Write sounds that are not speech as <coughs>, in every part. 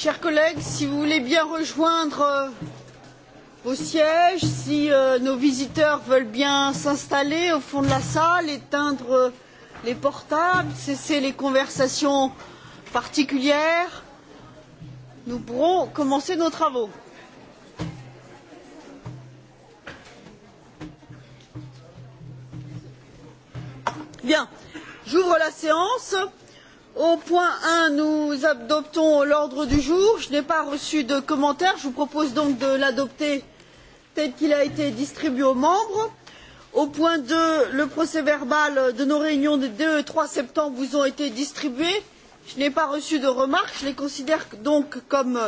chers collègues si vous voulez bien rejoindre vos euh, sièges si euh, nos visiteurs veulent bien s'installer au fond de la salle éteindre euh, les portables cesser les conversations particulières nous pourrons commencer nos travaux. j'ouvre la séance. Au point 1, nous adoptons l'ordre du jour. Je n'ai pas reçu de commentaires. Je vous propose donc de l'adopter tel qu'il a été distribué aux membres. Au point 2, le procès verbal de nos réunions des 2 et 3 septembre vous ont été distribués. Je n'ai pas reçu de remarques. Je les considère donc comme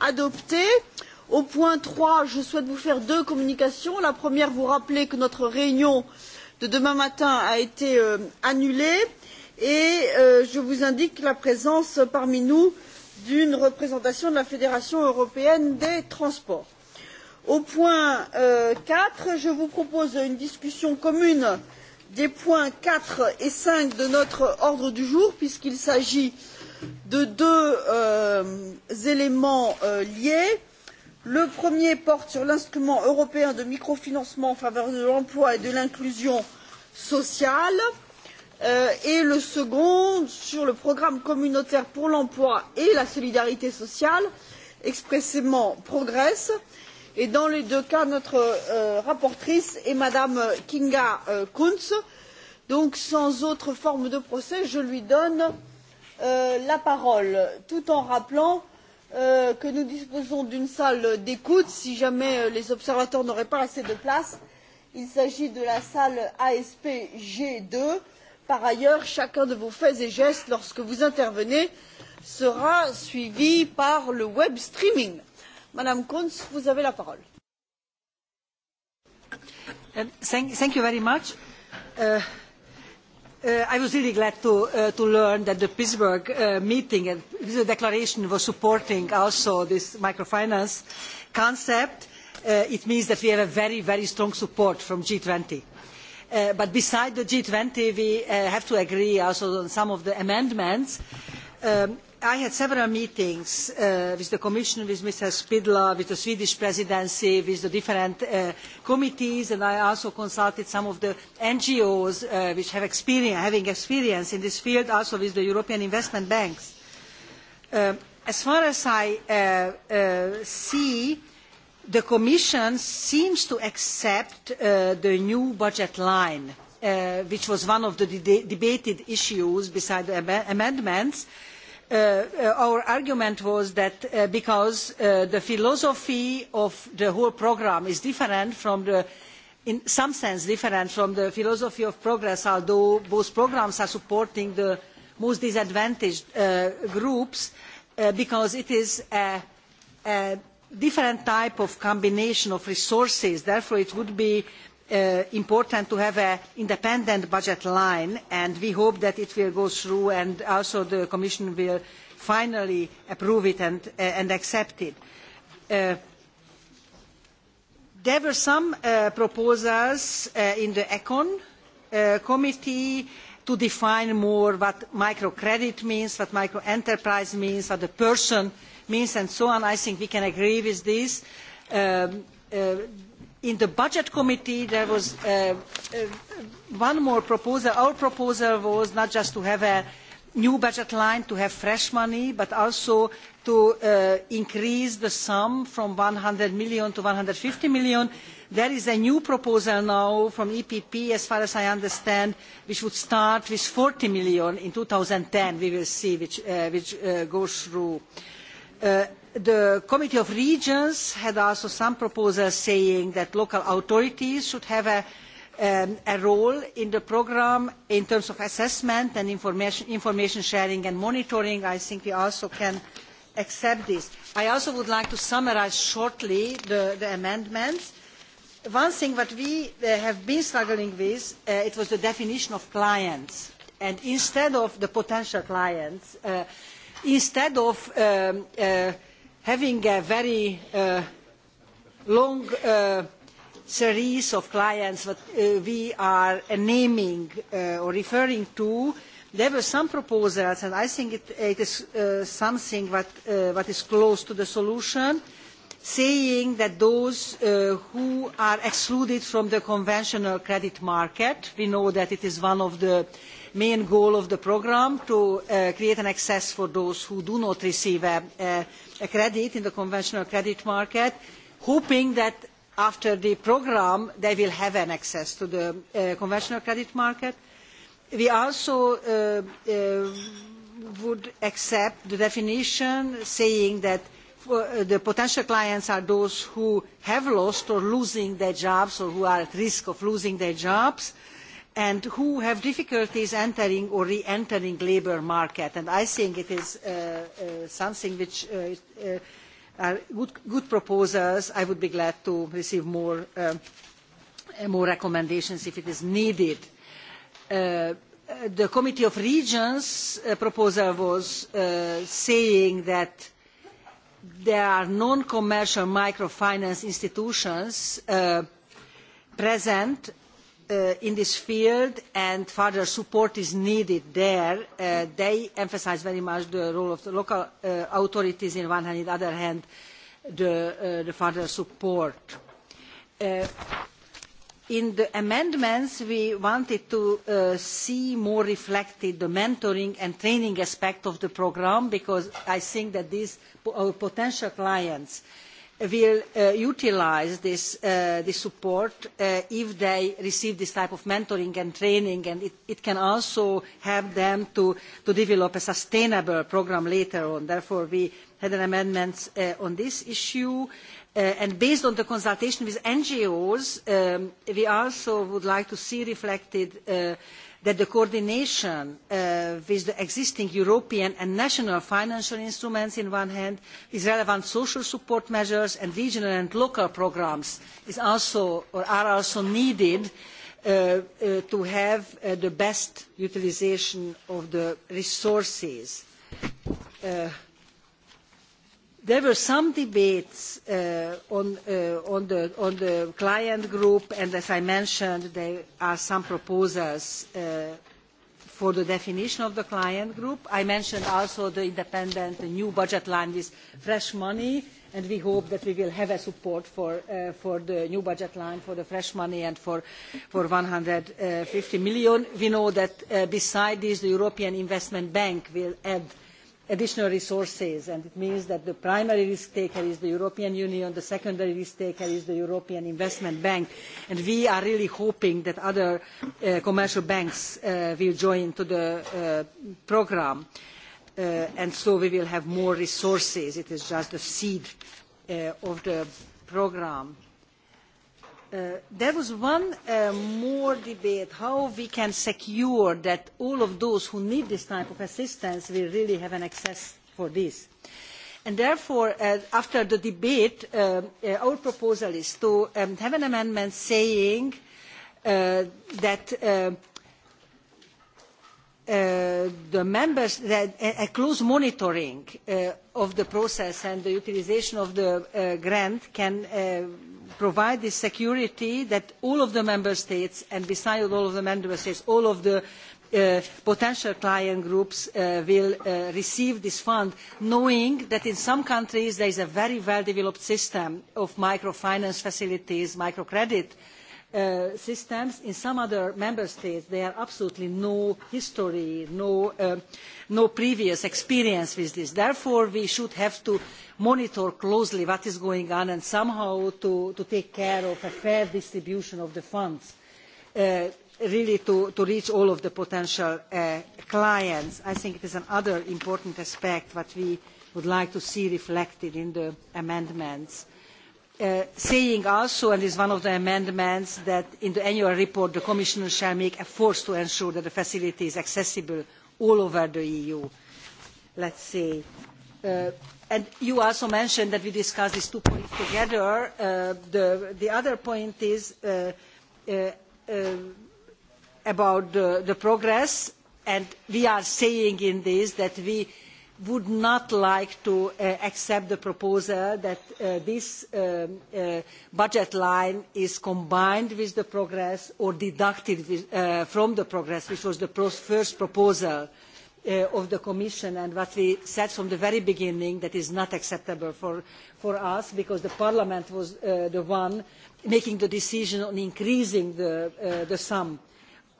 adoptés. Au point 3, je souhaite vous faire deux communications. La première, vous rappeler que notre réunion de demain matin a été euh, annulée et euh, je vous indique la présence parmi nous d'une représentation de la fédération européenne des transports. au point euh, quatre je vous propose une discussion commune des points quatre et cinq de notre ordre du jour puisqu'il s'agit de deux euh, éléments euh, liés. le premier porte sur l'instrument européen de microfinancement en faveur de l'emploi et de l'inclusion sociale et Euh, et le second sur le programme communautaire pour l'emploi et la solidarité sociale expressément progress et dans les deux cas notre euh, rapporteure est mme kinga euh, kunz. donc sans autre forme de procès je lui donne la parole tout en rappelant que nous disposons d'une salle d'écoute si jamais les observateurs n'auraient pas assez de place. il s'agit de la salle asp g deux par ailleurs chacun de vos faits et gestes lorsque vous intervenez sera suivi par le web streaming. madame kunz vous avez la parole. Um, thank, thank you very much. Uh, Uh, i was really glad to, uh, to learn that the pittsburgh uh, meeting and the declaration was supporting also this microfinance concept. Uh, it means that we have a very very strong support from g twenty Uh, but besides the g twenty we uh, have to agree also on some of the amendments. Um, i had several meetings uh, with the commission with Mr. pidla with the swedish presidency with the different committees and i also consulted some of the ngos which have experience, having experience in this field also with the european investment banks. Um, as far as i see the Commission seems to accept uh, the new budget line, uh, which was one of the debated issues besides the amendments. Uh, our argument was that because the philosophy of the whole programme is different from in some sense different from the philosophy of progress, although both programmes are supporting the most disadvantaged groups, because it is a different type of combination of resources. Therefore, it would be uh, important to have an independent budget line and we hope that it will go through and also the commission will finally approve it and, uh, accept it. Uh, there were some proposals in the econ committee to define more what microcredit means what microenterprise means what the person means and so on. I think we can agree with this. Um, uh, in the budget committee there was uh, uh, one more proposal. Our proposal was not just to have a new budget line to have fresh money, but also to uh, increase the sum from 100 million to 150 million. There is a new proposal now from EPP, as far as I understand, which would start with 40 million in 2010. We will see which, uh, which uh, goes through. Uh, the committee of regions had also some proposals saying that local authorities should have a, um, role in the programme in terms of assessment and information, sharing and monitoring. i think we also can accept this. i also would like to summarise shortly the, amendments. one thing that we uh, have been struggling with uh, was the definition of clients and instead of the potential clients instead of uh, uh, having a very uh, long uh, series of clients that uh, we are naming uh, or referring to, there were some proposals, and I think it, it is something that, that is close to the solution, saying that those who are excluded from the conventional credit market, we know that it is one of the main goal of the programme to uh, create an access for those who do not receive a, credit in the conventional credit market, hoping that after the programme they will have an access to the uh, conventional credit market. We also uh, would accept the definition saying that the potential clients are those who have lost or losing their jobs or who are at risk of losing their jobs and who have difficulties entering or re-entering labour market. And I think it is uh, uh, something which uh, uh, are good, good, proposals. I would be glad to receive more, uh, more recommendations if it is needed. Uh, the Committee of Regions proposal was saying that there are non-commercial microfinance institutions present Uh, in this field and further support is needed there. Uh, they emphasise very much the role of the local uh, authorities on one hand, on the other hand, the, further support. in the amendments, we wanted to see more reflected the mentoring and training aspect of the programme because I think that these, our potential clients, will uh, utilise uh, this, support uh, if they receive this type of mentoring and training and it, can also help them to, develop a sustainable programme later on. Therefore, we had an amendment on this issue and based on the consultation with NGOs, um, we also would like to see reflected that the coordination uh, with the existing European and national financial instruments in one hand, with relevant social support measures and regional and local programmes is also or are also needed uh, uh, to have the best utilisation of the resources there were some debates uh, uh, on, the, client group, and as I mentioned, there are some proposals uh, for the definition of the client group. I mentioned also the independent the new budget line with fresh money, and we hope that we will have a support for, the new budget line for the fresh money and for, for 150 million. We know that besides this, the European Investment Bank will add additional resources and it means that the primary risk taker is the european union the secondary risk taker is the european investment bank and we are really hoping that other uh, commercial banks uh, will join to the uh, programme uh, and so we will have more resources. it is just the seed uh, of the programme. Uh, there was one uh, more debate, how we can secure that all of those who need this type of assistance will really have an access for this. And therefore, uh, after the debate, our proposal is to um, have an amendment saying that the members that a, close monitoring of the process and the utilisation of the grant can provide the security that all of the member states and besides all of the member states all of the uh, potential client groups uh, will uh, receive this fund knowing that in some countries there is a very well developed system of microfinance facilities microcredit uh, Uh, systems. In some other member states, there are absolutely no history, no, uh, no, previous experience with this. Therefore, we should have to monitor closely what is going on and somehow to, to take care of a fair distribution of the funds, uh, really to, to, reach all of the potential uh, clients. I think it is another important aspect that we would like to see reflected in the amendments Uh, saying also and this is one of the amendments that in the annual report the commission shall make efforts to ensure that the facility is accessible all over the eu let's say uh, and you also mentioned that we discussed these two points together uh, the, other point is about the, the progress and we are saying in this that we would not like to uh, accept the proposal that uh, this um, uh, budget line is combined with the progress or deducted with, uh, from the progress, which was the first proposal uh, of the Commission and what we said from the very beginning that is not acceptable for, for us because the Parliament was uh, the one making the decision on increasing the, the sum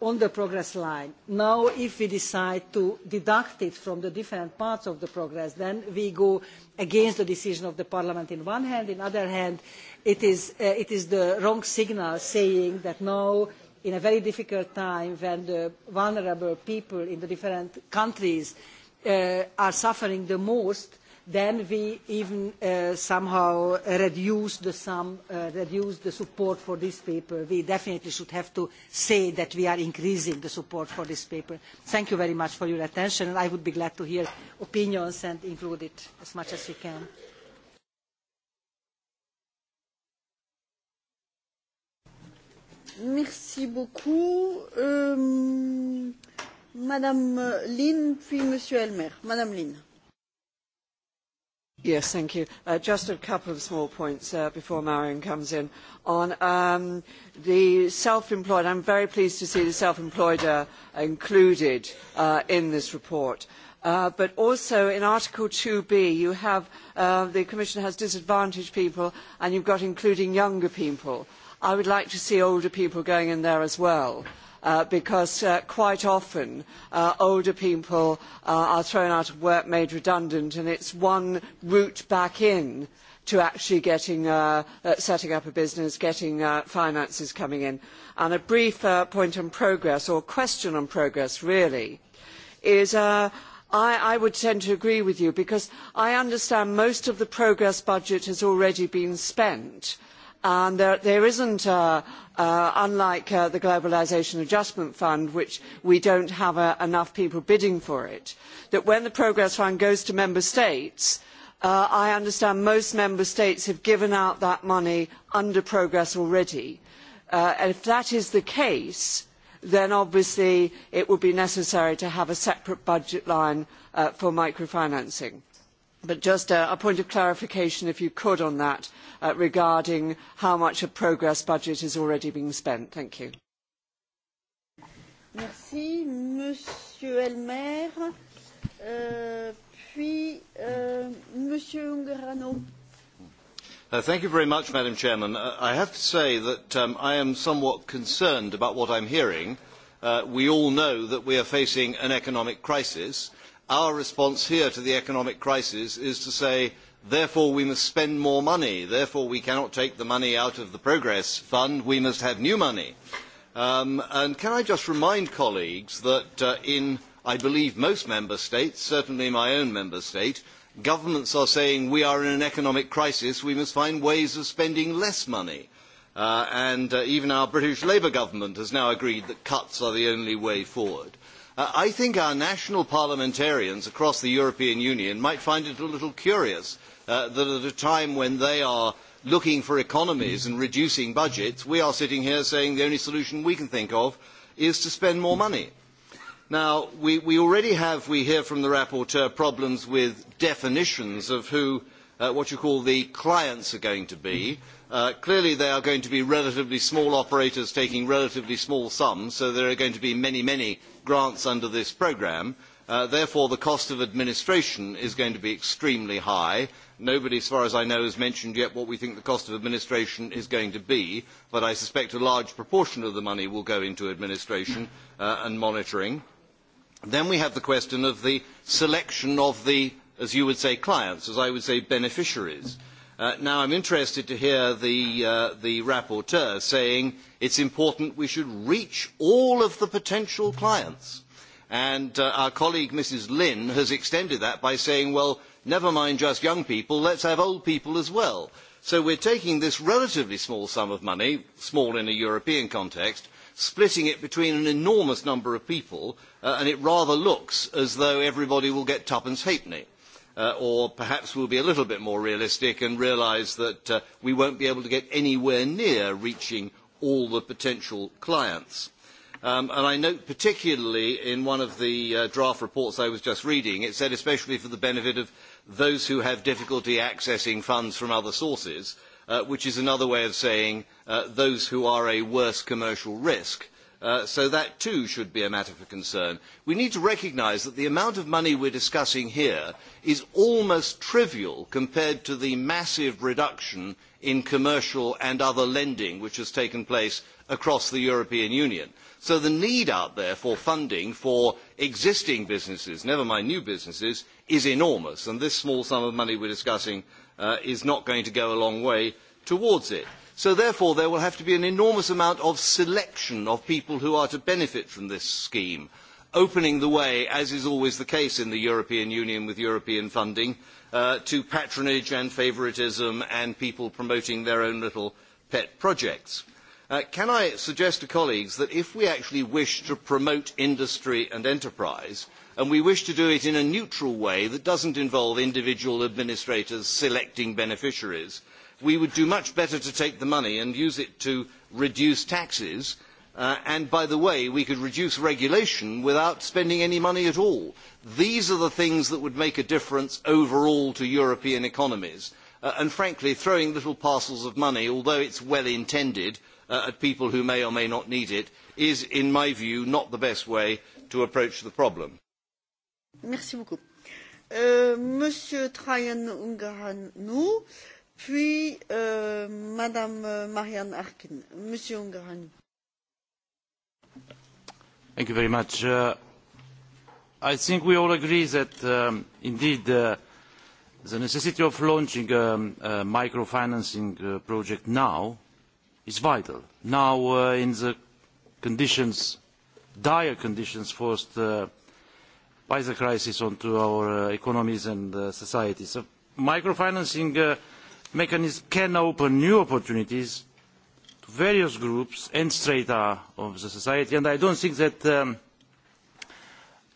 on the progress line. Now, if we decide to deduct it from the different parts of the progress, then we go against the decision of the Parliament the one hand. on the other hand, uh, it is, the wrong signal saying that now, in a very difficult time, when the vulnerable people in the different countries uh, are suffering the most, then we even uh, somehow reduce the sum, uh, reduce the support for this paper. We definitely should have to say that we are increasing the support for this paper. Thank you very much for your attention, and I would be glad to hear opinions and include it as much as we can. Merci beaucoup. Euh, Madame Lynn, puis Monsieur Elmer. Madame Lynn. Yes, thank you. Uh, just a couple of small points uh, before Marion comes in. On um, the self-employed, I'm very pleased to see the self-employed uh, included in this report. Uh, but also in Article 2B, you have, uh, the Commission has disadvantaged people and you've got including younger people. I would like to see older people going in there as well. Uh, because uh, quite often uh, older people uh, are thrown out of work, made redundant, and it's one route back in to actually getting, uh, setting up a business, getting finances coming in. And a brief point on progress, or question on progress really, is I, I would tend to agree with you because I understand most of the progress budget has already been spent. Uh, and there, there isn't, uh, uh, unlike uh, the Globalisation Adjustment Fund, which we don't have uh, enough people bidding for it, that when the Progress Fund goes to member states, I understand most member states have given out that money under progress already. and if that is the case, then obviously it would be necessary to have a separate budget line for microfinancing. But just a, point of clarification, if you could, on that, uh, regarding how much of progress budget is already being spent. Thank you. Merci, Monsieur Elmer, uh, puis uh, Monsieur Ungarano. Uh, thank you very much, Madam Chairman. Uh, I have to say that um, I am somewhat concerned about what I'm hearing. Uh, we all know that we are facing an economic crisis our response here to the economic crisis is to say therefore we must spend more money therefore we cannot take the money out of the progress fund we must have new money. Um, and can i just remind colleagues that uh, in i believe most member states certainly my own member state governments are saying we are in an economic crisis we must find ways of spending less money uh, and uh, even our british labour government has now agreed that cuts are the only way forward. Uh, I think our national parliamentarians across the European Union might find it a little curious uh, that at a time when they are looking for economies and reducing budgets, we are sitting here saying the only solution we can think of is to spend more money. Now, we, we already have, we hear from the rapporteur, problems with definitions of who, uh, what you call the clients are going to be. Uh, clearly they are going to be relatively small operators taking relatively small sums so there are going to be many many grants under this programme uh, therefore the cost of administration is going to be extremely high nobody as far as i know has mentioned yet what we think the cost of administration is going to be but i suspect a large proportion of the money will go into administration uh, and monitoring then we have the question of the selection of the as you would say clients as i would say beneficiaries Uh, now, I'm interested to hear the, uh, the rapporteur saying it's important we should reach all of the potential clients. And uh, our colleague Mrs. Lynn has extended that by saying, well, never mind just young people, let's have old people as well. So we're taking this relatively small sum of money, small in a European context, splitting it between an enormous number of people, uh, and it rather looks as though everybody will get tuppence halfpenny. Uh, or perhaps we'll be a little bit more realistic and realise that uh, we won't be able to get anywhere near reaching all the potential clients. Um, and I note particularly in one of the uh, draft reports I was just reading, it said especially for the benefit of those who have difficulty accessing funds from other sources, uh, which is another way of saying uh, those who are a worse commercial risk. Uh, so that too should be a matter for concern. We need to recognise that the amount of money we're discussing here is almost trivial compared to the massive reduction in commercial and other lending which has taken place across the European Union. So the need out there for funding for existing businesses, never mind new businesses, is enormous, and this small sum of money we're discussing uh, is not going to go a long way towards it. So therefore there will have to be an enormous amount of selection of people who are to benefit from this scheme, opening the way, as is always the case in the European Union with European funding, uh, to patronage and favouritism and people promoting their own little pet projects. Uh, can I suggest to colleagues that if we actually wish to promote industry and enterprise, and we wish to do it in a neutral way that doesn't involve individual administrators selecting beneficiaries, we would do much better to take the money and use it to reduce taxes. Uh, and by the way, we could reduce regulation without spending any money at all. These are the things that would make a difference overall to European economies. Uh, and frankly, throwing little parcels of money, although it's well intended, uh, at people who may or may not need it, is, in my view, not the best way to approach the problem. Merci beaucoup. Uh, Monsieur Trajan Ungaranou, puis euh, Madame Marianne Harkin. Monsieur Ungarani. Thank you very much. Uh, I think we all agree that um, indeed uh, the necessity of launching um, a microfinancing uh, project now is vital. Now uh, in the conditions, dire conditions forced by the crisis onto our economies and societies. So microfinancing mechanism can open new opportunities to various groups and strata of the society and i do not think that um,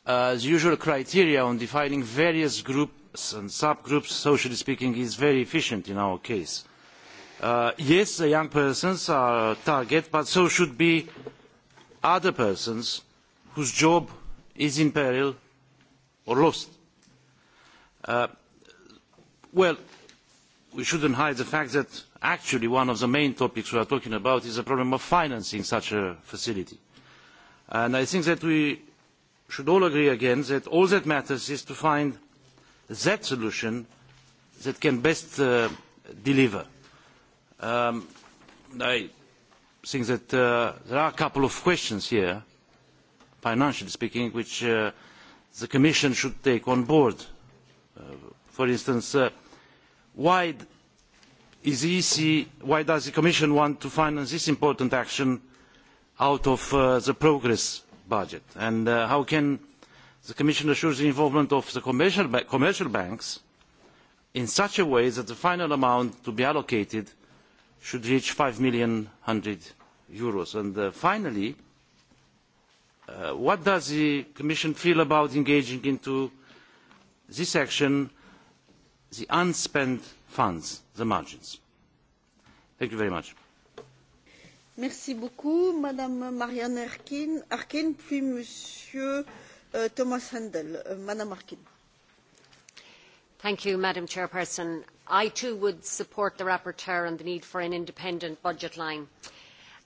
uh, the usual criteria on defining various groups and subgroups socially speaking is very efficient in our case. Uh, yes the young persons are a target but so should be other persons whose job is in peril or lost. Uh, well we shouldn't hide the fact that actually one of the main topics we are talking about is the problem of financing such a facility. And I think that we should all agree again that all that matters is to find that solution that can best uh, deliver. Um, I think that uh, there are a couple of questions here, financially speaking, which uh, the Commission should take on board. Uh, for instance, uh, why is why does the Commission want to finance this important action out of uh, the progress budget? And uh, how can the Commission assure the involvement of the commercial, banks in such a way that the final amount to be allocated should reach 5 million hundred euros? And uh, finally, what does the Commission feel about engaging into this action the unspent funds, the margins. Thank you very much. Merci beaucoup, Madame Marianne Arkin, puis Monsieur euh, Thomas Handel. Euh, Madame Arkin. Thank you, Madam Chairperson. I too would support the rapporteur on the need for an independent budget line.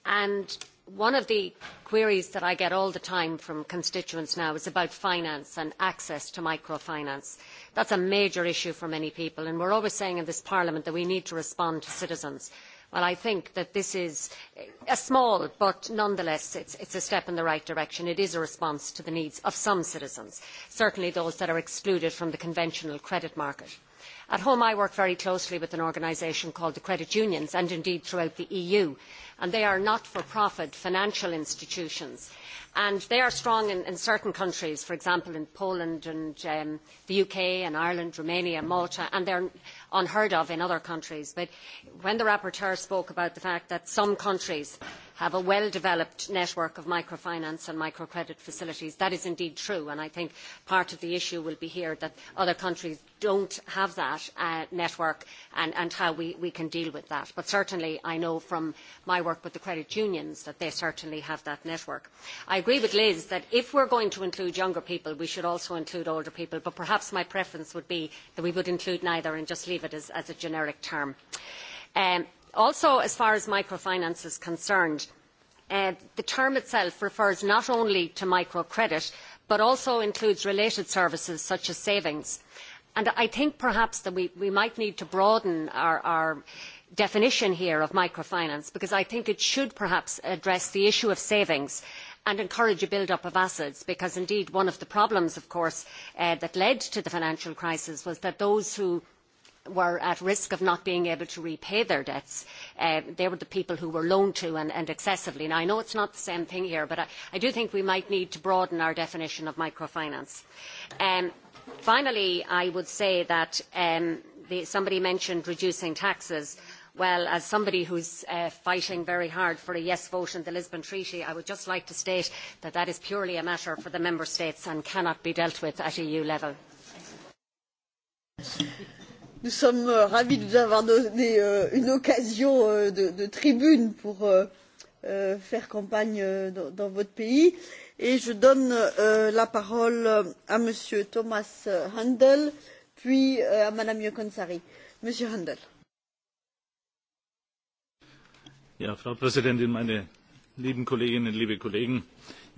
And one of the queries that I get all the time from constituents now is about finance and access to microfinance that is a major issue for many people and we are always saying in this parliament that we need to respond to citizens. Well, i think that this is a small but nonetheless it is a step in the right direction. it is a response to the needs of some citizens certainly those that are excluded from the conventional credit market. At home I work very closely with an organisation called the Credit Unions and indeed throughout the EU and they are not-for-profit financial institutions and they are strong in, certain countries, for example in Poland and um, the UK and Ireland, Romania, Malta, and they're unheard of in other countries. But when the rapporteur spoke about the fact that some countries have a well developed network of microfinance and microcredit facilities. That is indeed true and I think part of the issue will be here that other countries don't have that uh, network and, how we, can deal with that. But certainly I know from my work with the credit unions that they certainly have that network. I agree with Liz that if we're going to include younger people we should also include older people but perhaps my preference would be that we would include neither and just leave it as, a generic term. Um, also as far as microfinance is concerned uh, the term itself refers not only to microcredit but also includes related services such as savings and i think perhaps that we, might need to broaden our, definition here of microfinance because i think it should perhaps address the issue of savings and encourage a build up of assets because indeed one of the problems of course uh, that led to the financial crisis was that those who were at risk of not being able to repay their debts. Uh, they were the people who were loaned to and, excessively. Now, I know it's not the same thing here, but I, do think we might need to broaden our definition of microfinance. Um, finally, I would say that um, somebody mentioned reducing taxes well as somebody who is uh, fighting very hard for a yes vote in the lisbon treaty i would just like to state that that is purely a matter for the member states and cannot be dealt with at eu level nous sommes euh, ravis de vous avoir donné euh, une occasion euh, de, tribune pour faire campagne dans, votre pays et je donne la parole à m. thomas handel puis à mme jaakonsaari. monsieur handel. frau präsidentin meine lieben kolleginnen liebe kollegen!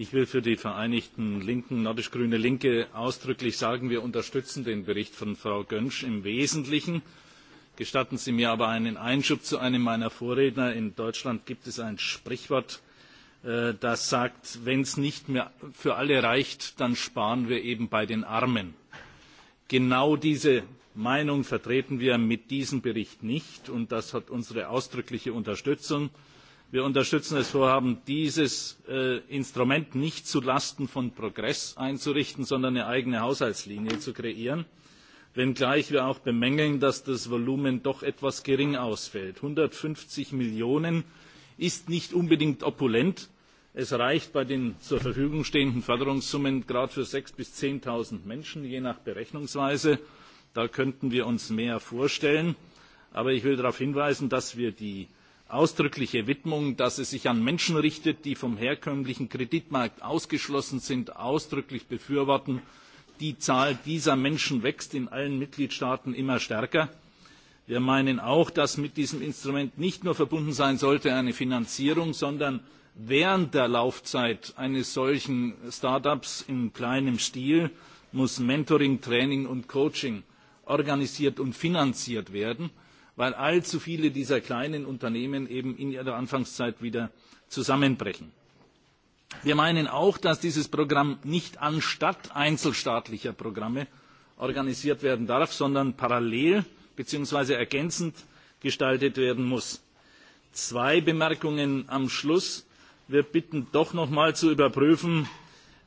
ich will für die vereinigten linken nordisch grüne linke ausdrücklich sagen wir unterstützen den bericht von frau göncz im wesentlichen. gestatten sie mir aber einen einschub zu einem meiner vorredner in deutschland gibt es ein sprichwort äh, das sagt wenn es nicht mehr für alle reicht dann sparen wir eben bei den armen. genau diese meinung vertreten wir mit diesem bericht nicht und das hat unsere ausdrückliche unterstützung wir unterstützen das vorhaben dieses äh, instrument nicht zulasten von progress einzurichten sondern eine eigene haushaltslinie zu kreieren wenngleich wir auch bemängeln dass das volumen doch etwas gering ausfällt. einhundertfünfzig millionen ist nicht unbedingt opulent es reicht bei den zur verfügung stehenden förderungssummen gerade für sechs bis zehn null menschen je nach berechnungsweise da könnten wir uns mehr vorstellen. aber ich will darauf hinweisen dass wir die ausdrückliche Widmung, dass es sich an Menschen richtet, die vom herkömmlichen Kreditmarkt ausgeschlossen sind, ausdrücklich befürworten. Die Zahl dieser Menschen wächst in allen Mitgliedstaaten immer stärker. Wir meinen auch, dass mit diesem Instrument nicht nur verbunden sein sollte eine Finanzierung, sondern während der Laufzeit eines solchen Start-ups in kleinem Stil muss Mentoring, Training und Coaching organisiert und finanziert werden weil allzu viele dieser kleinen Unternehmen eben in ihrer Anfangszeit wieder zusammenbrechen. Wir meinen auch, dass dieses Programm nicht anstatt einzelstaatlicher Programme organisiert werden darf, sondern parallel bzw. ergänzend gestaltet werden muss. Zwei Bemerkungen am Schluss. Wir bitten doch noch mal zu überprüfen,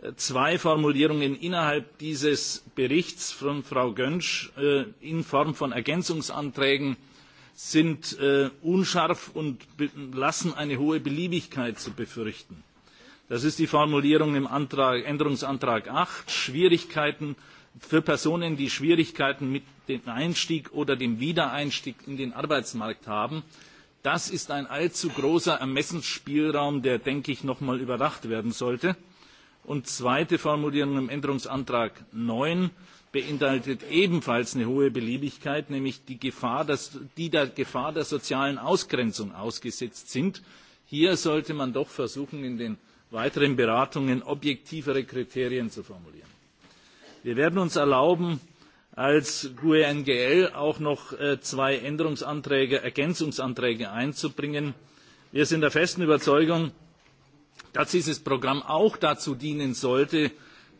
äh, zwei Formulierungen innerhalb dieses Berichts von Frau Gönsch äh, in Form von Ergänzungsanträgen sind äh, unscharf und lassen eine hohe Beliebigkeit zu befürchten. Das ist die Formulierung im Antrag, Änderungsantrag 8, Schwierigkeiten für Personen, die Schwierigkeiten mit dem Einstieg oder dem Wiedereinstieg in den Arbeitsmarkt haben. Das ist ein allzu großer Ermessensspielraum, der, denke ich, noch mal überdacht werden sollte. Und zweite Formulierung im Änderungsantrag 9, beinhaltet ebenfalls eine hohe Beliebigkeit, nämlich die, Gefahr, dass, die der Gefahr der sozialen Ausgrenzung ausgesetzt sind. Hier sollte man doch versuchen, in den weiteren Beratungen objektivere Kriterien zu formulieren. Wir werden uns erlauben, als GUE NGL auch noch äh, zwei Änderungsanträge, Ergänzungsanträge einzubringen. Wir sind der festen Überzeugung, dass dieses Programm auch dazu dienen sollte,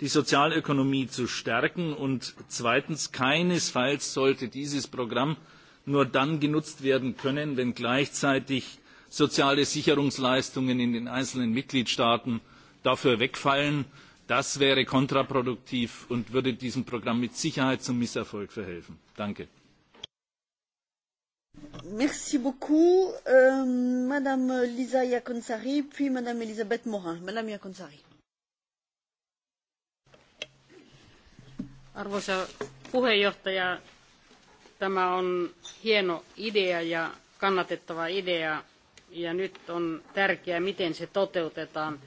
die Sozialökonomie zu stärken. Und zweitens, keinesfalls sollte dieses Programm nur dann genutzt werden können, wenn gleichzeitig soziale Sicherungsleistungen in den einzelnen Mitgliedstaaten dafür wegfallen. Das wäre kontraproduktiv und würde diesem Programm mit Sicherheit zum Misserfolg verhelfen. Danke. Merci beaucoup. Euh, Madame Lisa Yakonsari, puis Madame Elisabeth Morin. Madame Yakonsari. Arvoisa puheenjohtaja, tämä on hieno idea ja kannatettava idea ja nyt on tärkeää, miten se toteutetaan.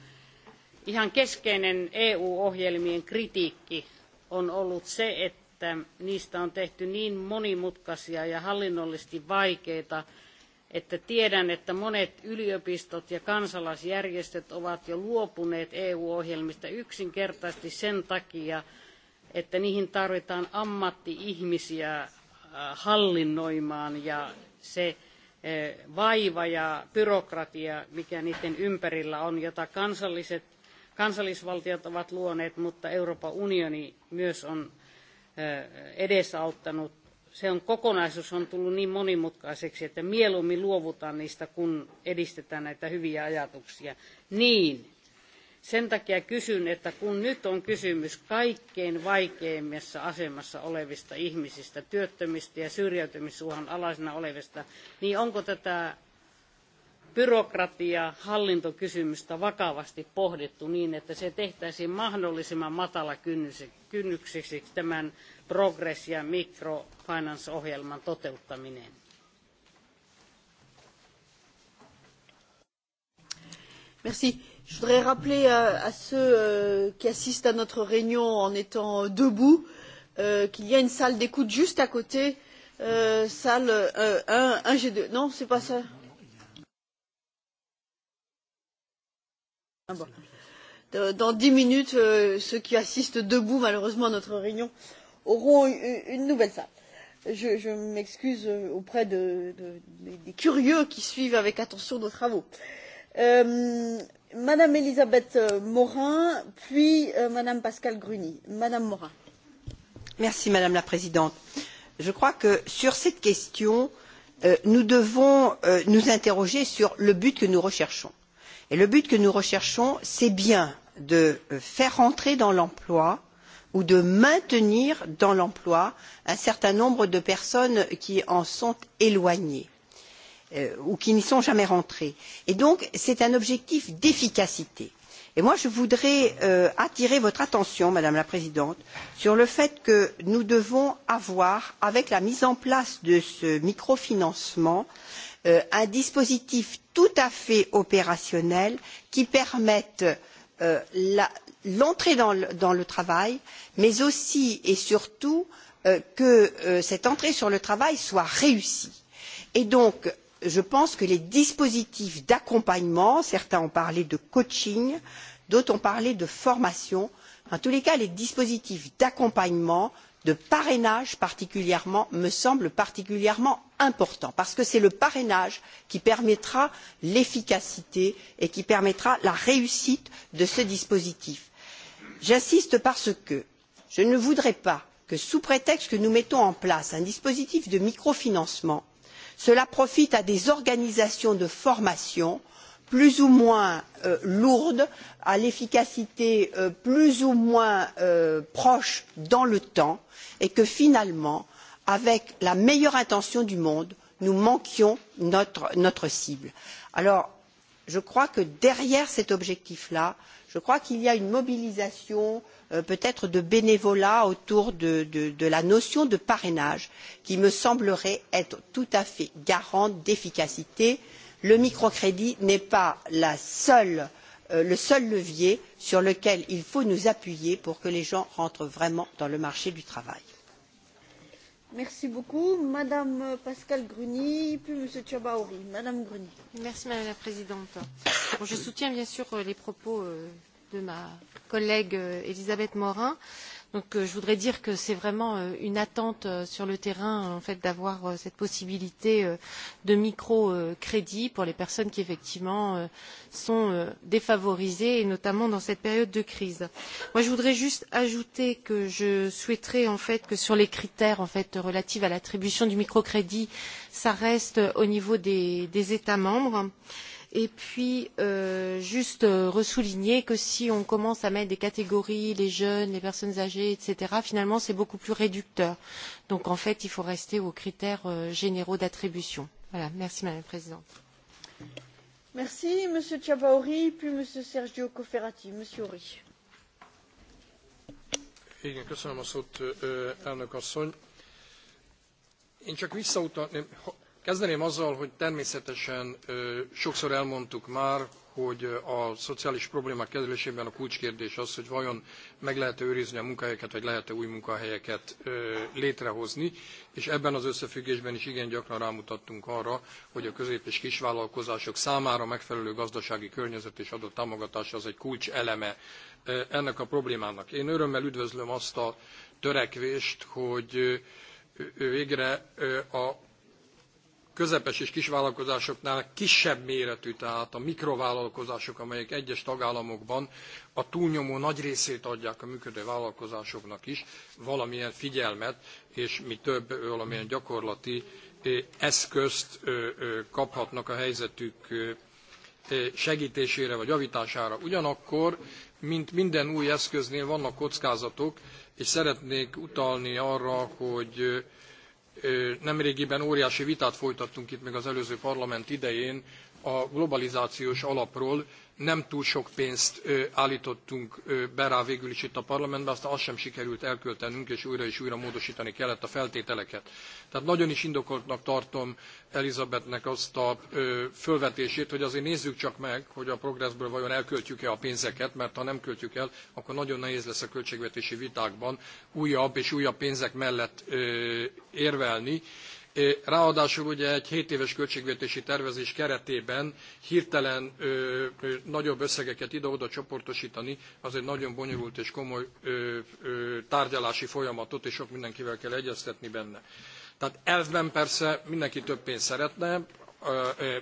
Ihan keskeinen EU-ohjelmien kritiikki on ollut se, että niistä on tehty niin monimutkaisia ja hallinnollisesti vaikeita, että tiedän, että monet yliopistot ja kansalaisjärjestöt ovat jo luopuneet EU-ohjelmista yksinkertaisesti sen takia, että niihin tarvitaan ammatti-ihmisiä äh, hallinnoimaan ja se äh, vaiva ja byrokratia, mikä niiden ympärillä on, jota kansalliset, kansallisvaltiot ovat luoneet, mutta Euroopan unioni myös on äh, edesauttanut. Se on, kokonaisuus on tullut niin monimutkaiseksi, että mieluummin luovutaan niistä, kun edistetään näitä hyviä ajatuksia. Niin, sen takia kysyn, että kun nyt on kysymys kaikkein vaikeimmassa asemassa olevista ihmisistä, työttömistä ja syrjäytymisuhan alaisena olevista, niin onko tätä byrokratia hallintokysymystä vakavasti pohdittu niin, että se tehtäisiin mahdollisimman matala kynnykseksi tämän progress- ja microfinance-ohjelman toteuttaminen? Merci je voudrais rappeler à, euh, à ceux euh, qui assistent à notre réunion en étant euh, debout euh, qu'il y a une salle d'écoute juste à côté euh, salle euh, un g deux non c'est pas ça ah bon. dans dix minutes ceux qui assistent debout malheureusement à notre réunion auront une nouvelle salle je, je m'excuse auprès de, de, des curieux qui suivent avec attention nos travaux. Euh, Madame la Présidente. Je crois que sur cette question, euh, nous devons euh, nous interroger sur le but que nous recherchons. Et le but que nous recherchons, c'est bien de euh, faire entrer dans l'emploi ou de maintenir dans l'emploi un certain nombre de personnes qui en sont éloignées Euh, ou qui n'y sont jamais rentrés. Et donc, c'est un objectif d'efficacité. Et moi, je voudrais euh, attirer votre attention, Madame la Présidente, sur le fait que nous devons avoir, avec la mise en place de ce microfinancement, euh, un dispositif tout à fait opérationnel qui permette euh, l'entrée dans, le, dans le travail, mais aussi et surtout euh, que euh, cette entrée sur le travail soit réussie. Et donc, je pense que les dispositifs d'accompagnement certains ont parlé de coaching d'autres ont parlé de formation en tous les cas les dispositifs d'accompagnement de parrainage particulièrement me semblent particulièrement importants parce que c'est le parrainage qui permettra l'efficacité et qui permettra la réussite de ce dispositif. j'insiste parce que je ne voudrais pas que sous prétexte que nous mettons en place un dispositif de microfinancement cela profite à des organisations de formation plus ou moins euh, lourdes à l'efficacité euh, plus ou moins euh, proche dans le temps et que finalement avec la meilleure intention du monde nous manquions notre, notre cible. alors je crois que derrière cet objectif là je crois qu'il y a une mobilisation euh, Euh, peut être de bénévolat autour de, de, de la notion de parrainage qui me semblerait être tout à fait garante d'efficacité. le microcrédit n'est pas la seule, euh, le seul levier sur lequel il faut nous appuyer pour que les gens rentrent vraiment dans le marché du travail. Merci beaucoup. Madame Gruny, puis Monsieur Tchabaouri. Madame Gruny. Merci Madame la Présidente. Bon, je soutiens bien sûr euh, les propos euh, de ma collègue euh, Elisabeth Morin. Donc, euh, je voudrais dire que c'est vraiment euh, une attente sur le terrain en fait, d'avoir cette possibilité de microcrédit pour les personnes qui effectivement sont défavorisées et notamment dans cette période de crise. Moi, je voudrais juste ajouter que je souhaiterais en fait, que sur les critères en fait, relatifs à l'attribution du microcrédit, ça reste au niveau des, États membres. Euh, et puis euh, juste euh, ressouligner que si on commence à mettre des catégories les jeunes les personnes âgées etc. finalement c'est beaucoup plus réducteur donc en fait il faut rester aux critères euh, généraux d'attribution. voilà merci madame la présidente. merci monsieur Chabaori puis monsieur Sergio Cofferati monsieur Ori. Igen, köszönöm a szót, elnök asszony. Én csak visszautalnék, Kezdeném azzal, hogy természetesen sokszor elmondtuk már, hogy a szociális problémák kezelésében a kulcskérdés az, hogy vajon meg lehet-e őrizni a munkahelyeket, vagy lehet-e új munkahelyeket létrehozni, és ebben az összefüggésben is igen gyakran rámutattunk arra, hogy a közép- és kisvállalkozások számára megfelelő gazdasági környezet és adott támogatás az egy kulcs eleme ennek a problémának. Én örömmel üdvözlöm azt a törekvést, hogy végre a közepes és kisvállalkozásoknál kisebb méretű, tehát a mikrovállalkozások, amelyek egyes tagállamokban a túlnyomó nagy részét adják a működő vállalkozásoknak is, valamilyen figyelmet és mi több, valamilyen gyakorlati eszközt kaphatnak a helyzetük segítésére vagy javítására. Ugyanakkor, mint minden új eszköznél vannak kockázatok, és szeretnék utalni arra, hogy Nemrégiben óriási vitát folytattunk itt még az előző parlament idején a globalizációs alapról nem túl sok pénzt állítottunk be rá végül is itt a parlamentben, aztán azt sem sikerült elköltenünk, és újra és újra módosítani kellett a feltételeket. Tehát nagyon is indokoltnak tartom Elizabethnek azt a fölvetését, hogy azért nézzük csak meg, hogy a progresszből vajon elköltjük-e a pénzeket, mert ha nem költjük el, akkor nagyon nehéz lesz a költségvetési vitákban újabb és újabb pénzek mellett érvelni, Ráadásul ugye egy 7 éves költségvetési tervezés keretében hirtelen ö, ö, nagyobb összegeket ide-oda csoportosítani, az egy nagyon bonyolult és komoly ö, ö, tárgyalási folyamatot, és sok mindenkivel kell egyeztetni benne. Tehát elvben persze mindenki több pénzt szeretne,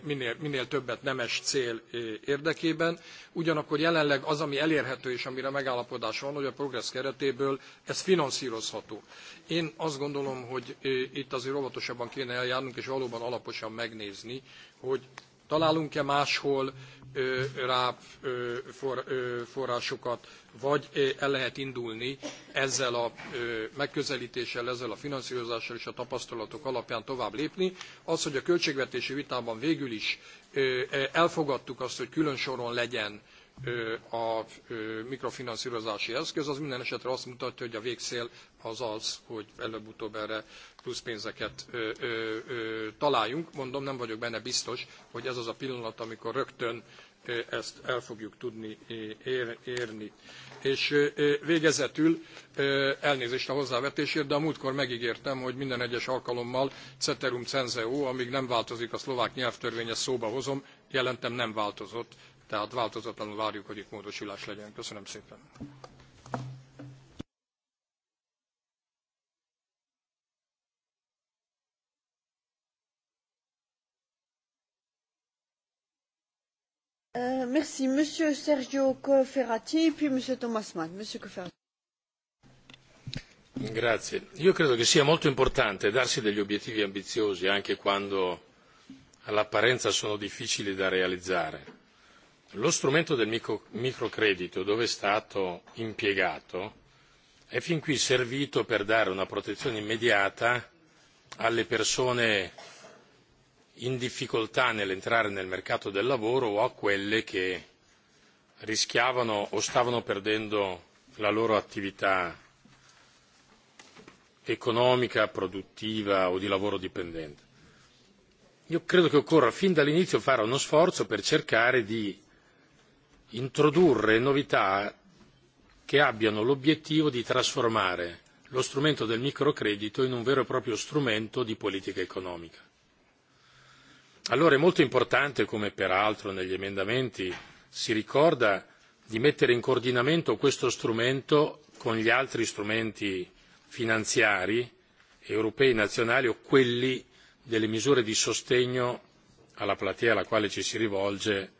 minél, minél többet nemes cél érdekében. Ugyanakkor jelenleg az, ami elérhető és amire megállapodás van, hogy a progress keretéből ez finanszírozható. Én azt gondolom, hogy itt azért óvatosabban kéne eljárnunk, és valóban alaposan megnézni, hogy találunk-e máshol ráp forrásokat, vagy el lehet indulni ezzel a megközelítéssel, ezzel a finanszírozással és a tapasztalatok alapján tovább lépni. Az, hogy a költségvetési vitában végül is elfogadtuk azt, hogy külön soron legyen a mikrofinanszírozási eszköz, az minden esetre azt mutatja, hogy a végcél az az, hogy előbb-utóbb erre plusz pénzeket ö, ö, ö, találjunk. Mondom, nem vagyok benne biztos, hogy ez az a pillanat, amikor rögtön ezt el fogjuk tudni érni. És végezetül elnézést a hozzávetésért, de a múltkor megígértem, hogy minden egyes alkalommal Ceterum Cenzeo, amíg nem változik a szlovák nyelvtörvény, ezt szóba hozom, jelentem nem változott, tehát változatlanul várjuk, hogy itt módosulás legyen. Köszönöm szépen. Euh, Sergio Thomas Mann. Io credo che sia molto importante darsi degli obiettivi ambiziosi anche quando all'apparenza sono difficili da realizzare. Lo strumento del microcredito dove è stato impiegato è fin qui servito per dare una protezione immediata alle persone in difficoltà nell'entrare nel mercato del lavoro o a quelle che rischiavano o stavano perdendo la loro attività economica, produttiva o di lavoro dipendente. Io credo che occorra fin dall'inizio fare uno sforzo per cercare di introdurre novità che abbiano l'obiettivo di trasformare lo strumento del microcredito in un vero e proprio strumento di politica economica allora è molto importante come peraltro negli emendamenti si ricorda di mettere in coordinamento questo strumento con gli altri strumenti finanziari europei nazionali o quelli delle misure di sostegno alla platea alla quale ci si rivolge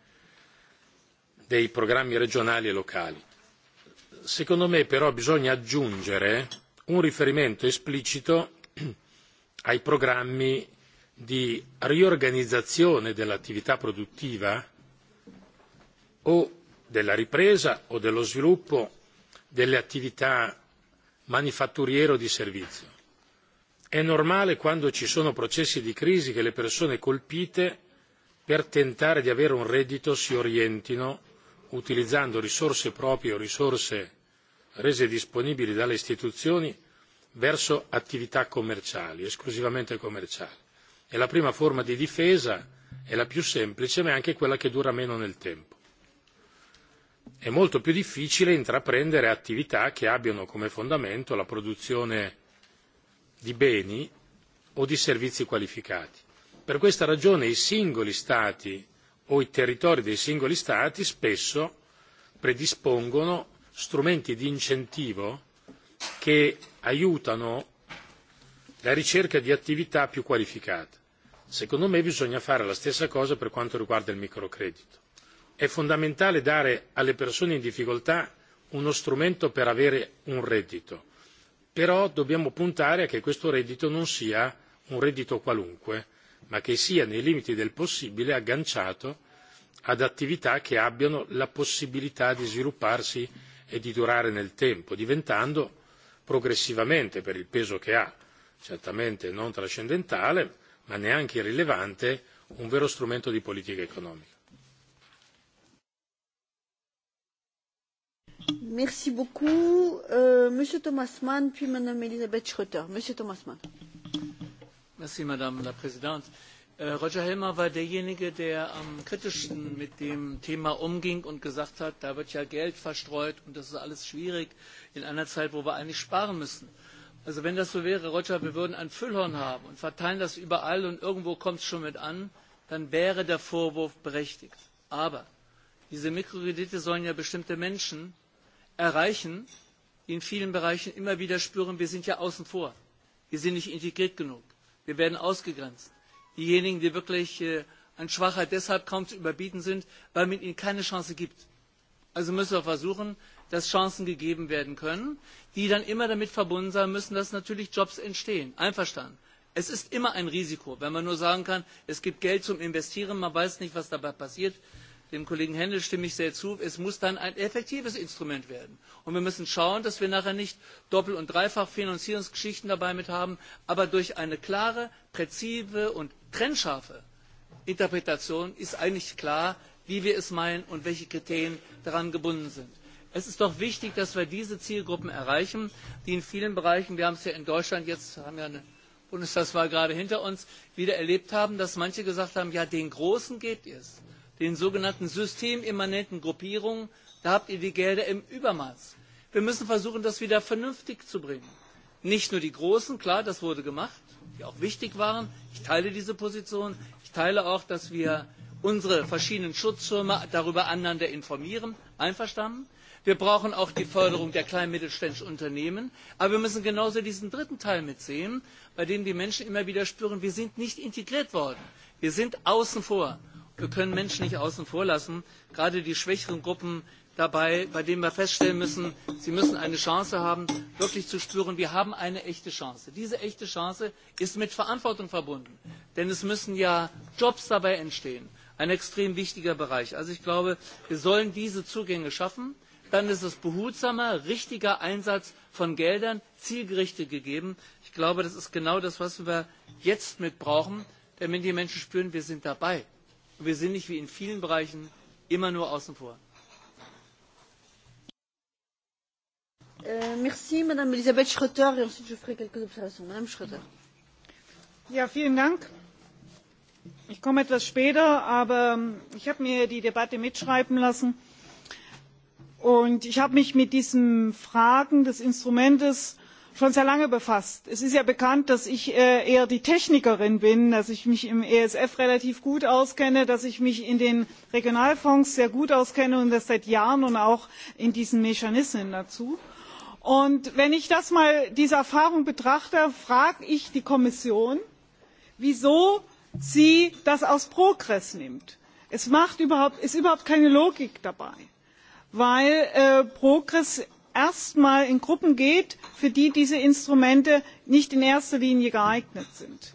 dei programmi regionali e locali. Secondo me però bisogna aggiungere un riferimento esplicito ai programmi di riorganizzazione dell'attività produttiva o della ripresa o dello sviluppo delle attività manifatturiere o di servizio. È normale quando ci sono processi di crisi che le persone colpite per tentare di avere un reddito si orientino utilizzando risorse proprie o risorse rese disponibili dalle istituzioni verso attività commerciali, esclusivamente commerciali è la prima forma di difesa è la più semplice ma è anche quella che dura meno nel tempo. È molto più difficile intraprendere attività che abbiano come fondamento la produzione di beni o di servizi qualificati. Per questa ragione i singoli Stati o i territori dei singoli Stati spesso predispongono strumenti di incentivo che aiutano la ricerca di attività più qualificate. Secondo me bisogna fare la stessa cosa per quanto riguarda il microcredito. È fondamentale dare alle persone in difficoltà uno strumento per avere un reddito, però dobbiamo puntare a che questo reddito non sia un reddito qualunque, ma che sia nei limiti del possibile agganciato ad attività che abbiano la possibilità di svilupparsi e di durare nel tempo, diventando progressivamente per il peso che ha certamente non trascendentale ma neanche irrilevante un vero strumento di politica economica. Merci beaucoup. Euh, Monsieur Thomas Mann, puis Madame Elisabeth Schröter. Monsieur Thomas Mann. Merci, Madame la Présidente. Äh, Roger Helmer war derjenige, der am kritischsten mit dem Thema umging und gesagt hat, da wird ja Geld verstreut und das ist alles schwierig in einer Zeit, wo wir eigentlich sparen müssen. Äh, Also wenn das so wäre, Roger, wir würden ein Füllhorn haben und verteilen das überall und irgendwo kommt es schon mit an, dann wäre der Vorwurf berechtigt. Aber diese Mikrokredite sollen ja bestimmte Menschen erreichen, die in vielen Bereichen immer wieder spüren, wir sind ja außen vor, wir sind nicht integriert genug, wir werden ausgegrenzt. Diejenigen, die wirklich an äh, Schwachheit deshalb kaum zu überbieten sind, weil man ihnen keine Chance gibt. Also müssen wir versuchen, dass Chancen gegeben werden können, die dann immer damit verbunden sein müssen, dass natürlich Jobs entstehen. Einverstanden. Es ist immer ein Risiko, wenn man nur sagen kann, es gibt Geld zum Investieren, man weiß nicht, was dabei passiert. Dem Kollegen Händel stimme ich sehr zu. Es muss dann ein effektives Instrument werden. Und wir müssen schauen, dass wir nachher nicht Doppel- und Dreifach-Finanzierungsgeschichten dabei mit haben, aber durch eine klare, präzise und trennscharfe Interpretation ist eigentlich klar, wie wir es meinen und welche Kriterien daran gebunden sind es ist doch wichtig dass wir diese zielgruppen erreichen die in vielen bereichen wir haben es ja in deutschland jetzt haben ja eine bundestagswahl gerade hinter uns wieder erlebt haben dass manche gesagt haben ja den großen gebt ihr es den sogenannten systemimmanenten gruppierungen da habt ihr die gelder im übermaß. wir müssen versuchen das wieder vernünftig zu bringen nicht nur die großen klar das wurde gemacht die auch wichtig waren ich teile diese position ich teile auch dass wir unsere verschiedenen schutzschirme darüber einander informieren einverstanden Wir brauchen auch die Förderung der kleinen und mittelständischen Unternehmen. Aber wir müssen genauso diesen dritten Teil mitsehen, bei dem die Menschen immer wieder spüren, wir sind nicht integriert worden. Wir sind außen vor. Wir können Menschen nicht außen vor lassen, gerade die schwächeren Gruppen dabei, bei denen wir feststellen müssen, sie müssen eine Chance haben, wirklich zu spüren, wir haben eine echte Chance. Diese echte Chance ist mit Verantwortung verbunden, denn es müssen ja Jobs dabei entstehen. Ein extrem wichtiger Bereich. Also ich glaube, wir sollen diese Zugänge schaffen dann ist es behutsamer, richtiger Einsatz von Geldern, zielgerichtet gegeben. Ich glaube, das ist genau das, was wir jetzt mit brauchen, damit die Menschen spüren, wir sind dabei. Und wir sind nicht wie in vielen Bereichen immer nur außen vor. Euh, merci, Madame Elisabeth Schröter, et ensuite je ferai quelques observations. Madame Schröter. Ja, vielen Dank. Ich komme etwas später, aber ähm, ich habe mir die Debatte mitschreiben lassen Und ich habe mich mit diesen Fragen des Instruments schon sehr lange befasst. Es ist ja bekannt, dass ich äh, eher die Technikerin bin, dass ich mich im ESF relativ gut auskenne, dass ich mich in den Regionalfonds sehr gut auskenne und das seit Jahren und auch in diesen Mechanismen dazu. Und wenn ich das mal diese Erfahrung betrachte, frage ich die Kommission, wieso sie das aus Progress nimmt. Es macht überhaupt, ist überhaupt keine Logik dabei weil äh, progress erst einmal in gruppen geht für die diese instrumente nicht in erster linie geeignet sind.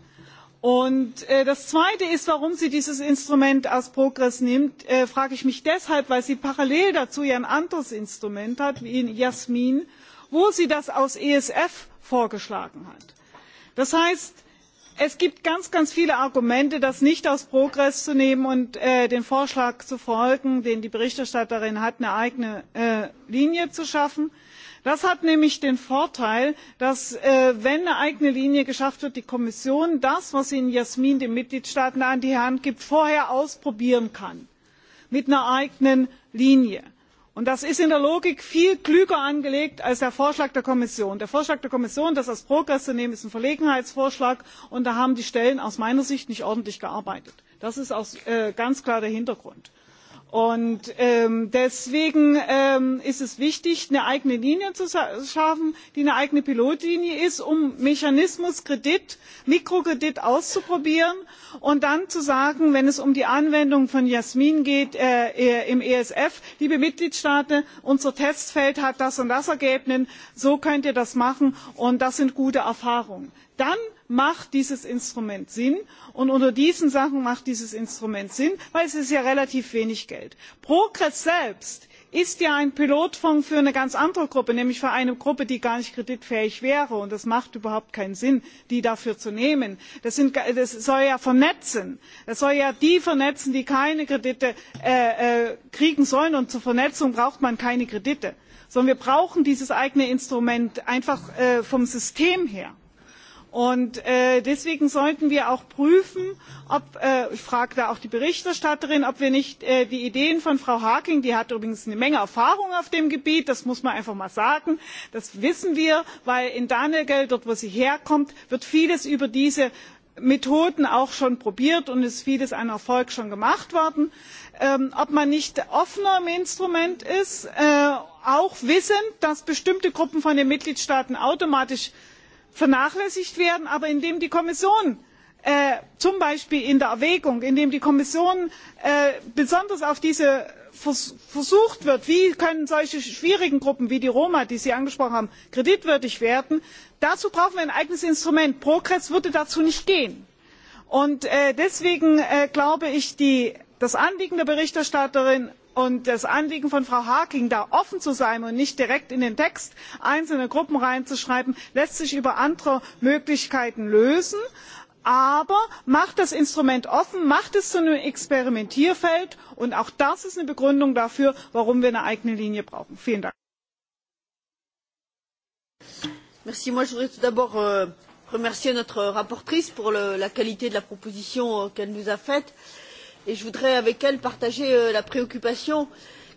Und, äh, das zweite ist warum sie dieses instrument aus progress nimmt äh, frage ich mich deshalb weil sie parallel dazu ja ein anderes instrument hat wie in jasmin wo sie das aus esf vorgeschlagen hat. das heißt es gibt ganz ganz viele argumente das nicht als progress zu nehmen und äh, dem vorschlag zu folgen den die berichterstatterin hat eine eigene äh, linie zu schaffen. das hat nämlich den vorteil dass äh, wenn eine eigene linie geschaffen wird die kommission das was sie in jasmin den mitgliedstaaten an die hand gibt vorher ausprobieren kann mit einer eigenen linie und das ist in der logik viel klüger angelegt als der vorschlag der kommission. der vorschlag der kommission das als progress zu nehmen ist ein verlegenheitsvorschlag und da haben die stellen aus meiner sicht nicht ordentlich gearbeitet. das ist auch äh, ganz klar der hintergrund. Und ähm, deswegen ähm, ist es wichtig, eine eigene Linie zu schaffen, die eine eigene Pilotlinie ist, um Mechanismus Kredit, Mikrokredit auszuprobieren und dann zu sagen, wenn es um die Anwendung von Jasmin geht äh, äh im ESF, liebe Mitgliedstaaten, unser Testfeld hat das und das Ergebnis, so könnt ihr das machen und das sind gute Erfahrungen. Dann macht dieses instrument sinn und unter diesen sachen macht dieses instrument sinn weil es ja relativ wenig geld ist. progress selbst ist ja ein pilotfonds für eine ganz andere gruppe nämlich für eine gruppe die gar nicht kreditfähig wäre und es macht überhaupt keinen sinn die dafür zu nehmen. das soll ja vernetzen das soll ja die vernetzen die keine kredite äh, äh, kriegen sollen und zur vernetzung braucht man keine kredite sondern wir brauchen dieses eigene instrument einfach äh, vom system her. Und äh, deswegen sollten wir auch prüfen, ob, äh, ich frage da auch die Berichterstatterin, ob wir nicht äh, die Ideen von Frau Harking, die hat übrigens eine Menge Erfahrung auf dem Gebiet, das muss man einfach mal sagen, das wissen wir, weil in Danegel, dort wo sie herkommt, wird vieles über diese Methoden auch schon probiert und ist vieles an Erfolg schon gemacht worden. Ähm, ob man nicht offener im Instrument ist, äh, auch wissend, dass bestimmte Gruppen von den Mitgliedstaaten automatisch vernachlässigt werden aber indem die kommission äh, zum beispiel in der erwägung indem die kommission äh, besonders auf diese versucht wird wie können solche schwierigen gruppen wie die roma die sie angesprochen haben kreditwürdig werden dazu brauchen wir ein eigenes instrument. progress würde dazu nicht gehen. Äh, deswegen glaube ich das anliegen der berichterstatterin und das anliegen von frau harkin da offen zu sein und nicht direkt in den text einzelne gruppen hineinzuschreiben lässt sich über andere möglichkeiten lösen aber macht das instrument offen macht es zu einem experimentierfeld und auch das ist eine begründung dafür warum wir eine eigene linie brauchen. vielen dank! je voudrais tout d'abord euh, remercier notre rapporteure pour la qualité de la proposition euh, qu'elle nous a faite et je voudrais avec elle partager euh, la préoccupation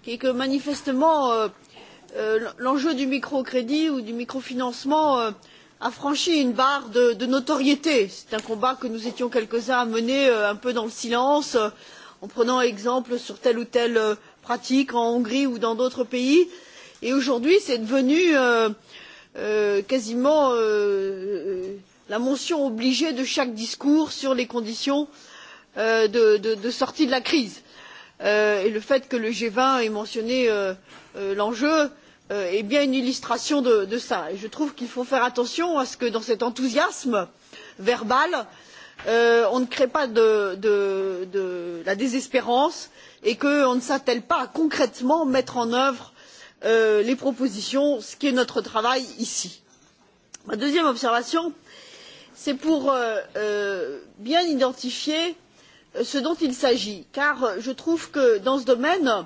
qui est que manifestement euh, euh, l'enjeu du microcrédit ou du microfinancement a franchi une barre de, de notoriété. c'est un combat que nous étions quelques uns à mener un peu dans le silence en prenant exemple sur telle ou telle pratique en hongrie ou dans d'autres pays et aujourd'hui c'est devenu euh, euh, quasiment euh, la mention obligée de chaque discours sur les conditions euh, Euh, de, sortie de la crise euh, et le fait que le g vingt ait mentionné euh, l'enjeu est bien une illustration de, de cela. je trouve qu'il faut faire attention à ce que dans cet enthousiasme verbal on ne crée pas de la désespérance et qu'on ne s'attelle pas à concrètement mettre en œuvre les propositions ce qui est notre travail ici. ma deuxième observation c'est pour bien identifier ce dont il s'agit car je trouve que dans ce domaine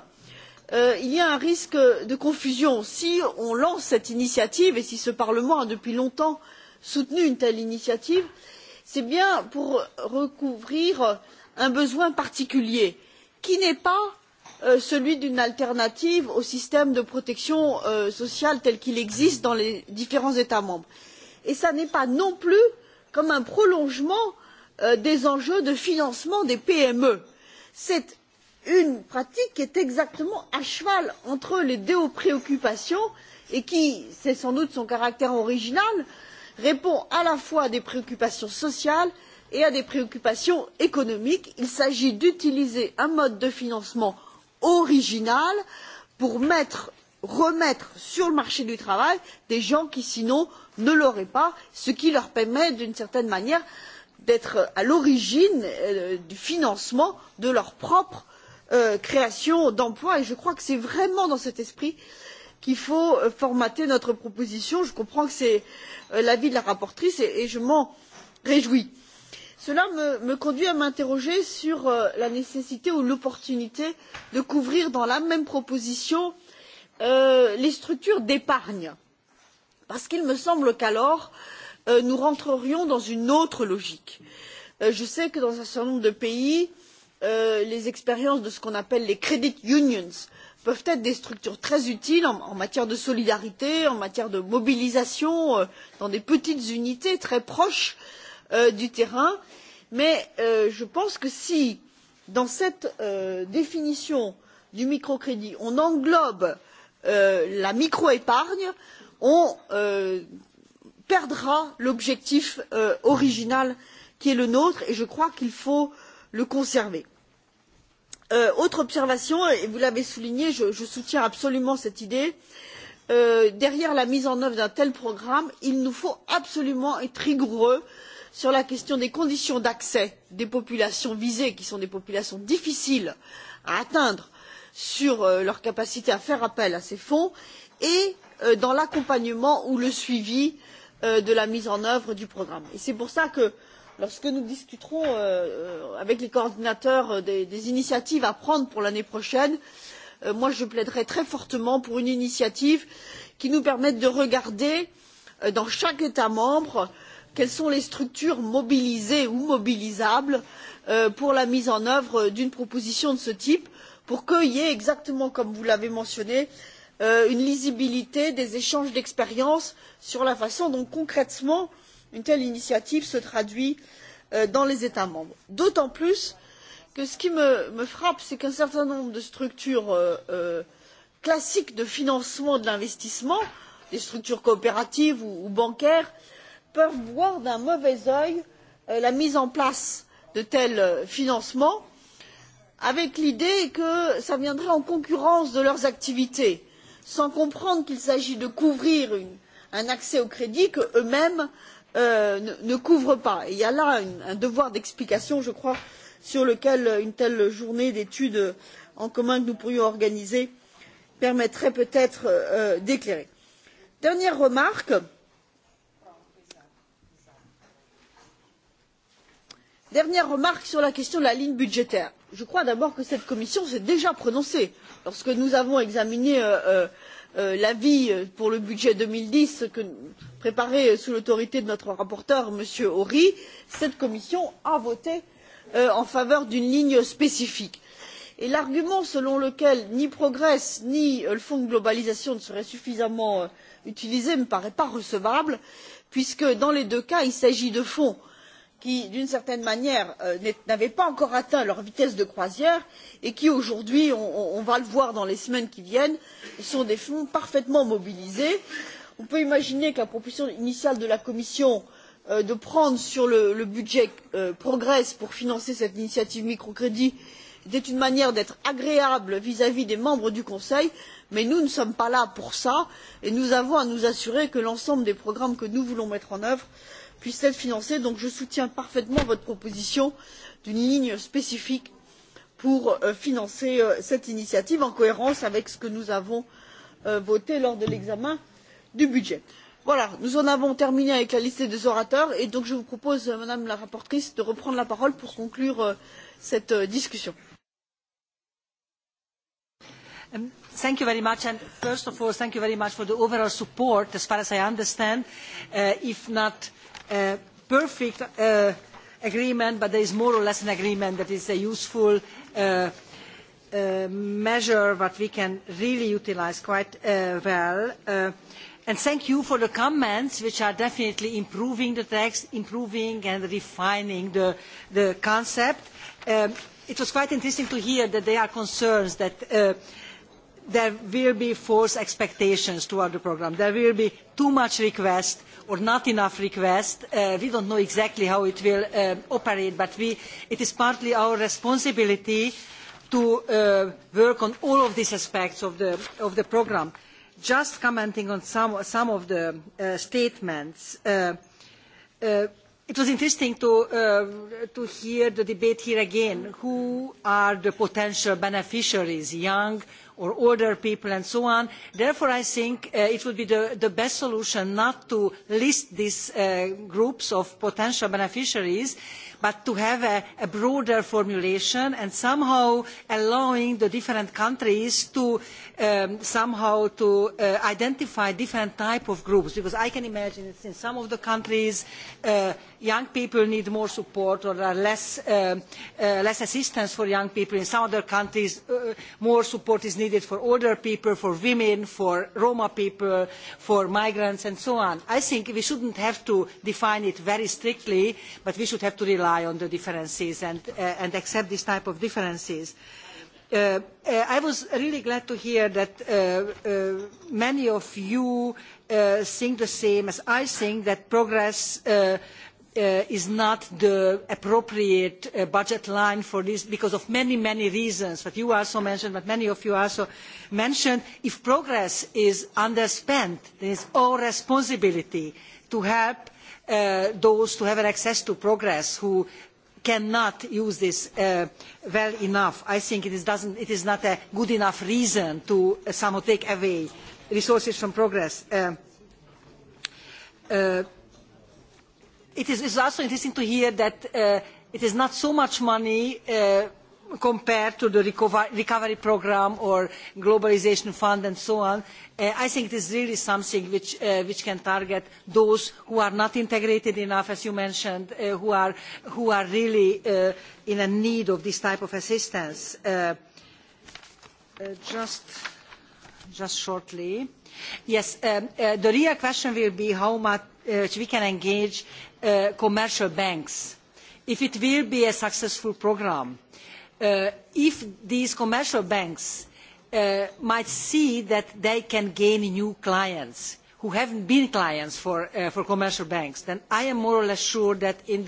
euh, il y a un risque de confusion. si on lance cette initiative et si ce parlement a depuis longtemps soutenu une telle initiative c'est bien pour recouvrir un besoin particulier qui n'est pas euh, celui d'une alternative au système de protection euh, sociale tel qu'il existe dans les différents états membres et ce n'est pas non plus comme un prolongement Euh, des enjeux de financement des pme. c'est une pratique qui est exactement à cheval entre les deux préoccupations et qui c'est sans doute son caractère original répond à la fois à des préoccupations sociales et à des préoccupations économiques. il s'agit d'utiliser un mode de financement original pour remettre sur le marché du travail des gens qui sinon ne l'auraient pas ce qui leur permet d'une certaine manière d'être à l'origine euh, du financement de leur propre euh, création d'emplois et je crois que c'est vraiment dans cet esprit qu'il faut euh, formater notre proposition. je comprends que c'est l'avis de la rapporteure et je m'en réjouis. cela me conduit à m'interroger sur la nécessité ou l'opportunité de couvrir dans la même proposition les structures d'épargne parce qu'il me semble qu'alors Euh, nous rentrerions dans une autre logique. Euh, je sais que dans un certain nombre de pays euh, les expériences de ce qu'on appelle les credit unions peuvent être des structures très utiles en, matière de solidarité en matière de mobilisation dans des petites unités très proches du terrain mais je pense que si dans cette définition du microcrédit on englobe la microépargne on perdra l'objectif euh, original qui est le nôtre et je crois qu'il faut le conserver. Euh, autre observation et vous l'avez souligné je, soutiens absolument cette idée euh, derrière la mise en œuvre d'un tel programme il nous faut absolument être rigoureux sur la question des conditions d'accès des populations visées qui sont des populations difficiles à atteindre sur leur capacité à faire appel à ces fonds et dans l'accompagnement ou le suivi Euh, de la mise en œuvre du programme. c'est pour cela que lorsque nous discuterons euh, euh, avec les coordinateurs des, initiatives à prendre pour l'année prochaine je plaiderai très fortement pour une initiative qui nous permette de regarder dans chaque état membre quelles sont les structures mobilisées ou mobilisables pour la mise en œuvre d'une proposition de ce type pour qu'il y ait exactement comme vous l'avez mentionné une Euh, une lisibilité des échanges d'expériences sur la façon dont concrètement une telle initiative se traduit euh, dans les états membres d'autant plus que ce qui me, frappe c'est qu'un certain nombre de structures euh, classiques de financement de l'investissement des structures coopératives ou, bancaires peuvent voir d'un mauvais œil la mise en place de tels financements avec l'idée que cela viendrait en concurrence de leurs activités sans comprendre qu'il s'agit de couvrir un accès au crédit que eux mêmes euh, ne, couvrent pas. il y a là un devoir d'explication je crois sur lequel une telle journée d'études en commun que nous pourrions organiser permettrait peut être euh, d'éclairer. dernière remarque dernière remarque sur la question de la ligne budgétaire je crois d'abord que cette commission s'est déjà prononcée lorsque nous avons examiné euh, euh, euh l'avis pour le budget deux mille dix préparé sous l'autorité de notre rapporteur m. ry cette commission a voté euh, en faveur d'une ligne spécifique et l'argument selon lequel ni progress ni euh, le fonds de globalisation ne seraient suffisamment euh, utilisés ne me paraît pas recevable puisque dans les deux cas il s'agit de fonds qui d'une certaine manière euh, n'avaient pas encore atteint leur vitesse de croisière et qui aujourd'hui on, va le voir dans les semaines qui viennent sont des fonds parfaitement mobilisés. on peut imaginer que la proposition initiale de la commission euh, de prendre sur le budget euh, progress pour financer cette initiative microcrédit était une manière d'être agréable vis à vis des membres du conseil mais nous ne sommes pas là pour cela et nous avons à nous assurer que l'ensemble des programmes que nous voulons mettre en œuvre puissent être financées. donc je soutiens parfaitement votre proposition d'une ligne spécifique pour euh, financer euh, cette initiative en cohérence avec ce que nous avons euh, voté lors de l'examen du budget. voilà nous en avons terminé avec la liste des orateurs et donc je vous propose madame la rapporteure de reprendre la parole pour conclure cette discussion. Um, thank you very much and first of all thank you very much for the overall support as far as i understand uh, if not perfect uh, agreement, but there is more or less an agreement that is a useful uh, uh, measure that we can really utilise quite well. and thank you for the comments, which are definitely improving the text, improving and refining the, concept. Um, it was quite interesting to hear that there are concerns that there will be false expectations toward the programme. There will be too much request or not enough request. we uh, we don't know exactly how it will uh, operate, but it is partly our responsibility to uh, work on all of these aspects of the, programme. Just commenting on some, some of the statements, it was interesting to, to hear the debate here again. Who are the potential beneficiaries, young or older people and so on. Therefore, I think uh, it would be the, best solution not to list these uh, groups of potential beneficiaries, but to have a, broader formulation and somehow allowing the different countries to um, somehow to uh, identify different type of groups. Because I can imagine that in some of the countries young people need more support or there uh, uh, less, assistance for young people. In some other countries, uh, more support is needed for older people, for women, for Roma people, for migrants, and so on. I think we shouldn't have to define it very strictly, but we should have to rely on the differences and, accept this type of differences. I was really glad to hear that many of you think the same as I think that progress Uh, is not the appropriate uh, budget line for this because of many, many reasons that you also mentioned, but many of you also mentioned. If progress is underspent, there is our responsibility to help Uh, those who have access to progress who cannot use this uh, well enough. I think it is, it is, not a good enough reason to uh, somehow take away resources from progress. Um, uh, it is also interesting to hear that uh, it is not so much money uh, compared to the recovery programme or globalisation fund and so on uh, i think it is really something which, can target those who are not integrated enough as you mentioned who, are, really in need of this type of assistance. just, just shortly Yes, um, uh, the real question will be how much uh, we can engage uh, commercial banks. If it will be a successful programme, if these commercial banks might see that they can gain new clients, who haven't been clients for, commercial banks, then I am more or less sure that in,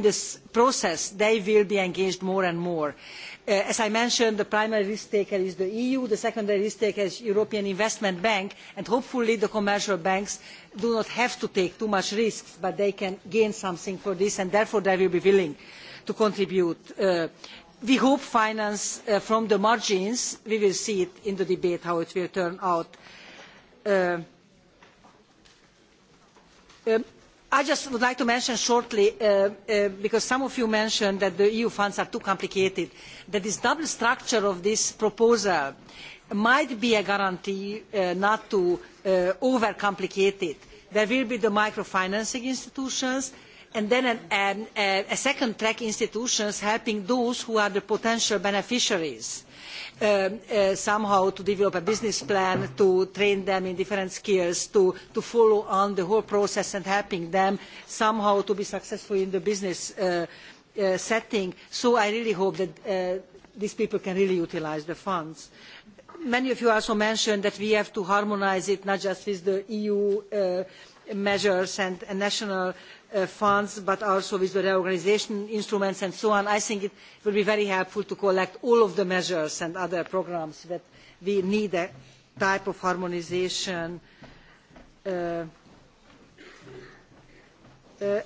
this process they will be engaged more and more. Uh, as I mentioned, the primary risk taker is the EU, the secondary risk taker is European Investment Bank, and hopefully the commercial banks do not have to take too much risks, but they can gain something for this, and therefore they will be willing to contribute. Uh, we hope finance uh, from the margins. We will see in the debate how it will turn out. Um, I just would like to mention shortly, uh, uh, because some of you mentioned that the EU funds are too complicated, that this double structure of this proposal might be a guarantee uh, not to over overcomplicate it. There will be the microfinancing institutions, and then a second track institutions helping those who are the potential beneficiaries Uh, uh, somehow to develop a business plan, to train them in different skills, to, to follow on the whole process and helping them somehow to be successful in the business uh, uh, setting. So I really hope that uh, these people can really utilise the funds. Many of you also mentioned that we have to harmonise it not just with the EU measures and, and national Uh, funds but also with the reorganisation instruments and so on i think it will be very helpful to collect all of the measures and other programmes that we need a type of harmonisation uh, uh,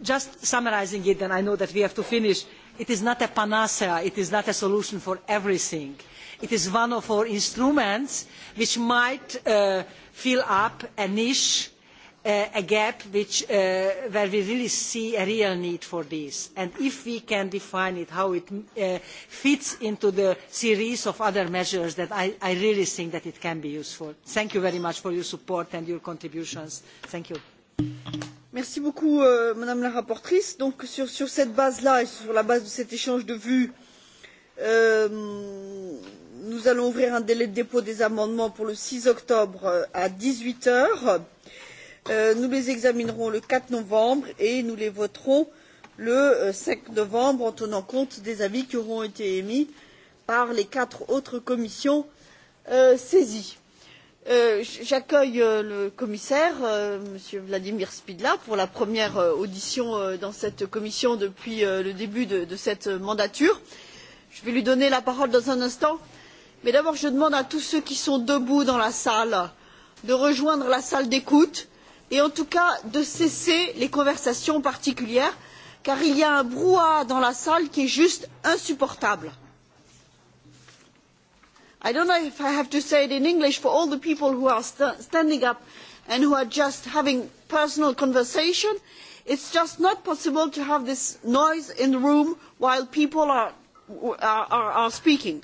just summarising it and i know that we have to finish it is not a panacea it is not a solution for everything it is one of our instruments which might fill up a niche Uh, a gap uh, where we really see a real need for this. And if we can define it, how it uh, fits into the series of other measures, then I, really think that it can be useful. Thank you very much for your support and your contributions. Thank you. Merci beaucoup, euh, Madame la rapporteure. Donc, sur, cette base-là et sur la base de cet échange de vues, euh, nous allons ouvrir un délai de dépôt des amendements pour le six octobre à dix huit heures Euh, nous les examinerons le quatre novembre et nous les voterons le euh, cinq novembre en tenant compte des avis qui auront été émis par les quatre autres commissions euh, saisies. j'accueille le commissaire m. vladimir pidla pour la première audition dans cette commission depuis le début de cette mandature. je vais lui donner la parole dans un instant mais d'abord je demande à tous ceux qui sont debout dans la salle de rejoindre la salle d'écoute et en tout cas de cesser les conversations particulières car il y a un brouhaha dans la salle qui est juste insupportable. i don't know if i have to say it in english for all the people who are st standing up and who are just having personal conversation it's just not possible to have this noise in the room while people are, are, are speaking.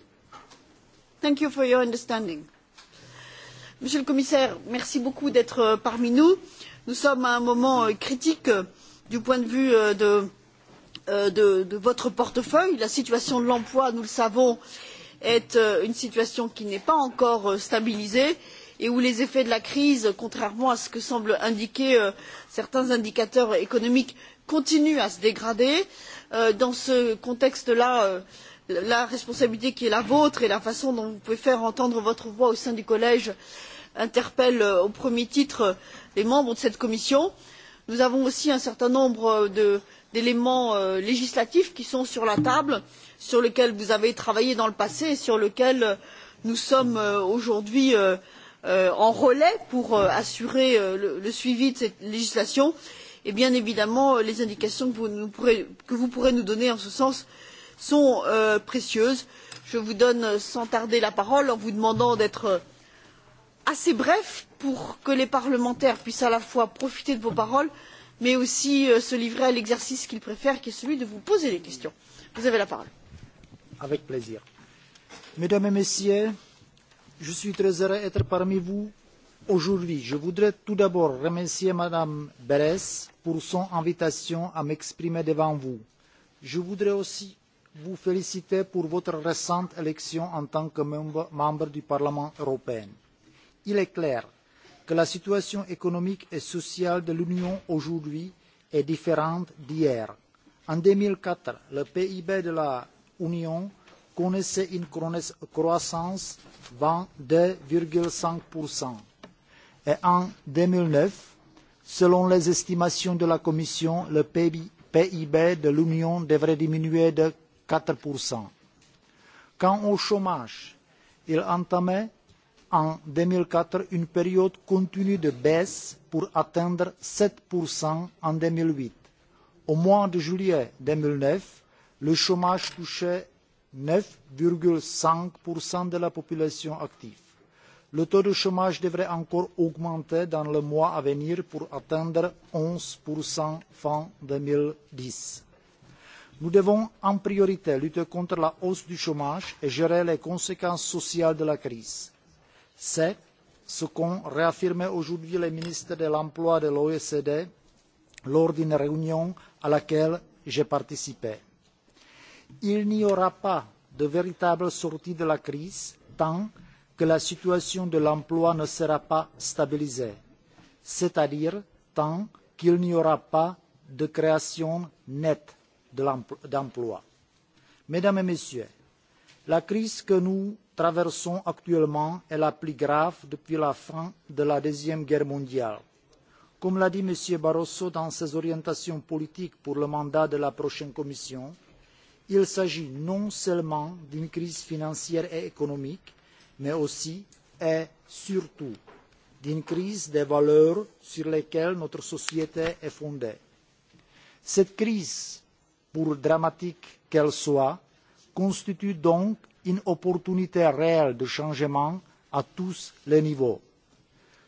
thank you for your understanding. monsieur le commissaire merci beaucoup d'être euh, parmi nous nous sommes à un moment euh, critique euh, du point de vue euh, de, votre portefeuille. la situation de l'emploi nous le savons est une situation qui n'est pas encore stabilisée et où les effets de la crise contrairement à ce que semblent indiquer certains indicateurs économiques continuent à se dégrader. dans ce contexte là la responsabilité qui est la vôtre et la façon dont vous pouvez faire entendre votre voix au sein du collège est interpelle euh, au premier titre euh, les membres de cette commission. nous avons aussi un certain nombre euh, d'éléments législatifs qui sont sur la table sur lesquels vous avez travaillé dans le passé et sur lesquels nous sommes aujourd'hui en relais pour assurer le suivi de cette législation et bien évidemment les indications que vous pourrez nous donner en ce sens sont précieuses. je vous donne sans tarder la parole en vous demandant d'être assez bref pour que les parlementaires puissent à la fois profiter de vos paroles mais aussi euh, se livrer à l'exercice qu'ils préfèrent qui est celui de vous poser des questions. vous avez la parole. avec plaisir. mesdames et messieurs je suis très heureux d'être parmi vous aujourd'hui. je voudrais tout d'abord remercier mme berès pour son invitation à m'exprimer devant vous. je voudrais aussi vous féliciter pour votre récente élection en tant que membre du parlement européen il est clair que la situation économique et sociale de l'union aujourd'hui est différente d'hier. en deux mille quatre le pib de l'union connaissait une croissance de deux cinq et en deux mille neuf selon les estimations de la commission le pib de l'union devrait diminuer de. quatre Quant au chômage il entamait en deux mille quatre une période continue de baisse pour atteindre sept en. deux mille huit au mois de juillet deux mille neuf le chômage touchait neuf cinq de la population active. le taux de chômage devrait encore augmenter dans les mois à venir pour atteindre onze fin. deux mille dix nous devons en priorité lutter contre la hausse du chômage et gérer les conséquences sociales de la crise. C'est ce qu'ont réaffirmé aujourd'hui les ministres de l'Emploi de l'OECD lors d'une réunion à laquelle j'ai participé. Il n'y aura pas de véritable sortie de la crise tant que la situation de l'emploi ne sera pas stabilisée, c'est-à-dire tant qu'il n'y aura pas de création nette d'emplois. Mesdames et Messieurs, la crise que nous traversons actuellement est la plus grave depuis la fin de la deuxième guerre mondiale. comme l'a dit m. barroso dans ses orientations politiques pour le mandat de la prochaine commission il s'agit non seulement d'une crise financière et économique mais aussi et surtout d'une crise des valeurs sur lesquelles notre société est fondée. cette crise pour dramatique qu'elle soit constitue donc une opportunité réelle de changement à tous les niveaux.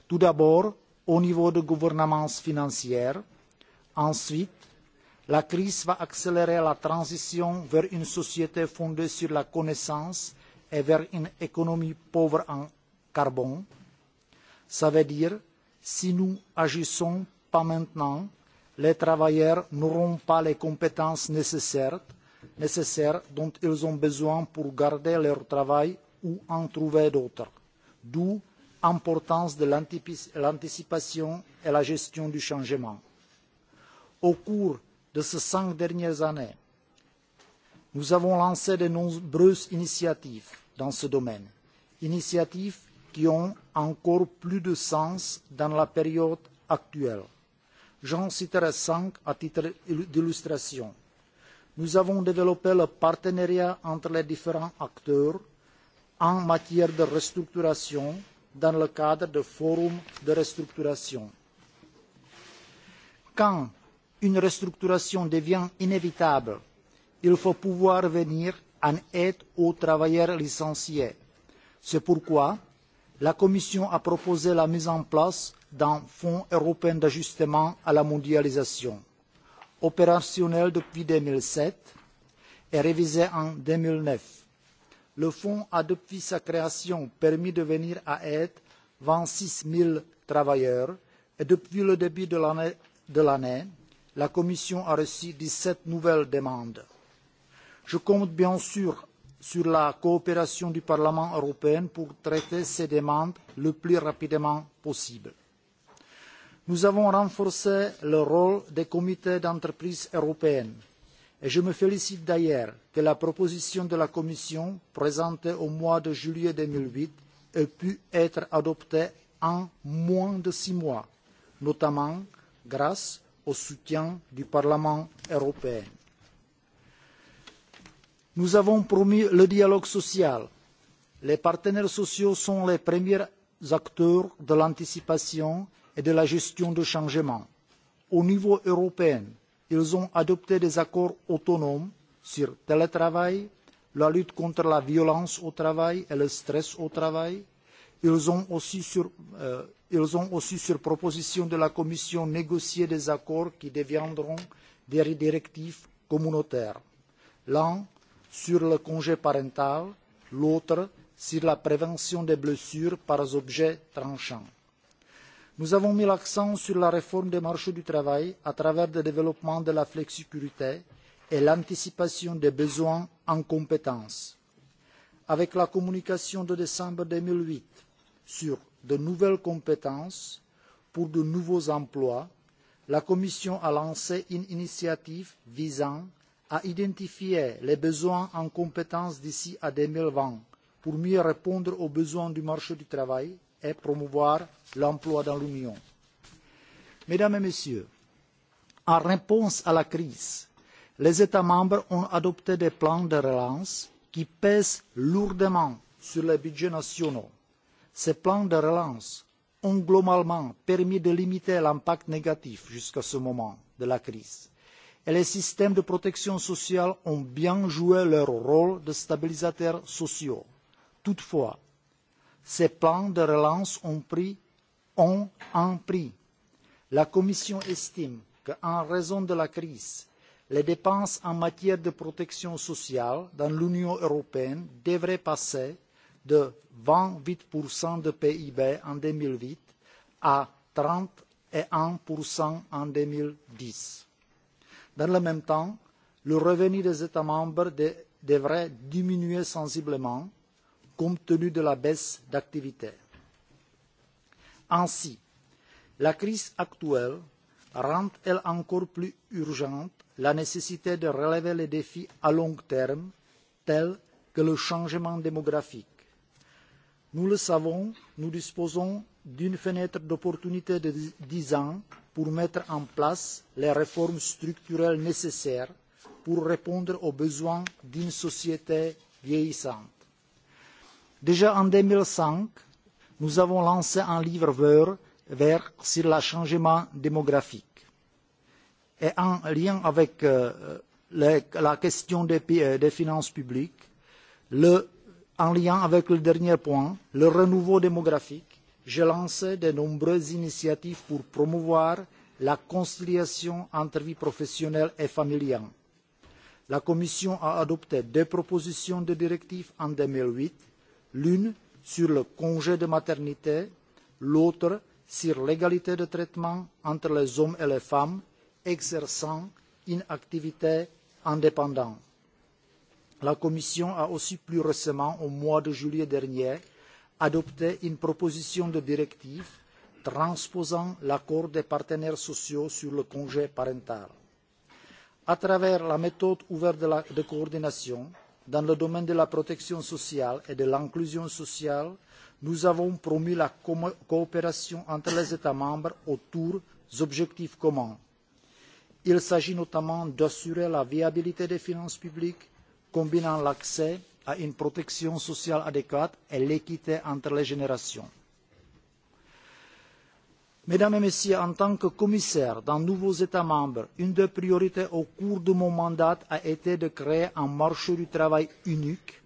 Tout d'abord, au niveau de gouvernance financière. Ensuite, la crise va accélérer la transition vers une société fondée sur la connaissance et vers une économie pauvre en carbone. Ça veut dire, si nous agissons pas maintenant, les travailleurs n'auront pas les compétences nécessaires nécessaires dont ils ont besoin pour garder leur travail ou en trouver d'autres. D'où l'importance de l'anticipation et la gestion du changement. Au cours de ces cinq dernières années, nous avons lancé de nombreuses initiatives dans ce domaine, initiatives qui ont encore plus de sens dans la période actuelle. J'en citerai cinq à titre d'illustration nous avons développé le partenariat entre les différents acteurs en matière de restructuration dans le cadre de forums de restructuration. Quand une restructuration devient inévitable, il faut pouvoir venir en aide aux travailleurs licenciés. C'est pourquoi la Commission a proposé la mise en place d'un Fonds européen d'ajustement à la mondialisation opérationnel depuis deux mille sept et révisé en deux mille neuf le fonds a depuis sa création permis de venir à aide vingt six zéro travailleurs et depuis le début de l'année la commission a reçu dix sept nouvelles demandes. je compte bien sûr sur la coopération du parlement européen pour traiter ces demandes le plus rapidement possible nous avons renforcé le rôle des comités d'entreprise européennes et je me félicite d'ailleurs que la proposition de la commission présentée au mois de juillet deux mille huit ait pu être adoptée en moins de six mois notamment grâce au soutien du parlement européen. nous avons promu le dialogue social. les partenaires sociaux sont les premiers acteurs de l'anticipation et de la gestion du changement. Au niveau européen, ils ont adopté des accords autonomes sur le télétravail, la lutte contre la violence au travail et le stress au travail. Ils ont aussi, sur, euh, ils ont aussi sur proposition de la Commission, négocié des accords qui deviendront des directives communautaires. L'un sur le congé parental, l'autre sur la prévention des blessures par objets tranchants nous avons mis l'accent sur la réforme des marchés du travail à travers le développement de la flexicurité et l'anticipation des besoins en compétences. avec la communication de décembre deux mille huit sur de nouvelles compétences pour de nouveaux emplois la commission a lancé une initiative visant à identifier les besoins en compétences d'ici à deux mille vingt pour mieux répondre aux besoins du marché du travail et promouvoir l'emploi dans l'Union. Mesdames et Messieurs, en réponse à la crise, les États membres ont adopté des plans de relance qui pèsent lourdement sur les budgets nationaux. Ces plans de relance ont globalement permis de limiter l'impact négatif jusqu'à ce moment de la crise et les systèmes de protection sociale ont bien joué leur rôle de stabilisateurs sociaux. Toutefois, Ces plans de relance ont, pris, ont un prix. La Commission estime qu'en raison de la crise, les dépenses en matière de protection sociale dans l'Union européenne devraient passer de 28% de PIB en 2008 à 31% en 2010. Dans le même temps, le revenu des États membres de, devrait diminuer sensiblement compte tenu de la baisse d'activité. Ainsi, la crise actuelle rend elle encore plus urgente la nécessité de relever les défis à long terme tels que le changement démographique. Nous le savons, nous disposons d'une fenêtre d'opportunité de dix ans pour mettre en place les réformes structurelles nécessaires pour répondre aux besoins d'une société vieillissante. Déjà en 2005, nous avons lancé un livre vert, vert sur le changement démographique. Et en lien avec euh, les, la question des, euh, des finances publiques, le, en lien avec le dernier point, le renouveau démographique, j'ai lancé de nombreuses initiatives pour promouvoir la conciliation entre vie professionnelle et familiale. La Commission a adopté deux propositions de directive en 2008 l'une sur le congé de maternité, l'autre sur l'égalité de traitement entre les hommes et les femmes exerçant une activité indépendante. La Commission a aussi plus récemment, au mois de juillet dernier, adopté une proposition de directive transposant l'accord des partenaires sociaux sur le congé parental. À travers la méthode ouverte de, la, de coordination, dans le domaine de la protection sociale et de l'inclusion sociale, nous avons promu la coopération entre les États membres autour d'objectifs communs. Il s'agit notamment d'assurer la viabilité des finances publiques, combinant l'accès à une protection sociale adéquate et l'équité entre les générations. Mesdames et Messieurs, en tant que commissaire dans nouveaux États membres, une des priorités au cours de mon mandat a été de créer un marché du travail unique,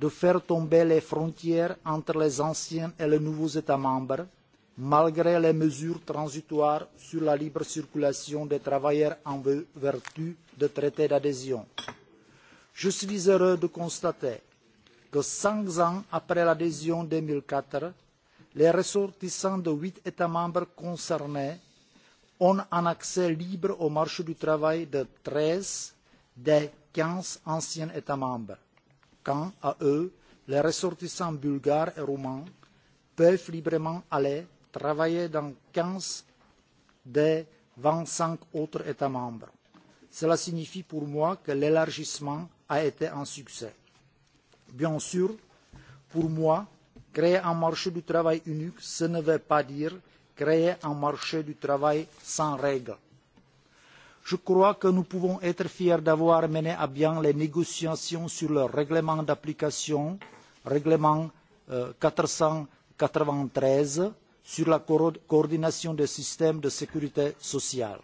de faire tomber les frontières entre les anciens et les nouveaux États membres, malgré les mesures transitoires sur la libre circulation des travailleurs en vertu des traités d'adhésion. Je suis heureux de constater que cinq ans après l'adhésion 2004, les ressortissants de huit états membres concernés ont un accès libre au marché du travail de treize des quinze anciens états membres. quant à eux les ressortissants bulgares et roumains peuvent librement aller travailler dans quinze des vingt cinq autres états membres. cela signifie pour moi que l'élargissement a été un succès. bien sûr pour moi créer un marché du travail unique, ce ne veut pas dire créer un marché du travail sans règles. Je crois que nous pouvons être fiers d'avoir mené à bien les négociations sur le règlement d'application, règlement euh, 493, sur la coordination des systèmes de sécurité sociale.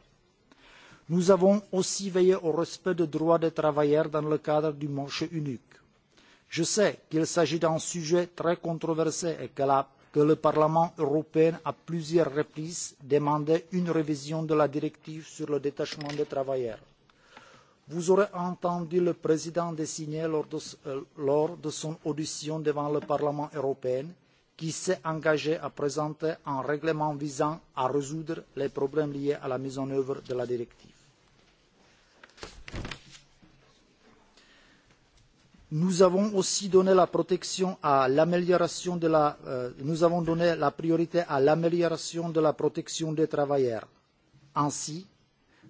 Nous avons aussi veillé au respect des droits des travailleurs dans le cadre du marché unique Je sais qu'il s'agit d'un sujet très controversé et que, la, que, le Parlement européen à plusieurs reprises demandé une révision de la directive sur le détachement des travailleurs. Vous aurez entendu le président désigné lors de, euh, lors de son audition devant le Parlement européen qui s'est engagé à présenter un règlement visant à résoudre les problèmes liés à la mise en œuvre de la directive. Nous avons aussi donné la protection à l'amélioration de la, euh, nous avons donné la priorité à l'amélioration de la protection des travailleurs. Ainsi,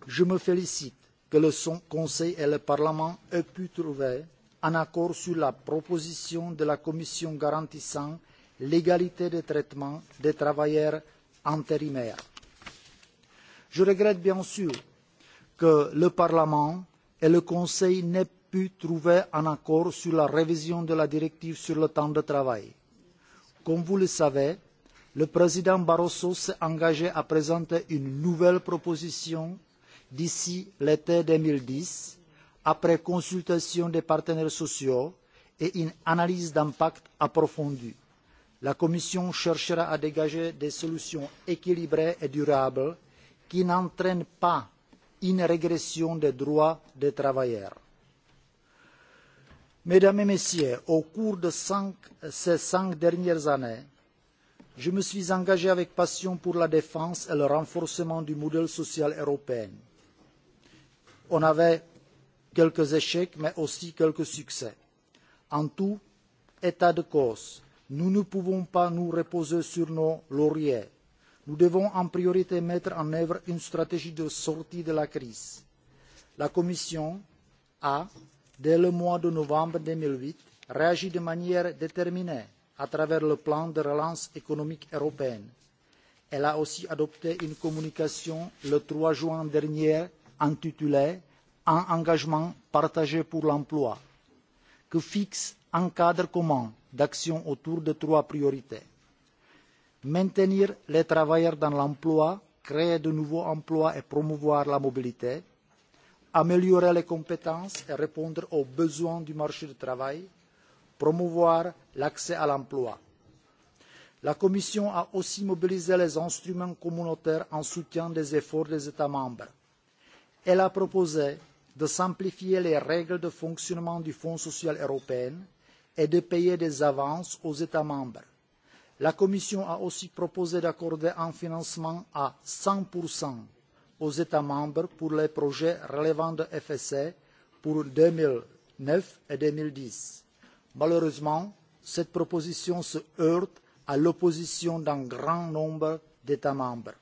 je me félicite que le Conseil et le Parlement aient pu trouver un accord sur la proposition de la Commission garantissant l'égalité de traitement des travailleurs intérimaires. Je regrette bien sûr que le Parlement et le Conseil n'aient pu trouver un accord sur la révision de la directive sur le temps de travail. Comme vous le savez, le président Barroso s'est engagé à présenter une nouvelle proposition d'ici l'été 2010, après consultation des partenaires sociaux et une analyse d'impact approfondie. La Commission cherchera à dégager des solutions équilibrées et durables qui n'entraînent pas une régression des droits des travailleurs. Mesdames et Messieurs, au cours de cinq, ces cinq dernières années, je me suis engagé avec passion pour la défense et le renforcement du modèle social européen. On avait quelques échecs, mais aussi quelques succès. En tout état de cause, nous ne pouvons pas nous reposer sur nos lauriers. Nous devons en priorité mettre en œuvre une stratégie de sortie de la crise. La Commission a, dès le mois de novembre deux mille huit réagit de manière déterminée à travers le plan de relance économique européen. elle a aussi adopté une communication le trois juin dernier intitulée un engagement partagé pour l'emploi qui fixe un cadre commun d'action autour de trois priorités maintenir les travailleurs dans l'emploi créer de nouveaux emplois et promouvoir la mobilité; améliorer les compétences et répondre aux besoins du marché du travail, promouvoir l'accès à l'emploi. La Commission a aussi mobilisé les instruments communautaires en soutien des efforts des États membres. Elle a proposé de simplifier les règles de fonctionnement du Fonds social européen et de payer des avances aux États membres. La Commission a aussi proposé d'accorder un financement à 100 aux États membres pour les projets relevant de FSE pour 2009 et 2010. Malheureusement, cette proposition se heurte à l'opposition d'un grand nombre d'États membres.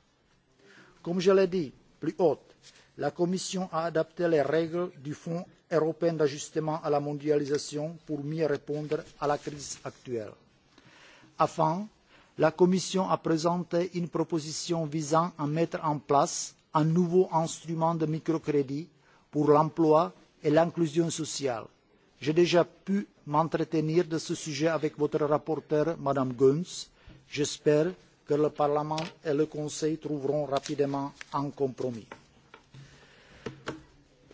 Comme je l'ai dit plus haut, la Commission a adapté les règles du Fonds européen d'ajustement à la mondialisation pour mieux répondre à la crise actuelle. Enfin, la Commission a présenté une proposition visant à mettre en place un nouveau instrument de microcrédit pour l'emploi et l'inclusion sociale. J'ai déjà pu m'entretenir de ce sujet avec votre rapporteure, Madame Goens. J'espère que le Parlement et le Conseil trouveront rapidement un compromis.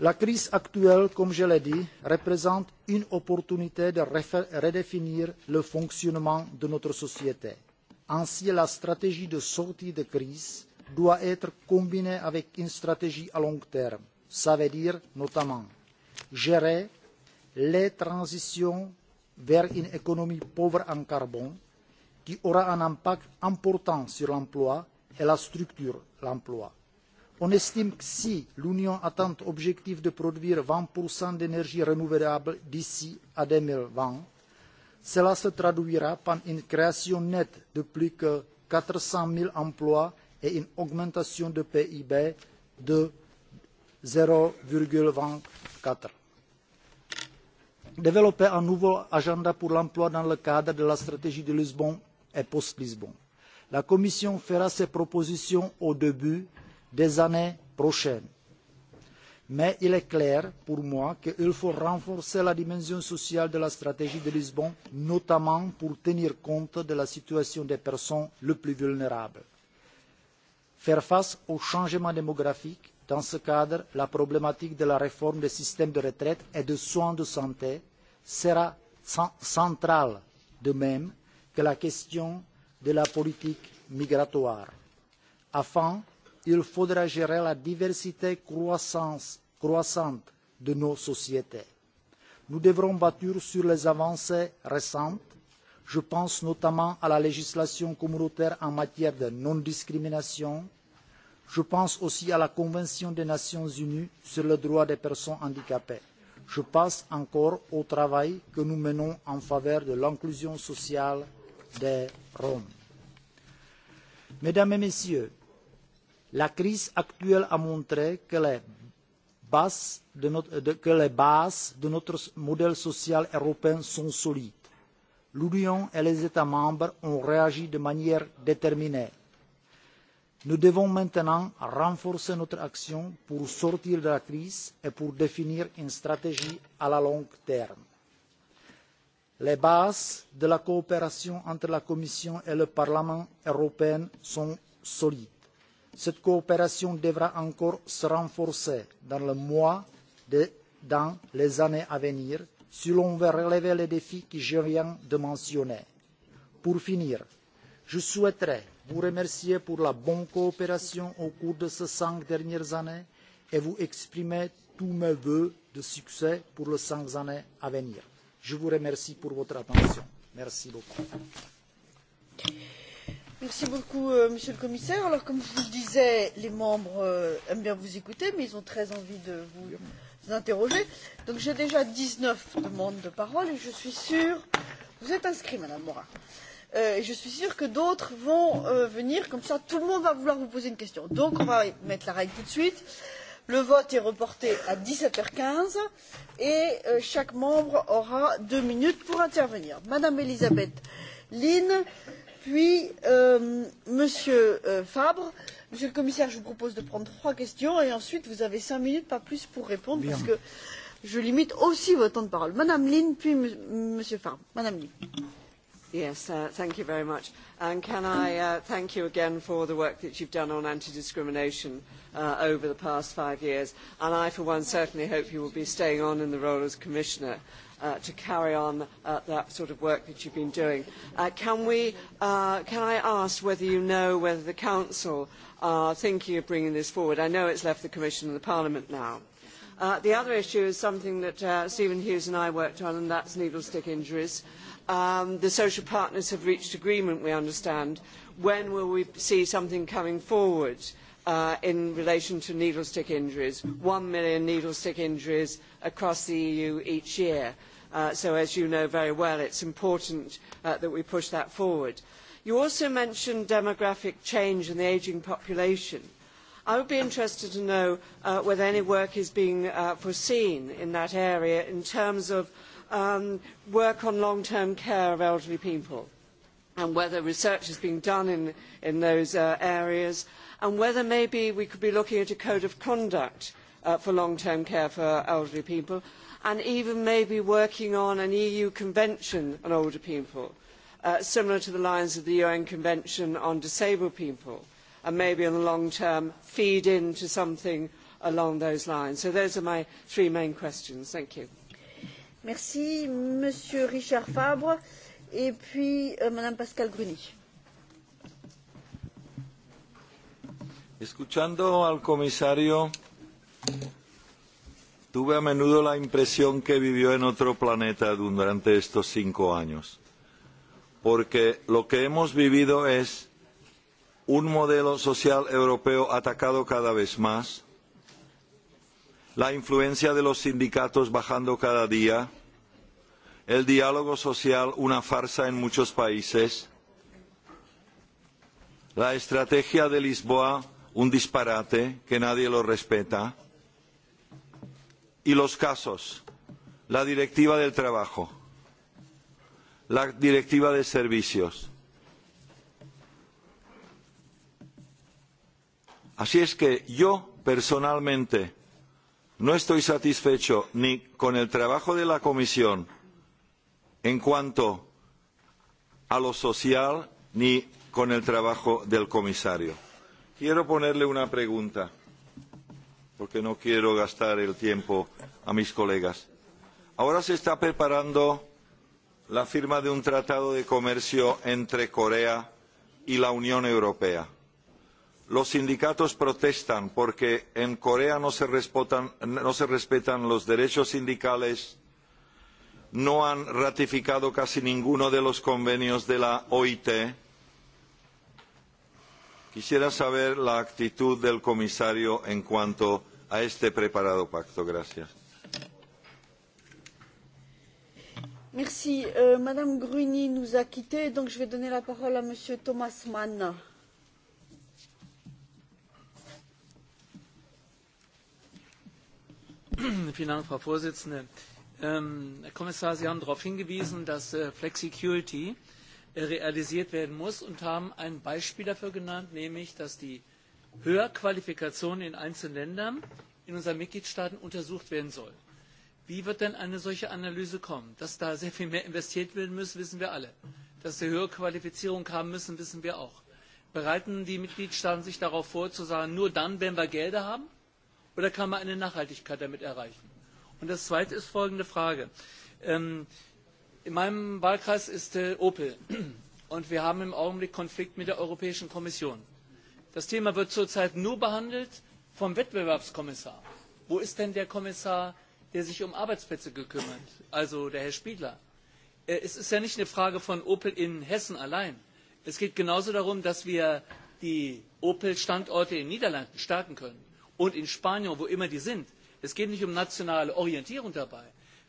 La crise actuelle, comme je l'ai dit, représente une opportunité de redéfinir le fonctionnement de notre société. Ainsi, la stratégie de sortie de crise doit être combiné avec une stratégie à long terme. Ça veut dire notamment gérer les transitions vers une économie pauvre en carbone qui aura un impact important sur l'emploi et la structure de l'emploi. On estime que si l'Union atteint l'objectif de produire 20 d'énergie renouvelable d'ici à 2020, cela se traduira par une création nette de plus de 400 000 emplois et une augmentation du PIB de zéro vingt quatre Développer un nouveau agenda pour l'emploi dans le cadre de la stratégie de Lisbonne et post-Lisbonne. La Commission fera ses propositions au début des années prochaines. Mais il est clair pour moi qu'il faut renforcer la dimension sociale de la stratégie de Lisbonne, notamment pour tenir compte de la situation des personnes les plus vulnérables faire face au changement démographique dans ce cadre la problématique de la réforme des systèmes de retraite et de soins de santé sera centrale de même que la question de la politique migratoire. enfin il faudra gérer la diversité croissante de nos sociétés. nous devrons bâtir sur les avancées récentes Je pense notamment à la législation communautaire en matière de non-discrimination. Je pense aussi à la Convention des Nations Unies sur le droit des personnes handicapées. Je pense encore au travail que nous menons en faveur de l'inclusion sociale des Roms. Mesdames et Messieurs, la crise actuelle a montré que les bases de notre, de, que les bases de notre modèle social européen sont solides l'Union et les États membres ont réagi de manière déterminée. Nous devons maintenant renforcer notre action pour sortir de la crise et pour définir une stratégie à la long terme. Les bases de la coopération entre la Commission et le Parlement européen sont solides. Cette coopération devra encore se renforcer dans, les mois et dans les années à venir si l'on veut relever les défis que je viens de mentionner. Pour finir, je souhaiterais vous remercier pour la bonne coopération au cours de ces cinq dernières années et vous exprimer tous mes vœux de succès pour les cinq années à venir. Je vous remercie pour votre attention. Merci beaucoup. Merci beaucoup, euh, Monsieur le Commissaire. Alors, comme je vous le disais, les membres euh, aiment bien vous écouter, mais ils ont très envie de vous. Bien interroger. donc j'ai déjà dix neuf demandes de parole et je suis sûre vous êtes inscrite madame morin euh, je suis sûre que d'autres vont euh, venir comme ça tout le monde va vouloir vous poser une question. donc on va mettre la règle tout de suite le vote est reporté à dix sept h quinze et euh, chaque membre aura deux minutes pour intervenir madame elisabeth lynne puis euh, m. Euh, fabre monsieur le commissaire je vous propose de prendre trois questions et ensuite vous avez cinq minutes pas plus pour répondre Bien. parce que je limite aussi votre temps de parole. madame lynne puis monsieur farm. madame lynne. Yes, uh, thank you very much. And can I uh, thank you again for the work that you've done on anti-discrimination uh, over the past five years. And I, for one, certainly hope you will be staying on in the role as Commissioner uh, to carry on uh, that sort of work that you've been doing. Uh, can, we, uh, can I ask whether you know whether the Council are thinking of bringing this forward? I know it's left the Commission and the Parliament now. Uh, the other issue is something that uh, Stephen Hughes and I worked on, and that's needle stick injuries. Um, the social partners have reached agreement, we understand. When will we see something coming forward? Uh, in relation to needle stick injuries, one million needle stick injuries across the EU each year. Uh, so as you know very well, it is important uh, that we push that forward. You also mentioned demographic change and the ageing population. I would be interested to know uh, whether any work is being uh, foreseen in that area in terms of um, work on long-term care of elderly people and whether research is being done in, in those uh, areas and whether maybe we could be looking at a code of conduct uh, for long-term care for elderly people and even maybe working on an EU convention on older people, uh, similar to the lines of the UN Convention on Disabled People, and maybe in the long term feed into something along those lines. So those are my three main questions. Thank you. Merci, Monsieur Richard Fabre, et puis euh, Madame Pascal Gruny. Escuchando al comisario, tuve a menudo la impresión que vivió en otro planeta durante estos cinco años, porque lo que hemos vivido es un modelo social europeo atacado cada vez más, la influencia de los sindicatos bajando cada día, el diálogo social una farsa en muchos países, la estrategia de Lisboa un disparate que nadie lo respeta, y los casos la directiva del trabajo la directiva de servicios así es que yo personalmente no estoy satisfecho ni con el trabajo de la comisión en cuanto a lo social ni con el trabajo del comisario. Quiero ponerle una pregunta porque no quiero gastar el tiempo a mis colegas. Ahora se está preparando la firma de un tratado de comercio entre Corea y la Unión Europea. Los sindicatos protestan porque en Corea no se respetan, no se respetan los derechos sindicales, no han ratificado casi ninguno de los convenios de la OIT. Quisiera saber la actitud del comisario en cuanto a este preparado pacto. Gracias. Merci. Euh, Madame Gruny nous a quittés, donc je vais donner la parole à Monsieur Thomas Mann. <coughs> Vielen Dank, Frau Vorsitzende. Ähm, Herr Kommissar, Sie haben darauf hingewiesen, dass äh, Flexicurity äh, realisiert werden muss und haben ein Beispiel dafür genannt, nämlich dass die Höherqualifikation in einzelnen Ländern in unseren Mitgliedstaaten untersucht werden soll. Wie wird denn eine solche Analyse kommen? Dass da sehr viel mehr investiert werden muss, wissen wir alle. Dass wir höhere Qualifizierung haben müssen, wissen wir auch. Bereiten die Mitgliedstaaten sich darauf vor, zu sagen, nur dann, wenn wir Gelder haben? Oder kann man eine Nachhaltigkeit damit erreichen? Und das Zweite ist folgende Frage. Ähm, in meinem Wahlkreis ist äh, Opel. Und wir haben im Augenblick Konflikt mit der Europäischen Kommission. Das Thema wird zurzeit nur behandelt vom Wettbewerbskommissar. Wo ist denn der Kommissar, der sich um Arbeitsplätze gekümmert, also der Herr Spiegler? Äh, es ist ja nicht eine Frage von Opel in Hessen allein. Es geht genauso darum, dass wir die Opel-Standorte in den Niederlanden stärken können und in Spanien, wo immer die sind. Es geht nicht um nationale Orientierung dabei.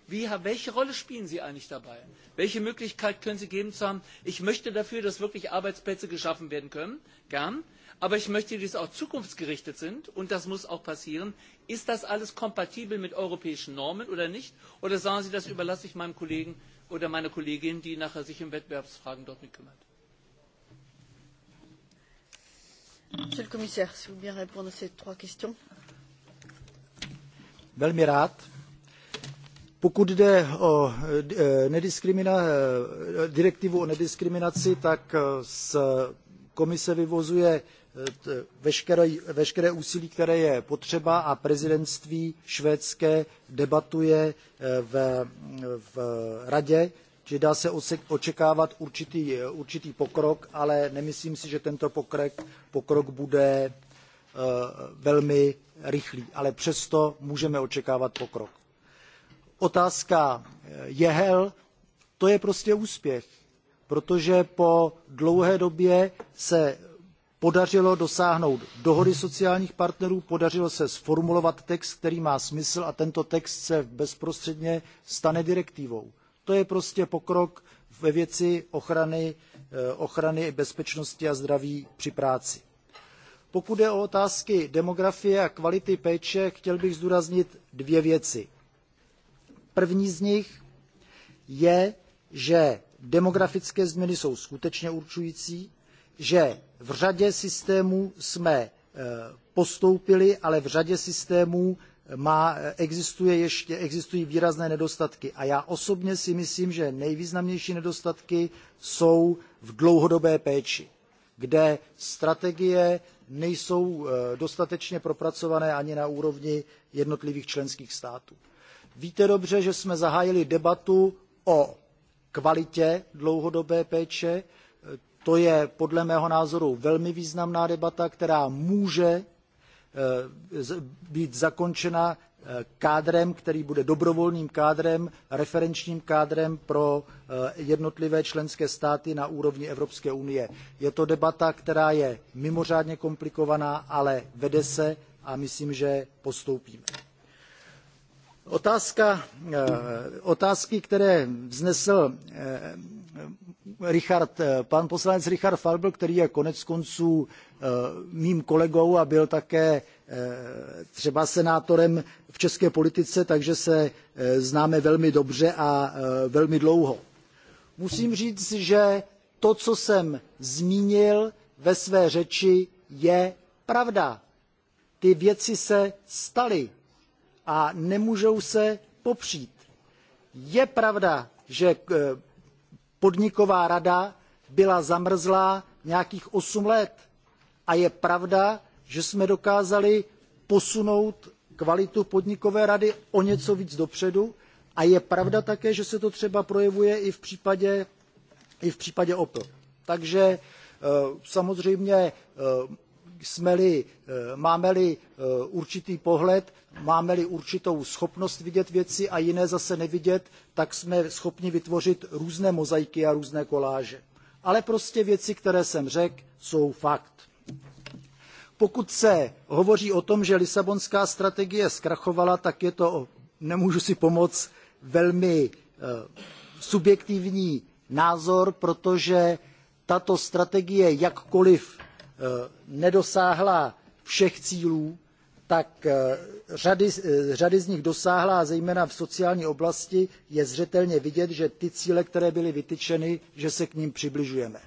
Wie, welche Rolle spielen Sie eigentlich dabei? Welche Möglichkeit können Sie geben zu haben, ich möchte dafür, dass wirklich Arbeitsplätze geschaffen werden können, gern, aber ich möchte dass wir auch zukunftsgerichtet sind und das muss auch passieren ist das alles kompatibel mit europäischen normen oder nicht oder sagen sie das überlasse ich meinem kollegen oder meiner kollegin die nachher sich um wettbewerbsfragen dort kümmert? Monsieur le Commissaire, si vous voulez bien répondre à ces trois questions. Velmi rád. Pokud jde o direktivu o nediskriminaci, tak z komise vyvozuje Eh, veškeré, veškeré úsilí, které je potřeba a prezidentství švédské debatuje eh, v, v radě, že dá se očekávat určitý, určitý pokrok, ale nemyslím si, že tento pokrok, pokrok bude eh, velmi rychlý, ale přesto můžeme očekávat pokrok. Otázka jehel, to je prostě úspěch, protože po dlouhé době se podařilo dosáhnout dohody sociálních partnerů, podařilo se sformulovat text, který má smysl a tento text se bezprostředně stane direktivou. To je prostě pokrok ve věci ochrany, eh, ochrany bezpečnosti a zdraví při práci. Pokud je o otázky demografie a kvality péče, chtěl bych zdůraznit dvě věci. První z nich je, že demografické změny jsou skutečně určující, že v řadě systémů jsme eh, postoupili ale v řadě systémů eh, eh, existují výrazné nedostatky a já osobně si myslím že nejvýznamnější nedostatky jsou v dlouhodobé péči kde strategie nejsou dostatečně propracované ani na úrovni jednotlivých členských států. víte dobře že jsme zahájili debatu o kvalitě dlouhodobé péče To je podle mého názoru velmi významná debata, která může eh, být zakončena eh, kádrem, který bude dobrovolným kádrem, referenčním kádrem pro eh, jednotlivé členské státy na úrovni Evropské unie. Je to debata, která je mimořádně komplikovaná, ale vede se a myslím, že postoupíme. Otázka, otázky, které vznesl Richard, eh, pan poslanec Richard Falbl, který je konec konců eh, mým kolegou a byl také eh, třeba senátorem v české politice, takže se známe velmi dobře a velmi dlouho. Musím říct, že to, co jsem zmínil ve své řeči, je pravda. Ty věci se staly a nemůžou se popřít. Je pravda, že podniková rada byla zamrzlá nějakých osm let a je pravda že jsme dokázali posunout kvalitu podnikové rady o něco víc dopředu a je pravda také že se to třeba projevuje i v případě, i v případě opel. takže eh, samozřejmě eh, Eh, máme-li eh, určitý pohled, máme-li určitou schopnost vidět věci a jiné zase nevidět, tak jsme schopni vytvořit různé mozaiky a různé koláže. Ale prostě věci, které jsem řekl, jsou fakt. Pokud se hovoří o tom, že Lisabonská strategie zkrachovala, tak je to, nemůžu si pomoct, velmi eh, subjektivní názor, protože tato strategie jakkoliv Eh, nedosáhla všech cílů, tak eh, řady, eh, řady z nich dosáhla, a zejména v sociální oblasti je zřetelně vidět, že ty cíle, které byly vytyčeny, že se k ním přibližujeme.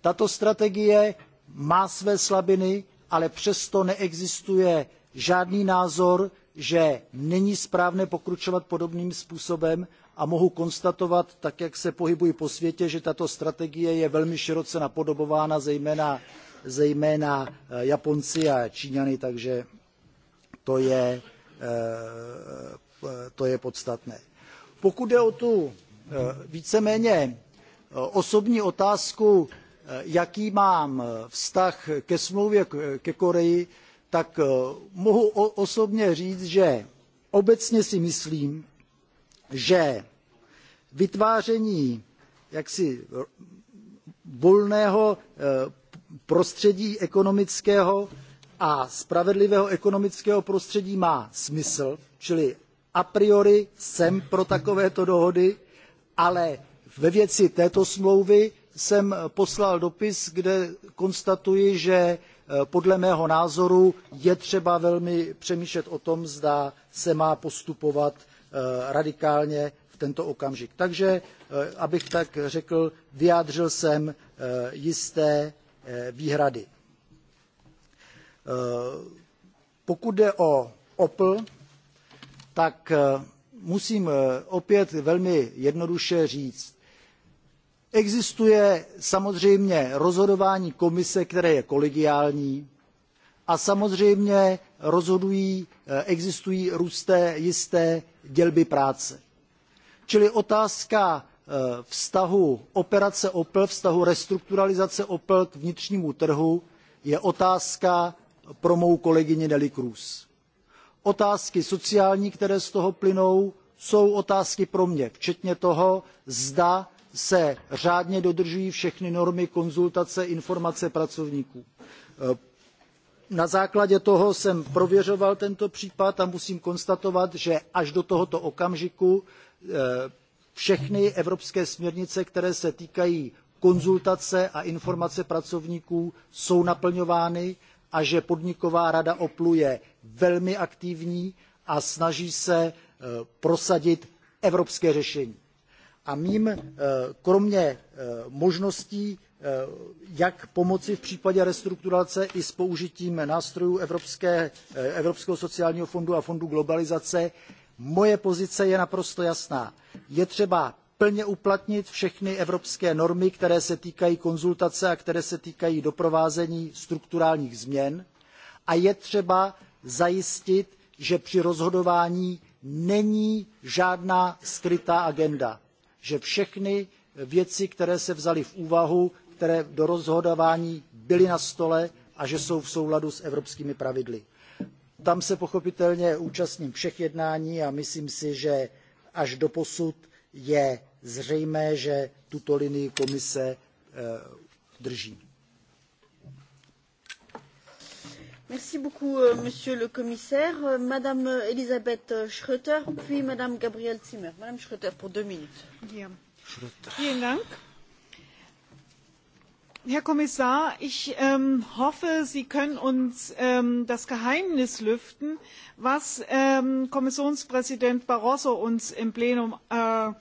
Tato strategie má své slabiny, ale přesto neexistuje žádný názor, že není správné pokročovat podobným způsobem a mohu konstatovat, tak jak se pohybuji po světě, že tato strategie je velmi široce napodobována, zejména zejména eh, Japonci a Číňany, takže to je, eh, eh, to je podstatné. Pokud jde o tu víceméně osobní otázku, jaký mám vztah ke smlouvě ke Koreji, tak mohu osobně říct, že obecně si myslím, že vytváření jaksi volného prostředí ekonomického a spravedlivého ekonomického prostředí má smysl, čili a priori jsem pro takovéto dohody, ale ve věci této smlouvy jsem poslal dopis, kde konstatuji, že eh, podle mého názoru je třeba velmi přemýšlet o tom, zda se má postupovat eh, radikálně v tento okamžik. Takže, eh, abych tak řekl, vyjádřil jsem jisté Eh, výhrady. Eh, pokud jde o OPL, tak eh, musím opět velmi jednoduše říct. Existuje samozřejmě rozhodování komise, které je kolegiální a samozřejmě rozhodují, existují růsté jisté dělby práce. Čili otázka Eh, vztahu operace opel vztahu restrukturalizace opel k vnitřnímu trhu je otázka pro mou kolegyni neelie kroes. Otázky sociální, které z toho plynou, jsou otázky pro mě, včetně toho, zda se řádně dodržují všechny normy, konzultace, informace pracovníků. Eh, na základě toho jsem prověřoval tento případ a musím konstatovat, že až do tohoto okamžiku eh, všechny evropské směrnice, které se týkají konzultace a informace pracovníků, jsou naplňovány a že podniková rada OPLu je velmi aktivní a snaží se eh, prosadit evropské řešení. A mým, eh, kromě eh, možností, jak pomoci v případě restrukturalizace i s použitím nástrojů Evropské, Evropského sociálního fondu a fondu globalizace, Moje pozice je naprosto jasná. Je třeba plně uplatnit všechny evropské normy, které se týkají konzultace a které se týkají doprovázení strukturálních změn a je třeba zajistit, že při rozhodování není žádná skrytá agenda, že všechny věci, které se vzaly v úvahu, které do rozhodování byly na stole a že jsou v souladu s evropskými pravidly. Tam se pochopitelně účastním všech jednání a myslím si, že až doposud je zřejmé, že tuto linii komise eh, drží. Merci beaucoup, euh, Monsieur le Commissaire. Euh, madame Elisabeth Schröter, puis Madame Gabrielle Zimmer. Madame Schröter, pour deux minutes. Schröter. Vielen Dank. Herr Kommissar, ich ähm, hoffe, Sie können uns ähm, das Geheimnis lüften, was ähm, Kommissionspräsident Barroso uns im Plenum, äh,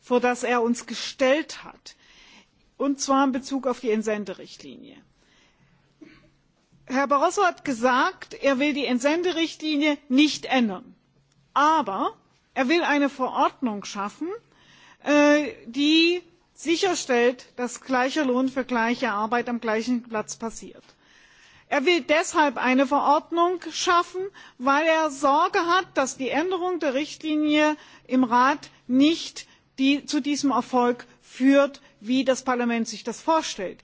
vor das er uns gestellt hat, und zwar in Bezug auf die Entsenderichtlinie. Herr Barroso hat gesagt, er will die Entsenderichtlinie nicht ändern, aber er will eine Verordnung schaffen, äh, die sicherstellt dass gleicher lohn für gleiche arbeit am gleichen platz passiert. er will deshalb eine verordnung schaffen weil er sorge hat dass die änderung der richtlinie im rat nicht die, zu diesem erfolg führt wie das parlament sich das vorstellt.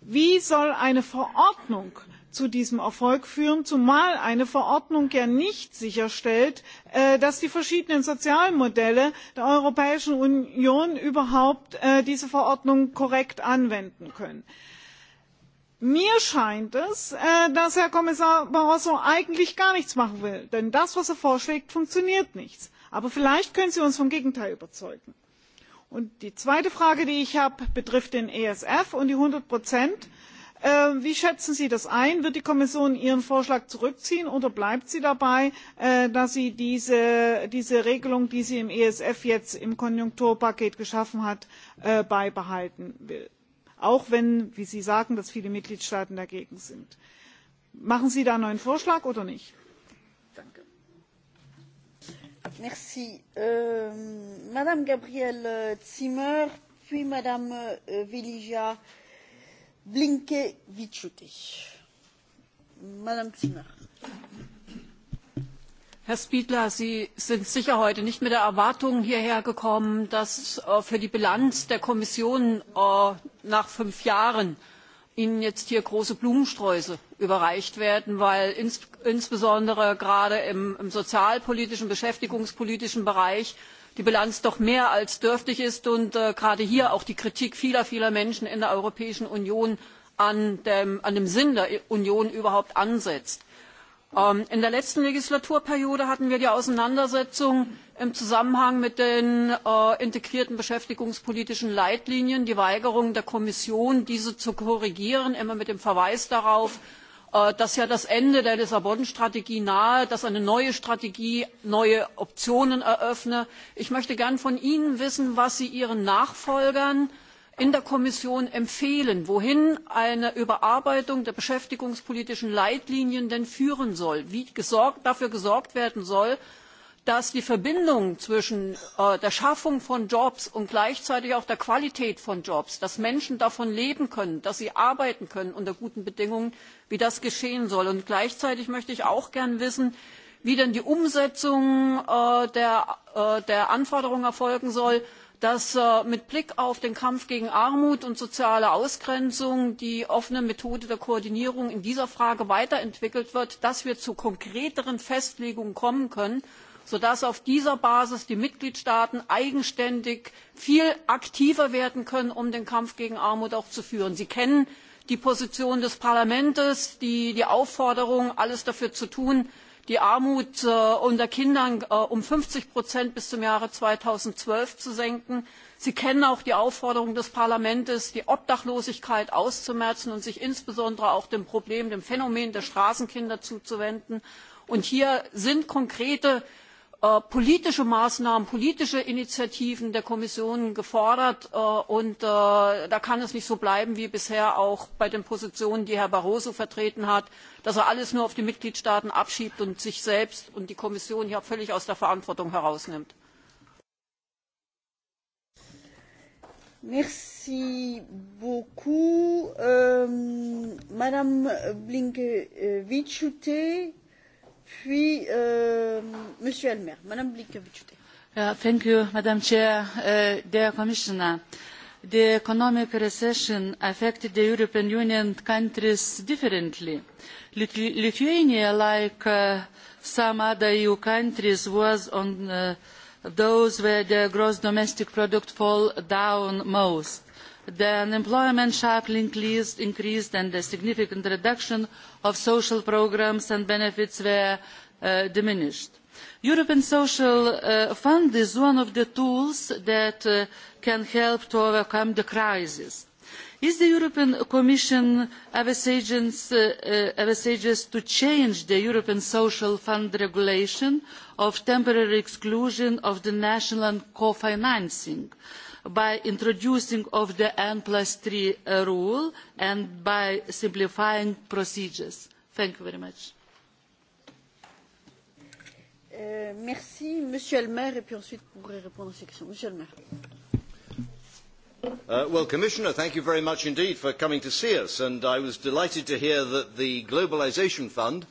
wie soll eine verordnung zu diesem Erfolg führen, zumal eine Verordnung ja nicht sicherstellt, äh, dass die verschiedenen Sozialmodelle der Europäischen Union überhaupt äh, diese Verordnung korrekt anwenden können. Mir scheint es, äh, dass Herr Kommissar Barroso eigentlich gar nichts machen will, denn das, was er vorschlägt, funktioniert nichts. Aber vielleicht können Sie uns vom Gegenteil überzeugen. Und die zweite Frage, die ich habe, betrifft den ESF und die 100 Prozent Ähm, wie schätzen sie das ein? wird die kommission ihren vorschlag zurückziehen oder bleibt sie dabei äh, dass sie diese, diese regelung die sie im esf jetzt im konjunkturpaket geschaffen hat äh, beibehalten will auch wenn wie sie sagen viele mitgliedstaaten dagegen sind? machen sie da einen neuen vorschlag oder nicht? Danke. Merci. Euh, Madame Gabrielle Zimmer, puis Madame euh, Velija Blinkevičiūtė. Madame Zimmer. Herr pidla Sie sind sicher heute nicht mit der Erwartung hierher gekommen, dass ihnen äh, für die Bilanz der Kommission äh, nach fünf Jahren jetzt hier große Blumensträuße überreicht werden, weil insbesondere gerade im, sozialpolitischen, beschäftigungspolitischen Bereich die bilanz doch mehr als dürftig ist und äh, gerade hier auch die kritik vieler vieler menschen in der europäischen union an dem, sinn der union überhaupt ansetzt. Ähm, in der letzten legislaturperiode hatten wir die auseinandersetzung im zusammenhang mit den äh, integrierten beschäftigungspolitischen leitlinien die weigerung der kommission diese zu korrigieren immer mit dem verweis darauf Äh, dass ja das Ende der Lissabon-Strategie nahe, dass eine neue Strategie neue Optionen eröffne. Ich möchte gern von Ihnen wissen, was Sie Ihren Nachfolgern in der Kommission empfehlen, wohin eine Überarbeitung der beschäftigungspolitischen Leitlinien denn führen soll, wie dafür gesorgt werden soll, dass die verbindung zwischen äh, der schaffung von jobs und gleichzeitig auch der qualität von jobs dass menschen davon leben können dass sie arbeiten können unter guten bedingungen wie das geschehen soll. gleichzeitig möchte ich auch gerne wissen wie denn die umsetzung äh, äh, der anforderungen erfolgen soll dass mit blick auf den kampf gegen armut und soziale ausgrenzung die offene methode der koordinierung in dieser frage weiterentwickelt wird dass wir zu konkreteren festlegungen kommen können sodass auf dieser basis die mitgliedstaaten eigenständig viel aktiver werden können um den kampf gegen armut zu führen. sie kennen die position des parlaments die, aufforderung alles dafür zu tun die armut äh, unter kindern äh, um fünfzig bis zum jahre zweitausendzwölf zu senken. sie kennen auch die aufforderung des parlaments die obdachlosigkeit auszumerzen und sich insbesondere auch dem problem dem phänomen der straßenkinder zuzuwenden. hier sind konkrete Äh, politische Maßnahmen, politische Initiativen der Kommission gefordert. Äh, und äh, da kann es nicht so bleiben wie bisher auch bei den Positionen, die Herr Barroso vertreten hat, dass er alles nur auf die Mitgliedstaaten abschiebt und sich selbst und die Kommission hier völlig aus der Verantwortung herausnimmt. Merci beaucoup. Ähm, Madame Blinke-Vichute, puis euh, M. Elmer. Madame Blinkevichute. Uh, thank you, Madam Chair. Uh, dear Commissioner, the economic recession affected the European Union countries differently. Lithu Lithuania, like uh, some other EU countries, was on uh, those where the gross domestic product fall down most the unemployment sharply increased and the significant reduction of social programmes and benefits were uh, diminished. the european social uh, fund is one of the tools that uh, can help to overcome the crisis. is the european commission envisages uh, uh, to change the european social fund regulation of temporary exclusion of the national co financing? by introducing of the N plus three uh, rule and by simplifying procedures. Thank you very much. Euh, merci, Monsieur Monsieur uh, well, Commissioner, thank you very much indeed for coming to see us, and I was delighted to hear that the Globalisation Fund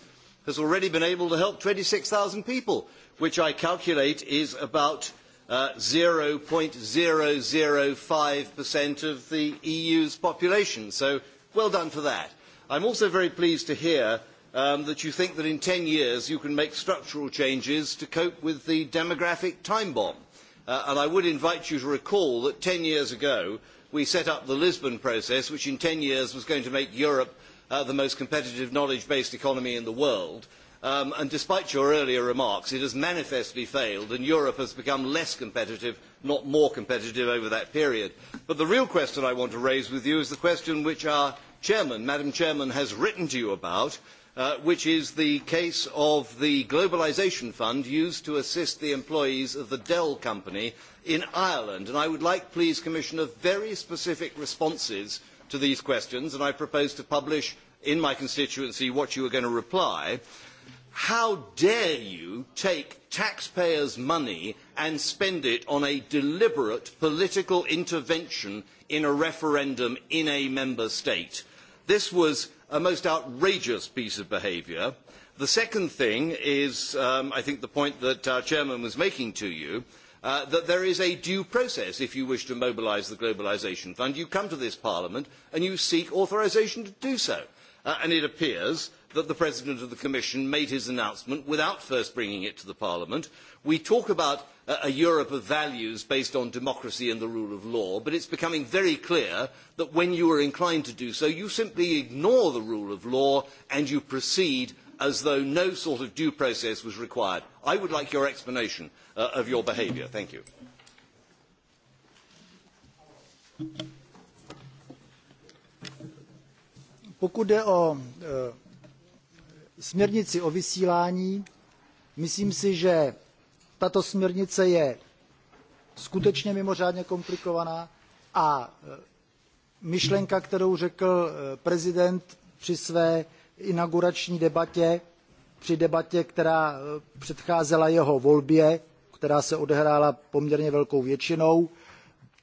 has already been able to help zero people, which I calculate is about uh, 0.005% of the EU's population. So well done for that. I'm also very pleased to hear um, that you think that in 10 years you can make structural changes to cope with the demographic time bomb. Uh, and I would invite you to recall that 10 years ago we set up the Lisbon process, which in 10 years was going to make Europe uh, the most competitive knowledge-based economy in the world Um, and despite your earlier remarks, it has manifestly failed, and Europe has become less competitive, not more competitive over that period. But the real question I want to raise with you is the question which our chairman, Madam Chairman, has written to you about, uh, which is the case of the Globalisation Fund used to assist the employees of the Dell Company in Ireland. And I would like, please, Commissioner, very specific responses to these questions, and I propose to publish in my constituency what you are going to reply how dare you take taxpayers' money and spend it on a deliberate political intervention in a referendum in a member state? This was a most outrageous piece of behaviour. The second thing is, um, I think, the point that our chairman was making to you, uh, that there is a due process if you wish to mobilise the Globalisation Fund. You come to this Parliament and you seek authorisation to do so. Uh, and it appears that the President of the Commission made his announcement without first bringing it to Parliament. We talk about a Europe of values based on democracy and the rule of law, but it is becoming very clear that when you are inclined to do so, you simply ignore the rule of law and you proceed as though no sort of due process was required. I would like your explanation uh, of your behaviour. Thank you. Pokud směrnici o vysílání. Myslím si, že tato směrnice je skutečně mimořádně komplikovaná a myšlenka, kterou řekl prezident při své inaugurační debatě, při debatě, která předcházela jeho volbě, která se odehrála poměrně velkou většinou,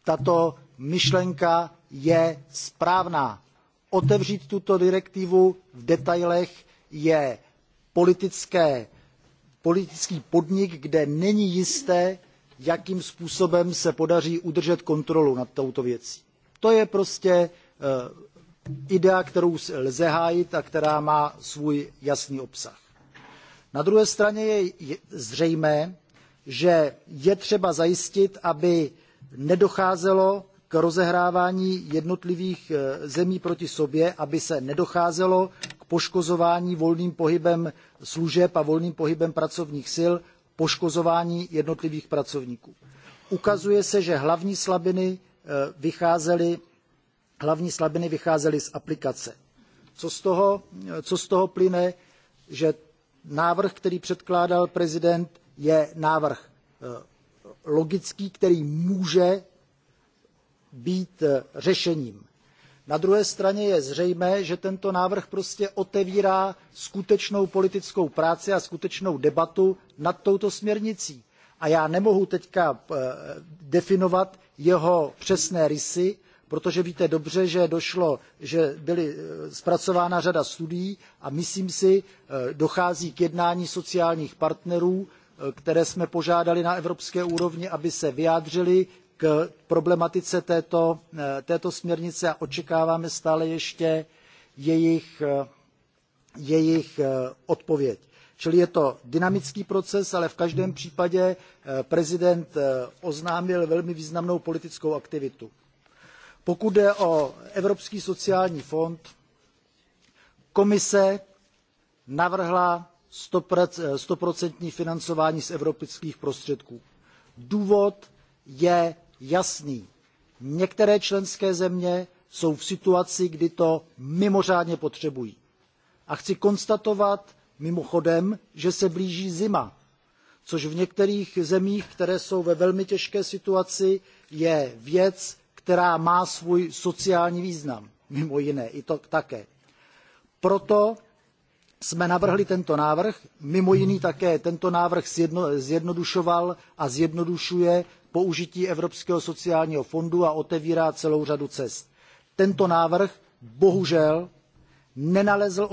tato myšlenka je správná. Otevřít tuto direktivu v detailech je politický podnik, kde není jisté, jakým způsobem se podaří udržet kontrolu nad touto věcí. To je prostě eh, idea, kterou lze hájit a která má svůj jasný obsah. Na druhé straně je zřejmé, že je třeba zajistit, aby nedocházelo k rozehrávání jednotlivých eh, zemí proti sobě, aby se nedocházelo poškozování volným pohybem služeb a volným pohybem pracovních sil, poškozování jednotlivých pracovníků. Ukazuje se, že hlavní slabiny eh, vycházely, hlavní slabiny vycházely z aplikace. Co z, toho, eh, co z toho plyne, že návrh, který předkládal prezident, je návrh eh, logický, který může být řešením Na druhé straně je zřejmé, že tento návrh prostě otevírá skutečnou politickou práci a skutečnou debatu nad touto směrnicí. A já nemohu teďka eh, definovat jeho přesné rysy, protože víte dobře, že došlo, že byly eh, zpracována řada studií a myslím si, eh, dochází k jednání sociálních partnerů, které jsme požádali na evropské úrovni, aby se vyjádřili k problematice této, eh, této směrnice a očekáváme stále ještě jejich, eh, jejich eh, odpověď. Čili je to dynamický proces, ale v každém případě prezident oznámil velmi významnou politickou aktivitu. Pokud jde o Evropský sociální fond, komise navrhla 100% financování z evropských prostředků. Důvod je jasný. Některé členské země jsou v situaci, kdy to mimořádně potřebují. A chci konstatovat mimochodem, že se blíží zima, což v některých zemích, které jsou ve velmi těžké situaci, je věc, která má svůj sociální význam, mimo jiné i to také. Proto jsme navrhli tento návrh. Mimo jiný také tento návrh zjedno, zjednodušoval a zjednodušuje použití Evropského sociálního fondu a otevírá celou řadu cest. Tento návrh bohužel nenalezl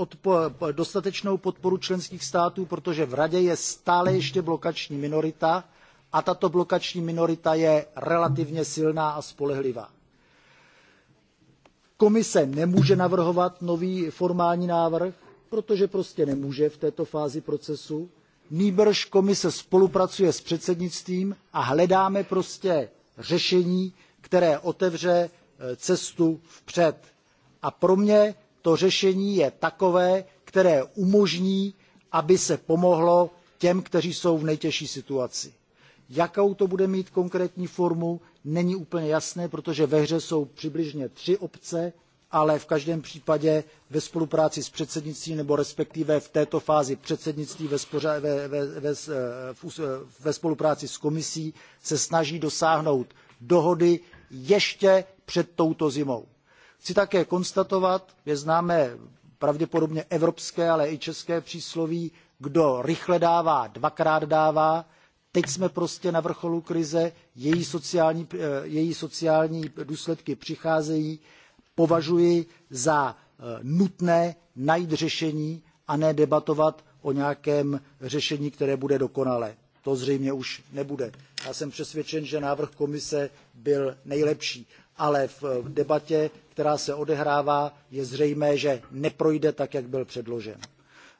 dostatečnou podporu členských států, protože v Radě je stále ještě blokační minorita a tato blokační minorita je relativně silná a spolehlivá. Komise nemůže navrhovat nový formální návrh, protože prostě nemůže v této fázi procesu. Nýbrž komise spolupracuje s předsednictvím a hledáme prostě řešení, které otevře eh, cestu vpřed. A pro mě to řešení je takové, které umožní, aby se pomohlo těm, kteří jsou v nejtěžší situaci. Jakou to bude mít konkrétní formu, není úplně jasné, protože ve hře jsou přibližně tři obce, ale v každém případě ve spolupráci s předsednictvím nebo respektive v této fázi předsednictví ve, spoře, ve, ve, eh, eh, ve spolupráci s komisí se snaží dosáhnout dohody ještě před touto zimou. Chci také konstatovat, je známé pravděpodobně evropské, ale i české přísloví, kdo rychle dává, dvakrát dává. Teď jsme prostě na vrcholu krize, její sociální, eh, její sociální důsledky přicházejí považuji za eh, nutné najít řešení a ne debatovat o nějakém řešení, které bude dokonalé. To zřejmě už nebude. Já jsem přesvědčen, že návrh komise byl nejlepší, ale v eh, debatě, která se odehrává, je zřejmé, že neprojde tak, jak byl předložen.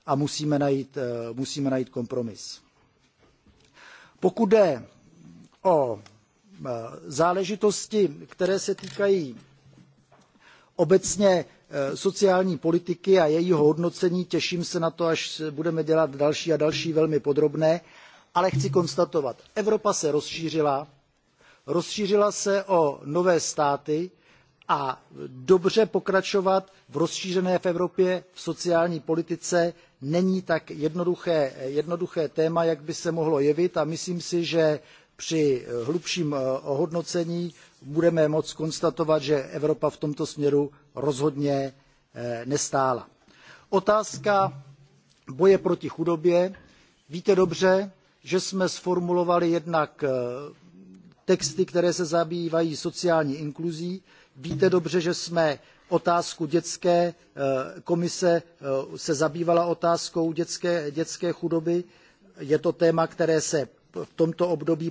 A musíme najít, eh, musíme najít kompromis. Pokud jde o záležitosti, které se týkají obecně eh, sociální politiky a jejího hodnocení. Těším se na to, až budeme dělat další a další velmi podrobné. Ale chci konstatovat, Evropa se rozšířila, rozšířila se o nové státy a dobře pokračovat v rozšířené v Evropě v sociální politice není tak jednoduché, jednoduché téma, jak by se mohlo jevit a myslím si, že při eh, hlubším eh, ohodnocení budeme moci konstatovat, že Evropa v tomto směru rozhodně eh, nestála. Otázka boje proti chudobě. Víte dobře, že jsme sformulovali jednak texty, které se zabývají sociální inkluzí. Víte dobře, že jsme otázku dětské komise se zabývala otázkou dětské, dětské chudoby. Je to téma, které se v tomto období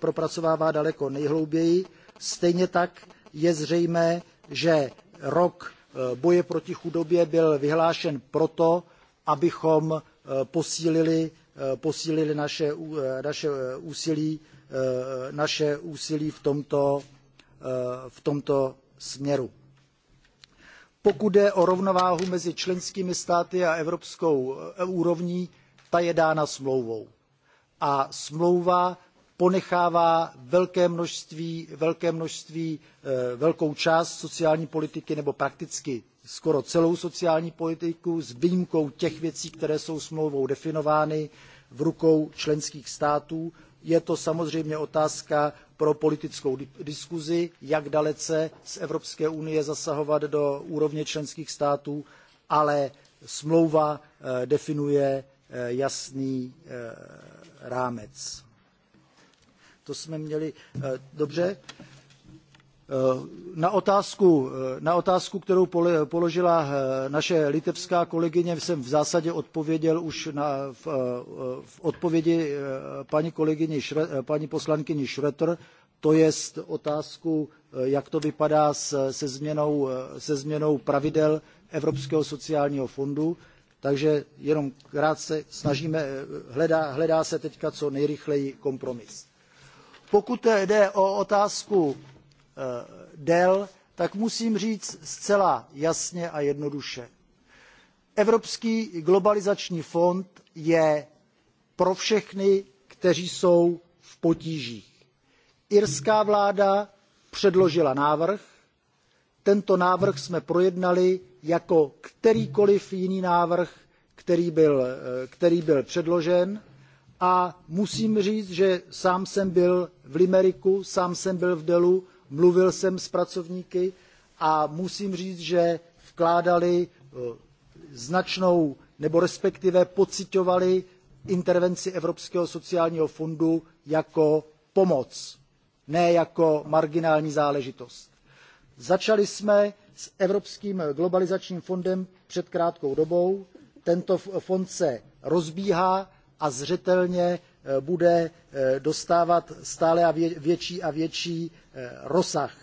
propracovává daleko nejhlouběji. Stejně tak je zřejmé, že rok boje proti chudobě byl vyhlášen proto, abychom posílili, posílili naše, naše, úsilí, naše úsilí v tomto, v tomto směru. Pokud jde o rovnováhu mezi členskými státy a evropskou úrovní, ta je dána smlouvou a smlouva ponechává velké množství, velké množství, eh, velkou část sociální politiky nebo prakticky skoro celou sociální politiku s výjimkou těch věcí, které jsou smlouvou definovány v rukou členských států. Je to samozřejmě otázka pro politickou diskuzi, jak dalece z Evropské unie zasahovat do úrovně členských států, ale smlouva eh, definuje eh, jasný, rámec. To jsme měli eh, dobře. Eh, na otázku, eh, na otázku, kterou položila naše litevská kolegyně, jsem v zásadě odpověděl už na, v, v odpovědi paní, kolegyně, paní poslankyni Šretr, to je otázku, jak to vypadá se, změnou, se změnou pravidel Evropského sociálního fondu Takže jenom krátce snažíme, eh, hledá, hledá se teďka co nejrychleji kompromis. Pokud jde o otázku eh, del, tak musím říct zcela jasně a jednoduše. Evropský globalizační fond je pro všechny, kteří jsou v potížích. Irská vláda předložila návrh, tento návrh jsme projednali jako kterýkoliv jiný návrh, který byl, eh, který byl předložen. A musím říct, že sám jsem byl v Limeriku, sám jsem byl v Delu, mluvil jsem s pracovníky a musím říct, že vkládali eh, značnou nebo respektive pocitovali intervenci Evropského sociálního fondu jako pomoc, ne jako marginální záležitost. Začali jsme s evropským globalizačním fondem před krátkou dobou tento fond se rozbíhá a zřetelně bude dostávat stále a větší a větší rozsah.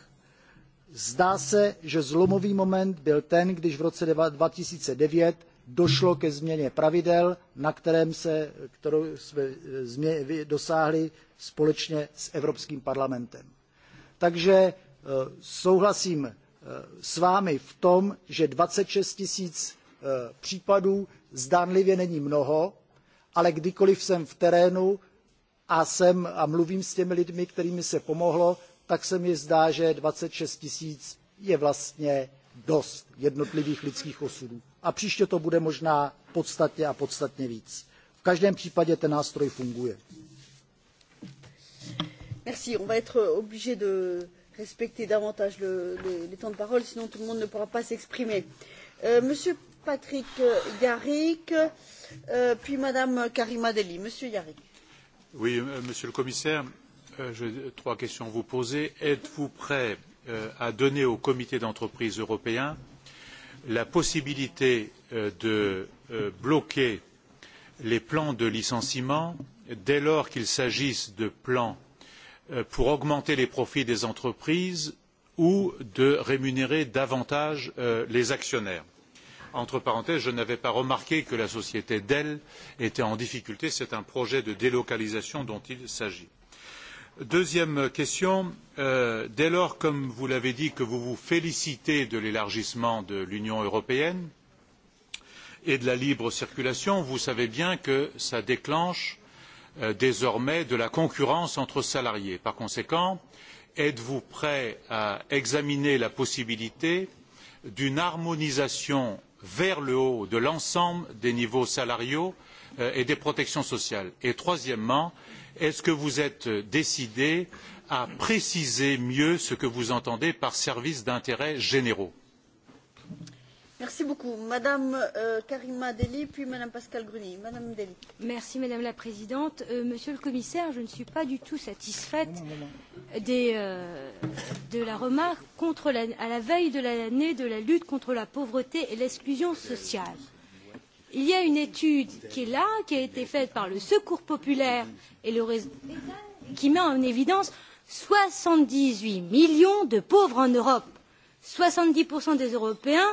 Zdá se, že zlomový moment byl ten, když v roce 2009 došlo ke změně pravidel, na kterém se, kterou jsme dosáhli společně s Evropským parlamentem. Takže souhlasím s vámi v tom, že 26 tisíc eh, případů zdánlivě není mnoho, ale kdykoliv jsem v terénu a, jsem, a mluvím s těmi lidmi, kterými se pomohlo, tak se mi zdá, že 26 tisíc je vlastně dost jednotlivých lidských osudů. A příště to bude možná podstatně a podstatně víc. V každém případě ten nástroj funguje. Merci. On va être obligé de, respecter davantage le, le, les temps de parole, sinon tout le monde ne pourra pas s'exprimer. Euh, monsieur Patrick Yarrick, euh, puis Madame Karima Deli. Monsieur Yarrick. Oui, euh, Monsieur le Commissaire, euh, j'ai trois questions à vous poser. Êtes-vous prêt euh, à donner au comité d'entreprise européen la possibilité euh, de euh, bloquer les plans de licenciement dès lors qu'il s'agisse de plans Euh, pour augmenter les profits des entreprises ou de rémunérer davantage euh, les actionnaires. Entre parenthèses, je n'avais pas remarqué que la société Dell était en difficulté. C'est un projet de délocalisation dont il s'agit. Deuxième question, euh, dès lors, comme vous l'avez dit, que vous vous félicitez de l'élargissement de l'Union européenne et de la libre circulation, vous savez bien que ça déclenche Euh, désormais de la concurrence entre salariés. par conséquent êtes vous prêt à examiner la possibilité d'une harmonisation vers le haut de l'ensemble des niveaux salariaux euh, et des protections sociales? et troisièmement est ce que vous êtes décidé à préciser mieux ce que vous entendez par services d'intérêt généraux? Merci beaucoup. Madame euh, Karima Deli, puis Madame Pascal Gruny. Madame Deli. Merci Madame la Présidente. Euh, Monsieur le Commissaire, je ne suis pas du tout satisfaite Des, euh, de la remarque contre la, à la veille de l'année de la lutte contre la pauvreté et l'exclusion sociale. Il y a une étude qui est là, qui a été faite par le Secours populaire et le réseau, qui met en évidence 78 millions de pauvres en Europe. 70% des Européens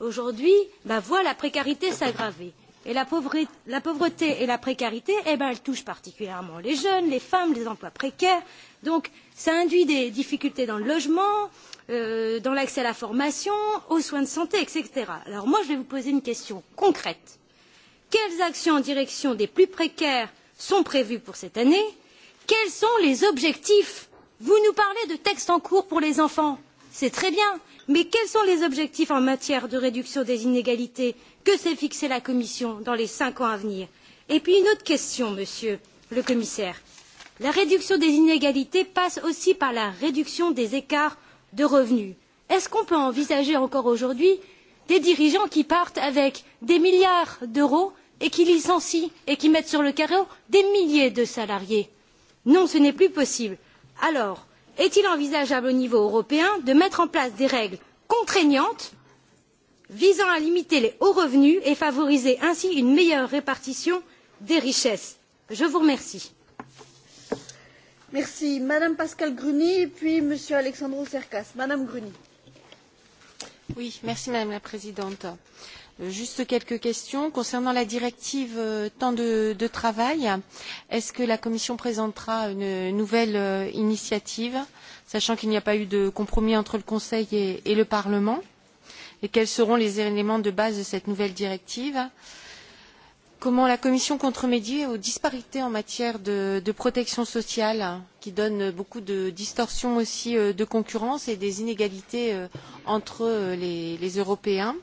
Aujourd'hui, ben, voit la précarité s'aggraver. Et la pauvreté, la pauvreté et la précarité, eh ben, elles touchent particulièrement les jeunes, les femmes, les emplois précaires. Donc, ça induit des difficultés dans le logement, euh, dans l'accès à la formation, aux soins de santé, etc. Alors moi, je vais vous poser une question concrète. Quelles actions en direction des plus précaires sont prévues pour cette année Quels sont les objectifs Vous nous parlez de textes en cours pour les enfants. C'est très bien, mais quels sont les objectifs en matière de réduction des inégalités que s'est fixés la commission dans les cinq ans à venir? et puis une autre question monsieur le commissaire la réduction des inégalités passe aussi par la réduction des écarts de revenus. est ce qu'on peut envisager encore aujourd'hui des dirigeants qui partent avec des milliards d'euros et qui licencient et qui mettent sur le carreau des milliers de salariés? non ce n'est plus possible. alors est il envisageable au niveau européen de mettre en place des règles contraignantes visant à limiter les hauts revenus et favoriser ainsi une meilleure répartition des richesses? je vous remercie. Merci, Madame Pascale Gruny, puis Monsieur Madame Gruny. Oui, merci Madame la Présidente. Juste quelques questions. Concernant la directive euh, temps de, travail, est-ce que la Commission présentera une nouvelle euh, initiative, sachant qu'il n'y a pas eu de compromis entre le Conseil et, le Parlement Et quels seront les éléments de base de cette nouvelle directive Comment la Commission compte remédier aux disparités en matière de, protection sociale, qui donnent beaucoup de distorsions aussi euh, de concurrence et des inégalités entre les Européens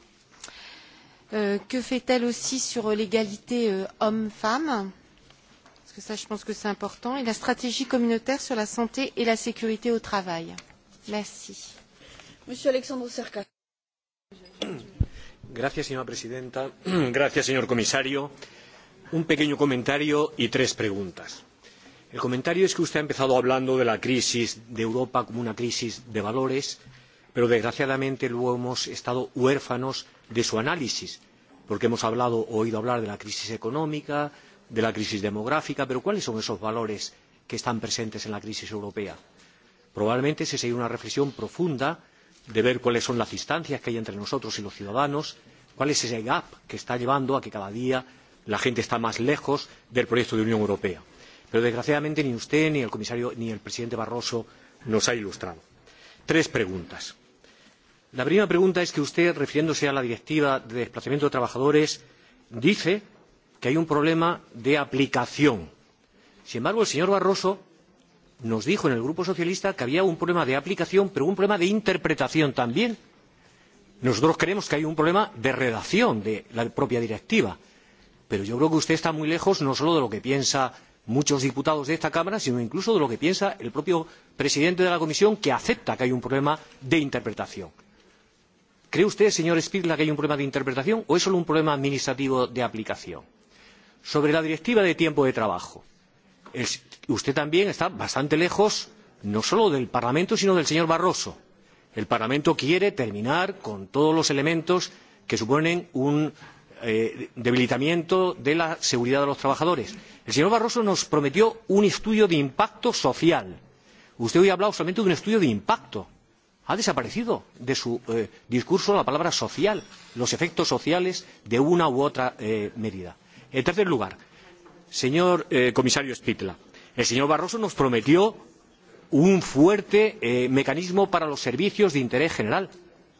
Euh, que fait-elle aussi sur euh, l'égalité euh, hommes-femmes Parce que ça, je pense que c'est important. Et la stratégie communautaire sur la santé et la sécurité au travail. señora presidenta. <clears throat> Gracias, señor comisario. Un pequeño comentario y tres preguntas. El comentario es que usted ha empezado hablando de la crisis de Europa como una crisis de valores, pero desgraciadamente luego hemos estado huérfanos de su análisis, porque hemos hablado, oído hablar de la crisis económica, de la crisis demográfica, pero ¿cuáles son esos valores que están presentes en la crisis europea? Probablemente se sería una reflexión profunda de ver cuáles son las distancias que hay entre nosotros y los ciudadanos, cuál es ese gap que está llevando a que cada día la gente está más lejos del proyecto de Unión Europea. Pero desgraciadamente ni usted, ni el comisario, ni el presidente Barroso nos ha ilustrado. Tres preguntas la primera pregunta es que usted refiriéndose a la directiva de desplazamiento de trabajadores dice que hay un problema de aplicación. sin embargo el señor barroso nos dijo en el grupo socialista que había un problema de aplicación pero un problema de interpretación también. nosotros creemos que hay un problema de redacción de la propia directiva pero yo creo que usted está muy lejos no solo de lo que piensan muchos diputados de esta cámara sino incluso de lo que piensa el propio presidente de la comisión que acepta que hay un problema de interpretación cree usted señor pidla que hay un problema de interpretación o es solo un problema administrativo de aplicación? sobre la directiva de tiempo de trabajo usted también está bastante lejos no solo del parlamento sino del señor barroso. el parlamento quiere terminar con todos los elementos que suponen un eh, debilitamiento de la seguridad de los trabajadores. el señor barroso nos prometió un estudio de impacto social. usted hoy ha hablado solamente de un estudio de impacto ha desaparecido de su eh, discurso la palabra social, los efectos sociales de una u otra eh, medida. En tercer lugar, señor eh, comisario Spitla, el señor Barroso nos prometió un fuerte eh, mecanismo para los servicios de interés general.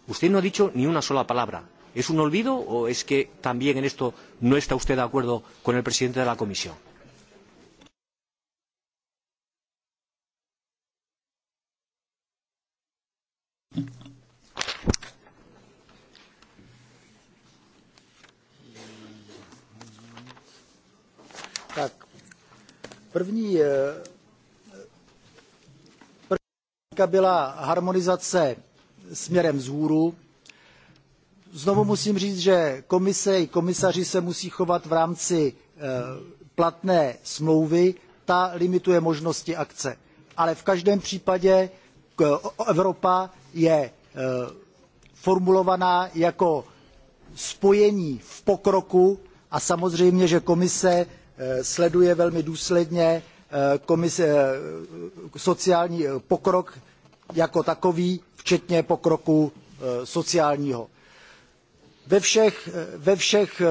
Usted no ha dicho ni una sola palabra. ¿Es un olvido o es que también en esto no está usted de acuerdo con el presidente de la Comisión? Eh, první byla harmonizace směrem vzhůru. Znovu musím říct, že komise i komisaři se musí chovat v rámci eh, platné smlouvy, ta limituje možnosti akce. Ale v každém případě eh, Evropa je formulovaná jako spojení v pokroku a samozřejmě, že komise Eh, sleduje velmi důsledně eh, komise, eh, sociální pokrok jako takový, včetně pokroku sociálního. Ve všech, ve všech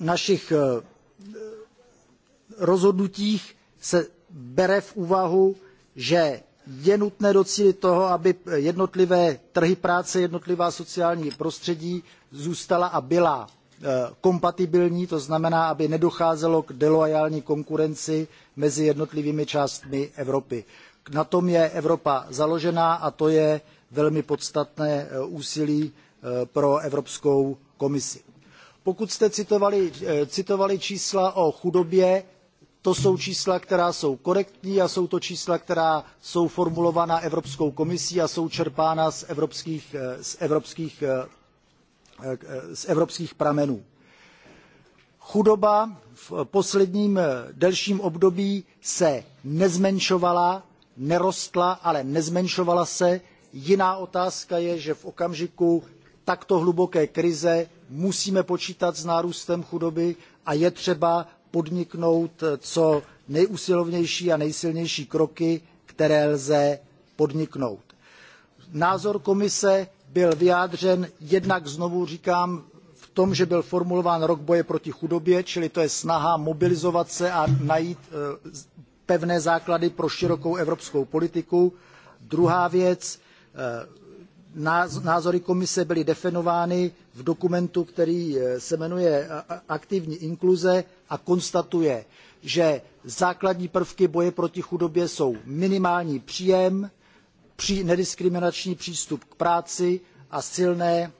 našich rozhodnutích se bere v úvahu, že je nutné docílit toho, aby jednotlivé trhy práce, jednotlivá sociální prostředí zůstala a byla Eh, kompatibilní, to znamená, aby nedocházelo k deloajální konkurenci mezi jednotlivými částmi Evropy. Na tom je Evropa založená a to je velmi podstatné eh, úsilí eh, pro Evropskou komisi. Pokud jste citovali, citovali čísla o chudobě, to jsou čísla, která jsou korektní a jsou to čísla, která jsou formulována Evropskou komisí a jsou čerpána z evropských, z evropských Eh, z evropských pramenů. Chudoba v posledním eh, delším období se nezmenšovala, nerostla, ale nezmenšovala se. Jiná otázka je, že v okamžiku takto hluboké krize musíme počítat s nárůstem chudoby a je třeba podniknout eh, co nejusilovnější a nejsilnější kroky, které lze podniknout. Názor komise byl vyjádřen jednak, znovu říkám, v tom, že byl formulován rok boje proti chudobě, čili to je snaha mobilizovat se a najít eh, pevné základy pro širokou evropskou politiku. Druhá věc, eh, názory komise byly definovány v dokumentu, který eh, se jmenuje Aktivní inkluze a konstatuje, že základní prvky boje proti chudobě jsou minimální příjem, nediskriminační přístup k práci a silné,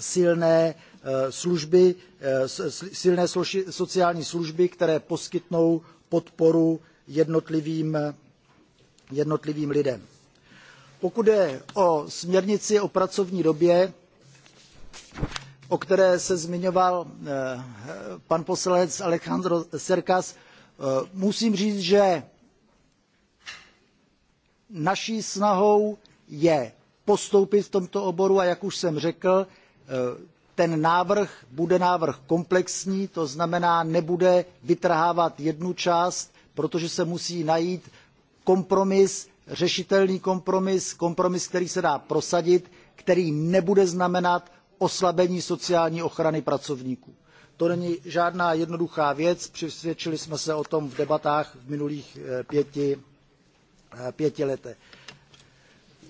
silné služby, silné sociální služby, které poskytnou podporu jednotlivým, jednotlivým lidem. Pokud jde o směrnici o pracovní době, o které se zmiňoval pan poslanec Alejandro Serkas, musím říct, že naší snahou je postoupit v tomto oboru a jak už jsem řekl, eh, ten návrh bude návrh komplexní, to znamená, nebude vytrhávat jednu část, protože se musí najít kompromis, řešitelný kompromis, kompromis, který se dá prosadit, který nebude znamenat oslabení sociální ochrany pracovníků. To není žádná jednoduchá věc, přesvědčili jsme se o tom v debatách v minulých eh, pěti Eh, pěti letech.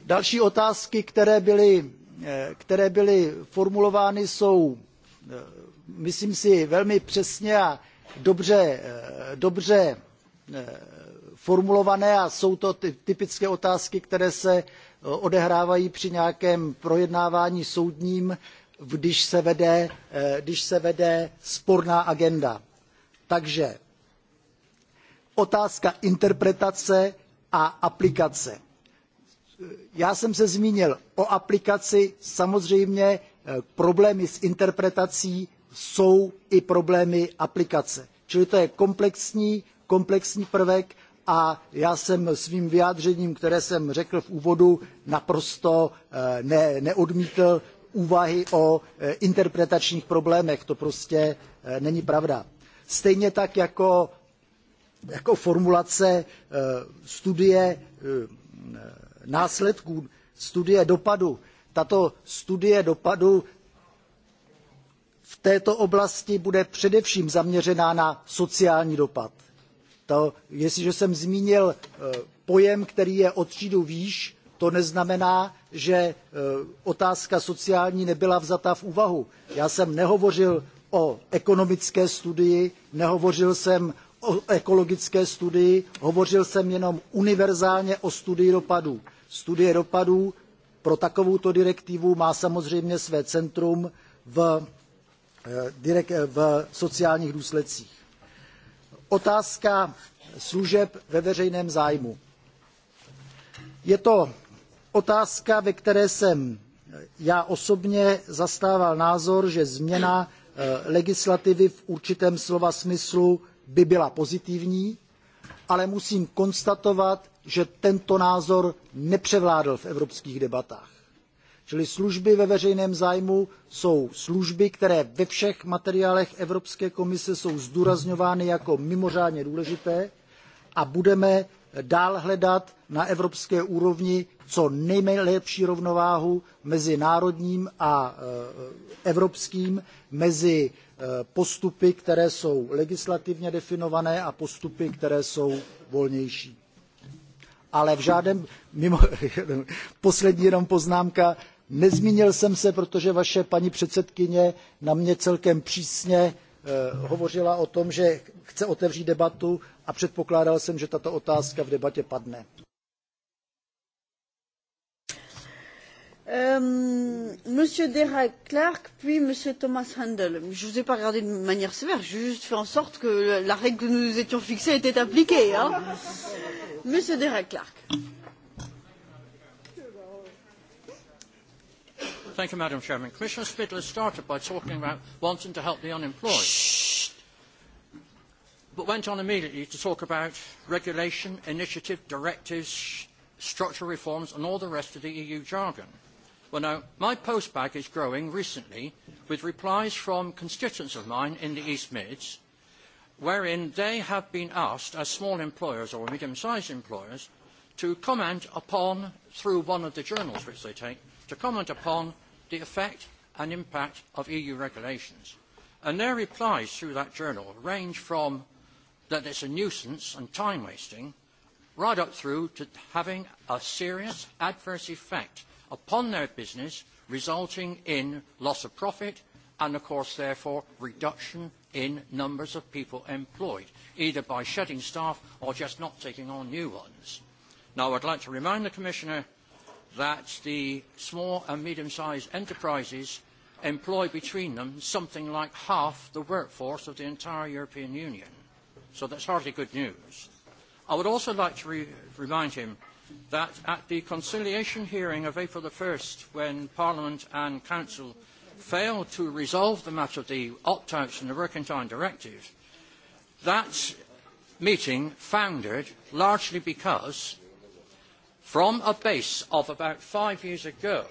Další otázky, které byly, eh, které byly formulovány, jsou, eh, myslím si, velmi přesně a dobře, dobře formulované a jsou to typické otázky, které se odehrávají při nějakém projednávání soudním, když se vede, když se vede sporná agenda. Takže otázka interpretace a aplikace. Já jsem se zmínil o aplikaci, samozřejmě eh, problémy s interpretací jsou i problémy aplikace. Čili to je komplexní, komplexní prvek a já jsem svým vyjádřením, které jsem řekl v úvodu, naprosto eh, ne, neodmítl úvahy o eh, interpretačních problémech. To prostě není pravda. Stejně tak jako jako formulace eh, studie eh, následků, studie dopadu. Tato studie dopadu v této oblasti bude především zaměřená na sociální dopad. To, jestliže jsem zmínil eh, pojem, který je o třídu výš, to neznamená, že otázka sociální nebyla vzata v úvahu. Já jsem nehovořil o ekonomické studii, nehovořil jsem o ekologické studii, hovořil jsem jenom univerzálně o studii dopadů. Studie dopadů pro takovouto direktivu má samozřejmě své centrum v, eh, eh, v sociálních důsledcích. Otázka služeb ve veřejném zájmu. Je to otázka, ve které jsem eh, já osobně zastával názor, že změna legislativy v určitém slova smyslu by byla pozitivní, ale musím konstatovat, že tento názor nepřevládl v evropských debatách. Čili služby ve veřejném zájmu jsou služby, které ve všech materiálech Evropské komise jsou zdůrazňovány jako mimořádně důležité a budeme dál hledat na evropské úrovni co nejlepší rovnováhu mezi národním a evropským, mezi Eh, postupy, které jsou legislativně definované a postupy, které jsou volnější. Ale v žádném, mimo, <laughs> poslední jenom poznámka, nezmínil jsem se, protože vaše paní předsedkyně na mě celkem přísně eh, hovořila o tom, že chce otevřít debatu a předpokládal jsem, že tato otázka v debatě padne. Euh, Monsieur Derek Clark, puis Monsieur Thomas Handel. Je ne vous ai pas regardé de manière sévère, j'ai juste fait en sorte que la règle que nous étions fixée était appliquée. Hein. Monsieur Derek Clark. Thank you, Madam Chairman. Commissioner Spidler started by talking about wanting to help the unemployed, but went on immediately to talk about regulation, initiative, directives, structural reforms, and all the rest of the EU jargon Well, now, my postbag is growing recently with replies from constituents of mine in the East Mids, wherein they have been asked, as small employers or medium-sized employers, to comment upon, through one of the journals which they take, to comment upon the effect and impact of EU regulations. And their replies through that journal range from that it's a nuisance and time wasting, right up through to having a serious adverse effect upon their business, resulting in loss of profit and, of course, therefore, reduction in numbers of people employed, either by shedding staff or just not taking on new ones. Now, I'd like to remind the Commissioner that the small and medium-sized enterprises employ between them something like half the workforce of the entire European Union. So that's hardly good news. I would also like to re remind him that at the conciliation hearing of April the 1st, when Parliament and Council failed to resolve the matter of the opt-outs and the working time directive, that meeting foundered largely because from a base of about five years ago,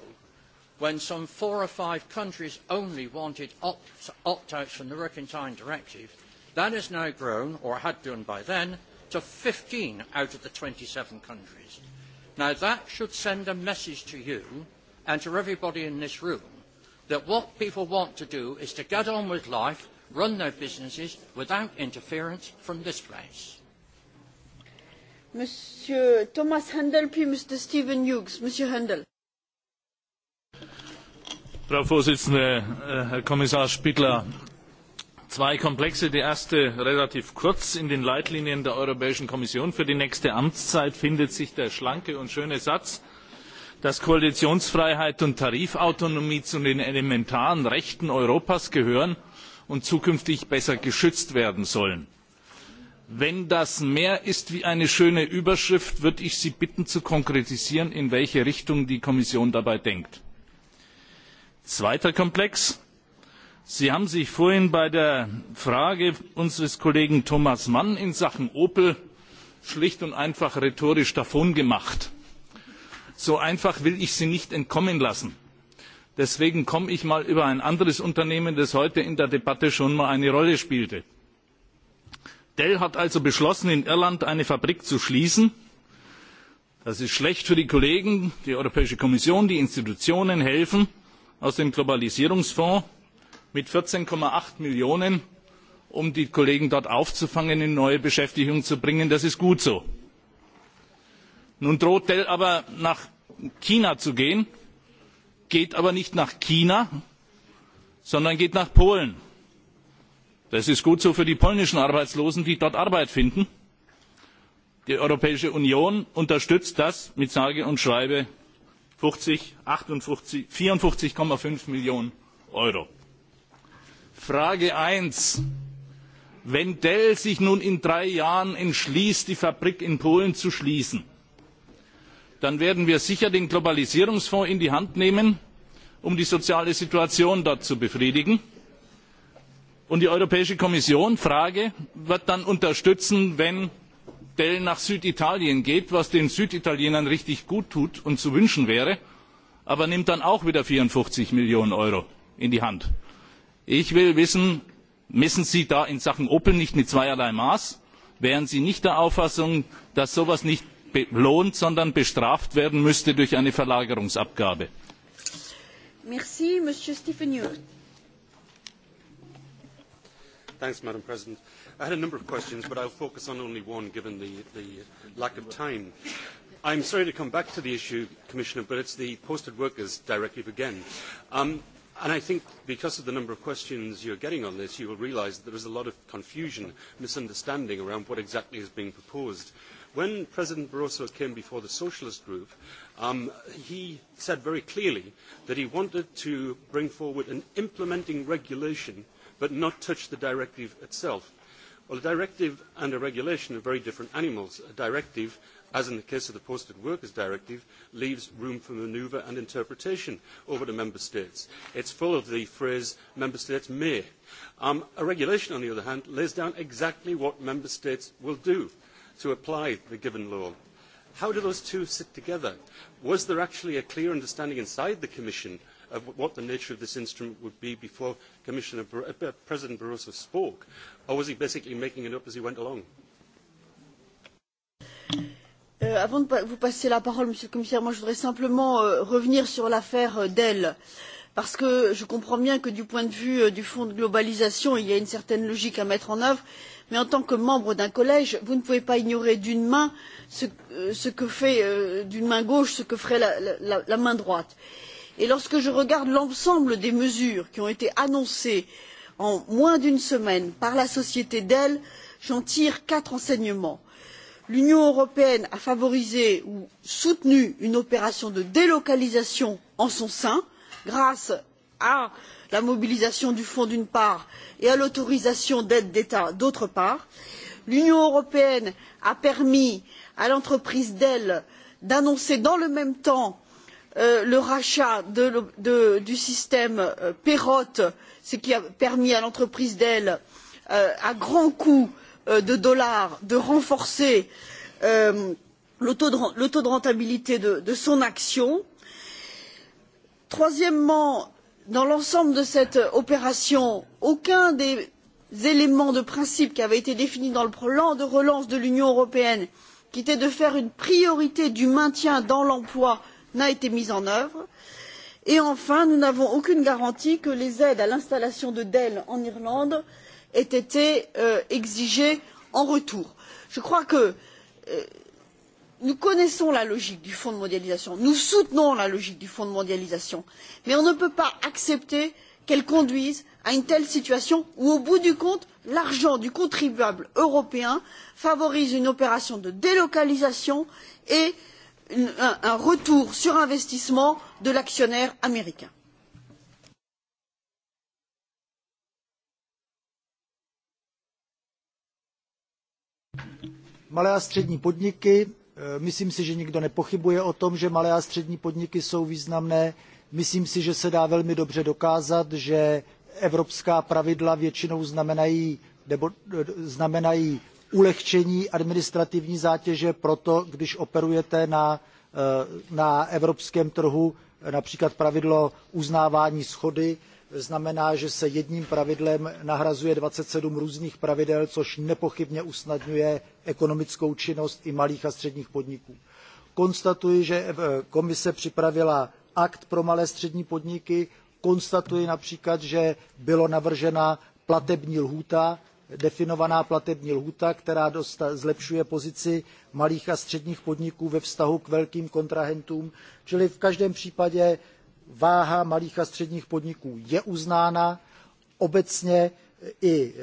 when some four or five countries only wanted opt-outs from the working time directive, that has now grown, or had done by then, to 15 out of the 27 countries. Now that should send a message to you and to everybody in this room that what people want to do is to get on with life, run their businesses without interference from this place. Monsieur Thomas Handel, puis Mr. Stephen Hughes. Monsieur Handel. Frau Vorsitzende, äh, Herr Kommissar Spittler, zwei komplexe der erste relativ kurz in den leitlinien der europäischen kommission für die nächste amtszeit findet sich der schlanke und schöne satz dass koalitionsfreiheit und tarifautonomie zu den elementaren rechten europas gehören und zukünftig besser geschützt werden sollen. wenn das mehr ist als eine schöne überschrift würde ich sie bitten zu konkretisieren in welche richtung die kommission dabei denkt. zweiter komplex sie haben sich vorhin bei der frage unseres kollegen thomas mann in sachen opel schlicht und einfach rhetorisch davongemacht. so einfach will ich sie nicht entkommen lassen. deswegen komme ich mal auf ein anderes unternehmen das heute in der debatte schon mal eine rolle spielte. dell hat also beschlossen in irland eine fabrik zu schließen. das ist schlecht für die kollegen die europäische kommission die institutionen helfen aus dem globalisierungsfonds mit vierzehn acht millionen um die kollegen dort aufzufangen und in neue beschäftigung zu bringen. das ist gut so. nun droht dell aber nach china zu gehen geht aber nicht nach china sondern geht nach polen. das ist gut so für die polnischen arbeitslosen die dort arbeit finden. die europäische union unterstützt das mit sage und schreibe vierundfünfzig fünf millionen euro frage eins wenn dell sich nun in drei jahren entschließt die fabrik in polen zu schließen dann werden wir sicher den globalisierungsfonds in die hand nehmen um die soziale situation dort zu befriedigen. und die europäische kommission frage wird dann unterstützen wenn dell nach süditalien geht was den süditalienern richtig gut tut und zu wünschen wäre aber nimmt dann auch wieder vierundfünfzig millionen euro in die hand ich will wissen messen sie da in sachen opel nicht mit zweierlei maß? wären sie nicht der auffassung dass so etwas nicht belohnt sondern bestraft werden müsste durch eine verlagerungsabgabe? Madam President. I had a number of questions, but focus on only one, given the, lack of time. sorry to come back to the issue, Commissioner, but the posted workers directive again. Um, And I think because of the number of questions you're getting on this, you will realise that there is a lot of confusion, misunderstanding around what exactly is being proposed. When President Barroso came before the Socialist Group, um, he said very clearly that he wanted to bring forward an implementing regulation but not touch the directive itself. Well, a directive and a regulation are very different animals. A directive as in the case of the Posted Workers Directive, leaves room for manoeuvre and interpretation over the Member States. It's full of the phrase, Member States may. Um, a regulation, on the other hand, lays down exactly what Member States will do to apply the given law. How do those two sit together? Was there actually a clear understanding inside the Commission of what the nature of this instrument would be before Commissioner Bar uh, President Barroso spoke, or was he basically making it up as he went along? Euh, avant de vous passer la parole monsieur le commissaire moi, je voudrais simplement euh, revenir sur l'affaire euh, dell parce que je comprends bien que du point de vue du fonds de globalisation il y a une certaine logique à mettre en œuvre mais en tant que membre d'un collège vous ne pouvez pas ignorer d'une main ce, ce que fait d'une main gauche ce que ferait la, la, la main droite. et lorsque je regarde l'ensemble des mesures qui ont été annoncées en moins d'une semaine par la société dell j'en tire quatre enseignements l'union européenne a favorisé ou soutenu une opération de délocalisation en son sein grâce à la mobilisation du fonds d'une part et à l'autorisation d'aides d'état d'autre part. l'union européenne a permis à l'entreprise dell d'annoncer dans le même temps euh, le rachat du système euh, perrott ce qui a permis à l'entreprise dell euh, à grands coûts Euh, de dollars de renforcer euh, le taux de rentabilité de son action. troisièmement dans l'ensemble de cette opération aucun des éléments de principe qui avaient été définis dans le plan de relance de l'union européenne qui était de faire une priorité du maintien dans l'emploi n'a été mis en œuvre et enfin nous n'avons aucune garantie que les aides à l'installation de dell en irlande ait été euh, en retour. je crois que euh, nous connaissons la logique du fonds de mondialisation nous soutenons la logique du fonds de mondialisation mais on ne peut pas accepter qu'elle conduise à une telle situation où au bout du compte l'argent du contribuable européen favorise une opération de délocalisation et un retour sur investissement de l'actionnaire américain. malé a střední podniky myslím si že nikdo nepochybuje o tom že malé a střední podniky jsou významné myslím si že se dá velmi dobře dokázat že evropská pravidla většinou znamenají, nebo, znamenají ulehčení administrativní zátěže proto když operujete na, na evropském trhu například pravidlo uznávání shody znamená, že se jedním pravidlem nahrazuje 27 různých pravidel, což nepochybně usnadňuje ekonomickou činnost i malých a středních podniků. Konstatuji, že eh, komise připravila akt pro malé střední podniky, konstatuji například, že byla navržena platební lhůta, definovaná platební lhůta, která dosta, zlepšuje pozici malých a středních podniků ve vztahu k velkým kontrahentům. Čili v každém případě váha malých a středních podniků je uznána obecně i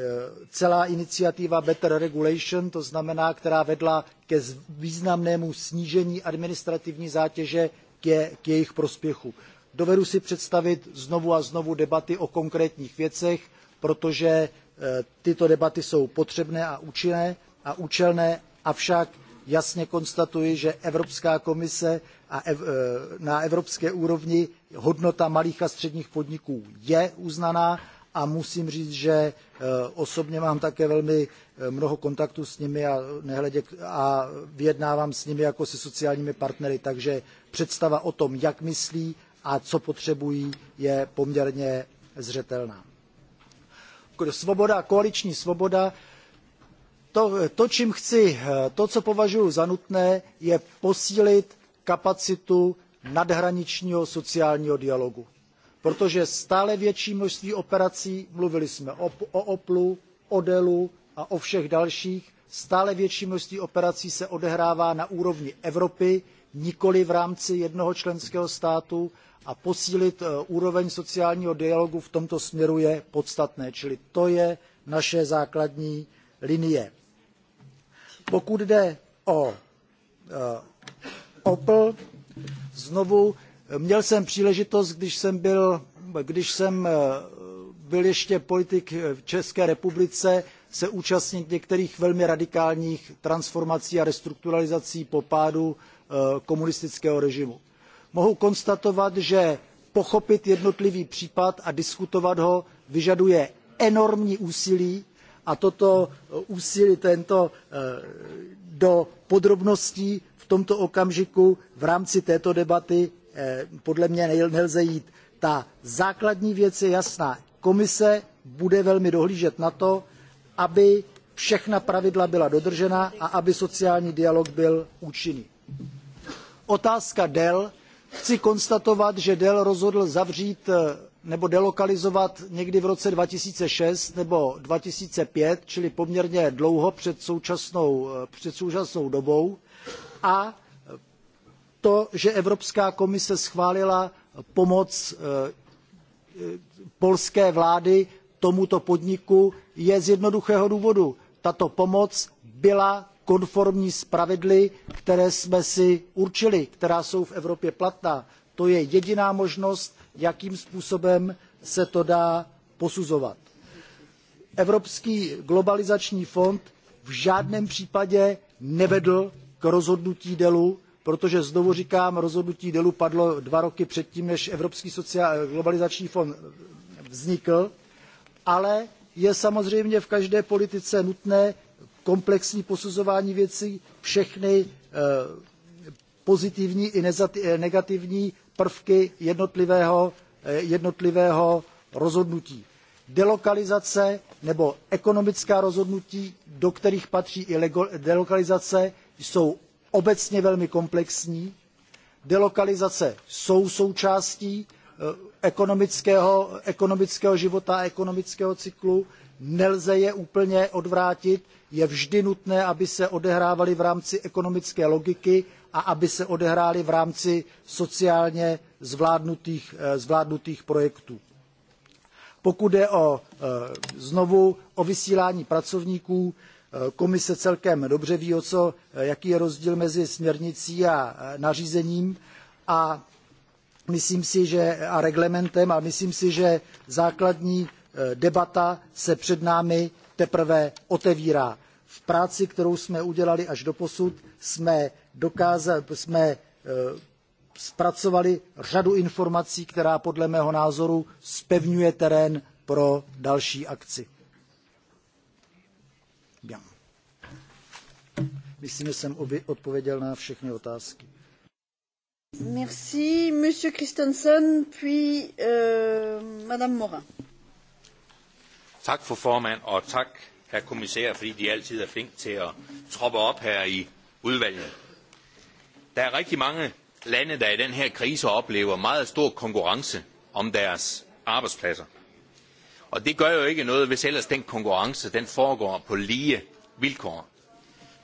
celá iniciativa Better Regulation, to znamená, která vedla ke významnému snížení administrativní zátěže k jejich prospěchu. Dovedu si představit znovu a znovu debaty o konkrétních věcech, protože tyto debaty jsou potřebné a účinné a účelné, avšak jasně konstatuji, že Evropská komise a ev, na evropské úrovni hodnota malých a středních podniků je uznaná a musím říct, že osobně mám také velmi mnoho kontaktů s nimi a, nehledě, a vyjednávám s nimi jako se sociálními partnery, takže představa o tom, jak myslí a co potřebují, je poměrně zřetelná. Svoboda, koaliční svoboda, to, to, čím chci, to, co považuji za nutné, je posílit kapacitu nadhraničního sociálního dialogu. Protože stále větší množství operací, mluvili jsme o, o OPLu, o DELu a o všech dalších, stále větší množství operací se odehrává na úrovni Evropy, nikoli v rámci jednoho členského státu a posílit úroveň sociálního dialogu v tomto směru je podstatné, čili to je naše základní linie. Pokud jde o popl. Znovu měl jsem příležitost, když jsem byl, když jsem eh, byl ještě politik v České republice, se účastnit některých velmi radikálních transformací a restrukturalizací po pádu eh, komunistického režimu. Mohu konstatovat, že pochopit jednotlivý případ a diskutovat ho vyžaduje enormní úsilí a toto eh, úsilí tento do podrobností tomto okamžiku v rámci této debaty eh, podle mě nelze jít. Ta základní věc je jasná. Komise bude velmi dohlížet na to, aby všechna pravidla byla dodržena a aby sociální dialog byl účinný. Otázka Dell. Chci konstatovat, že Dell rozhodl zavřít eh, nebo delokalizovat někdy v roce 2006 nebo 2005, čili poměrně dlouho před současnou, eh, před současnou dobou a to, že Evropská komise schválila pomoc eh, eh, polské vlády tomuto podniku, je z jednoduchého důvodu. Tato pomoc byla konformní s pravidly, které jsme si určili, která jsou v Evropě platná. To je jediná možnost, jakým způsobem se to dá posuzovat. Evropský globalizační fond v žádném případě nevedl k rozhodnutí delu protože znovu říkám rozhodnutí delu padlo dva roky předtím než evropský sociál, eh, globalizační fond vznikl ale je samozřejmě v každé politice nutné komplexní posuzování věcí všechny eh, pozitivní i eh, negativní prvky jednotlivého, jednotlivého rozhodnutí. delokalizace nebo ekonomická rozhodnutí do kterých patří i delokalizace jsou obecně velmi komplexní. Delokalizace jsou součástí eh, ekonomického, ekonomického života a ekonomického cyklu. Nelze je úplně odvrátit. Je vždy nutné, aby se odehrávaly v rámci ekonomické logiky a aby se odehrály v rámci sociálně zvládnutých, eh, projektů. Pokud jde o, eh, znovu o vysílání pracovníků, Eh, komise celkem dobře ví, co, eh, jaký je rozdíl mezi směrnicí a eh, nařízením a myslím si, že a reglementem a myslím si, že základní debata se před námi teprve otevírá. V práci, kterou jsme udělali až doposud, jsme, dokázali, jsme zpracovali řadu informací, která podle mého názoru spevňuje terén pro další akci. Myslím, že jsem odpověděl na všechny otázky. Merci, Monsieur Christensen, puis euh, Madame Morin. Tak for formand, og tak herr kommissær, fordi de altid er flink til at troppe op her i udvalget. Der er rigtig mange lande, der i den her krise oplever meget stor konkurrence om deres arbejdspladser. Og det gør jo ikke noget, hvis ellers den konkurrence den foregår på lige vilkår.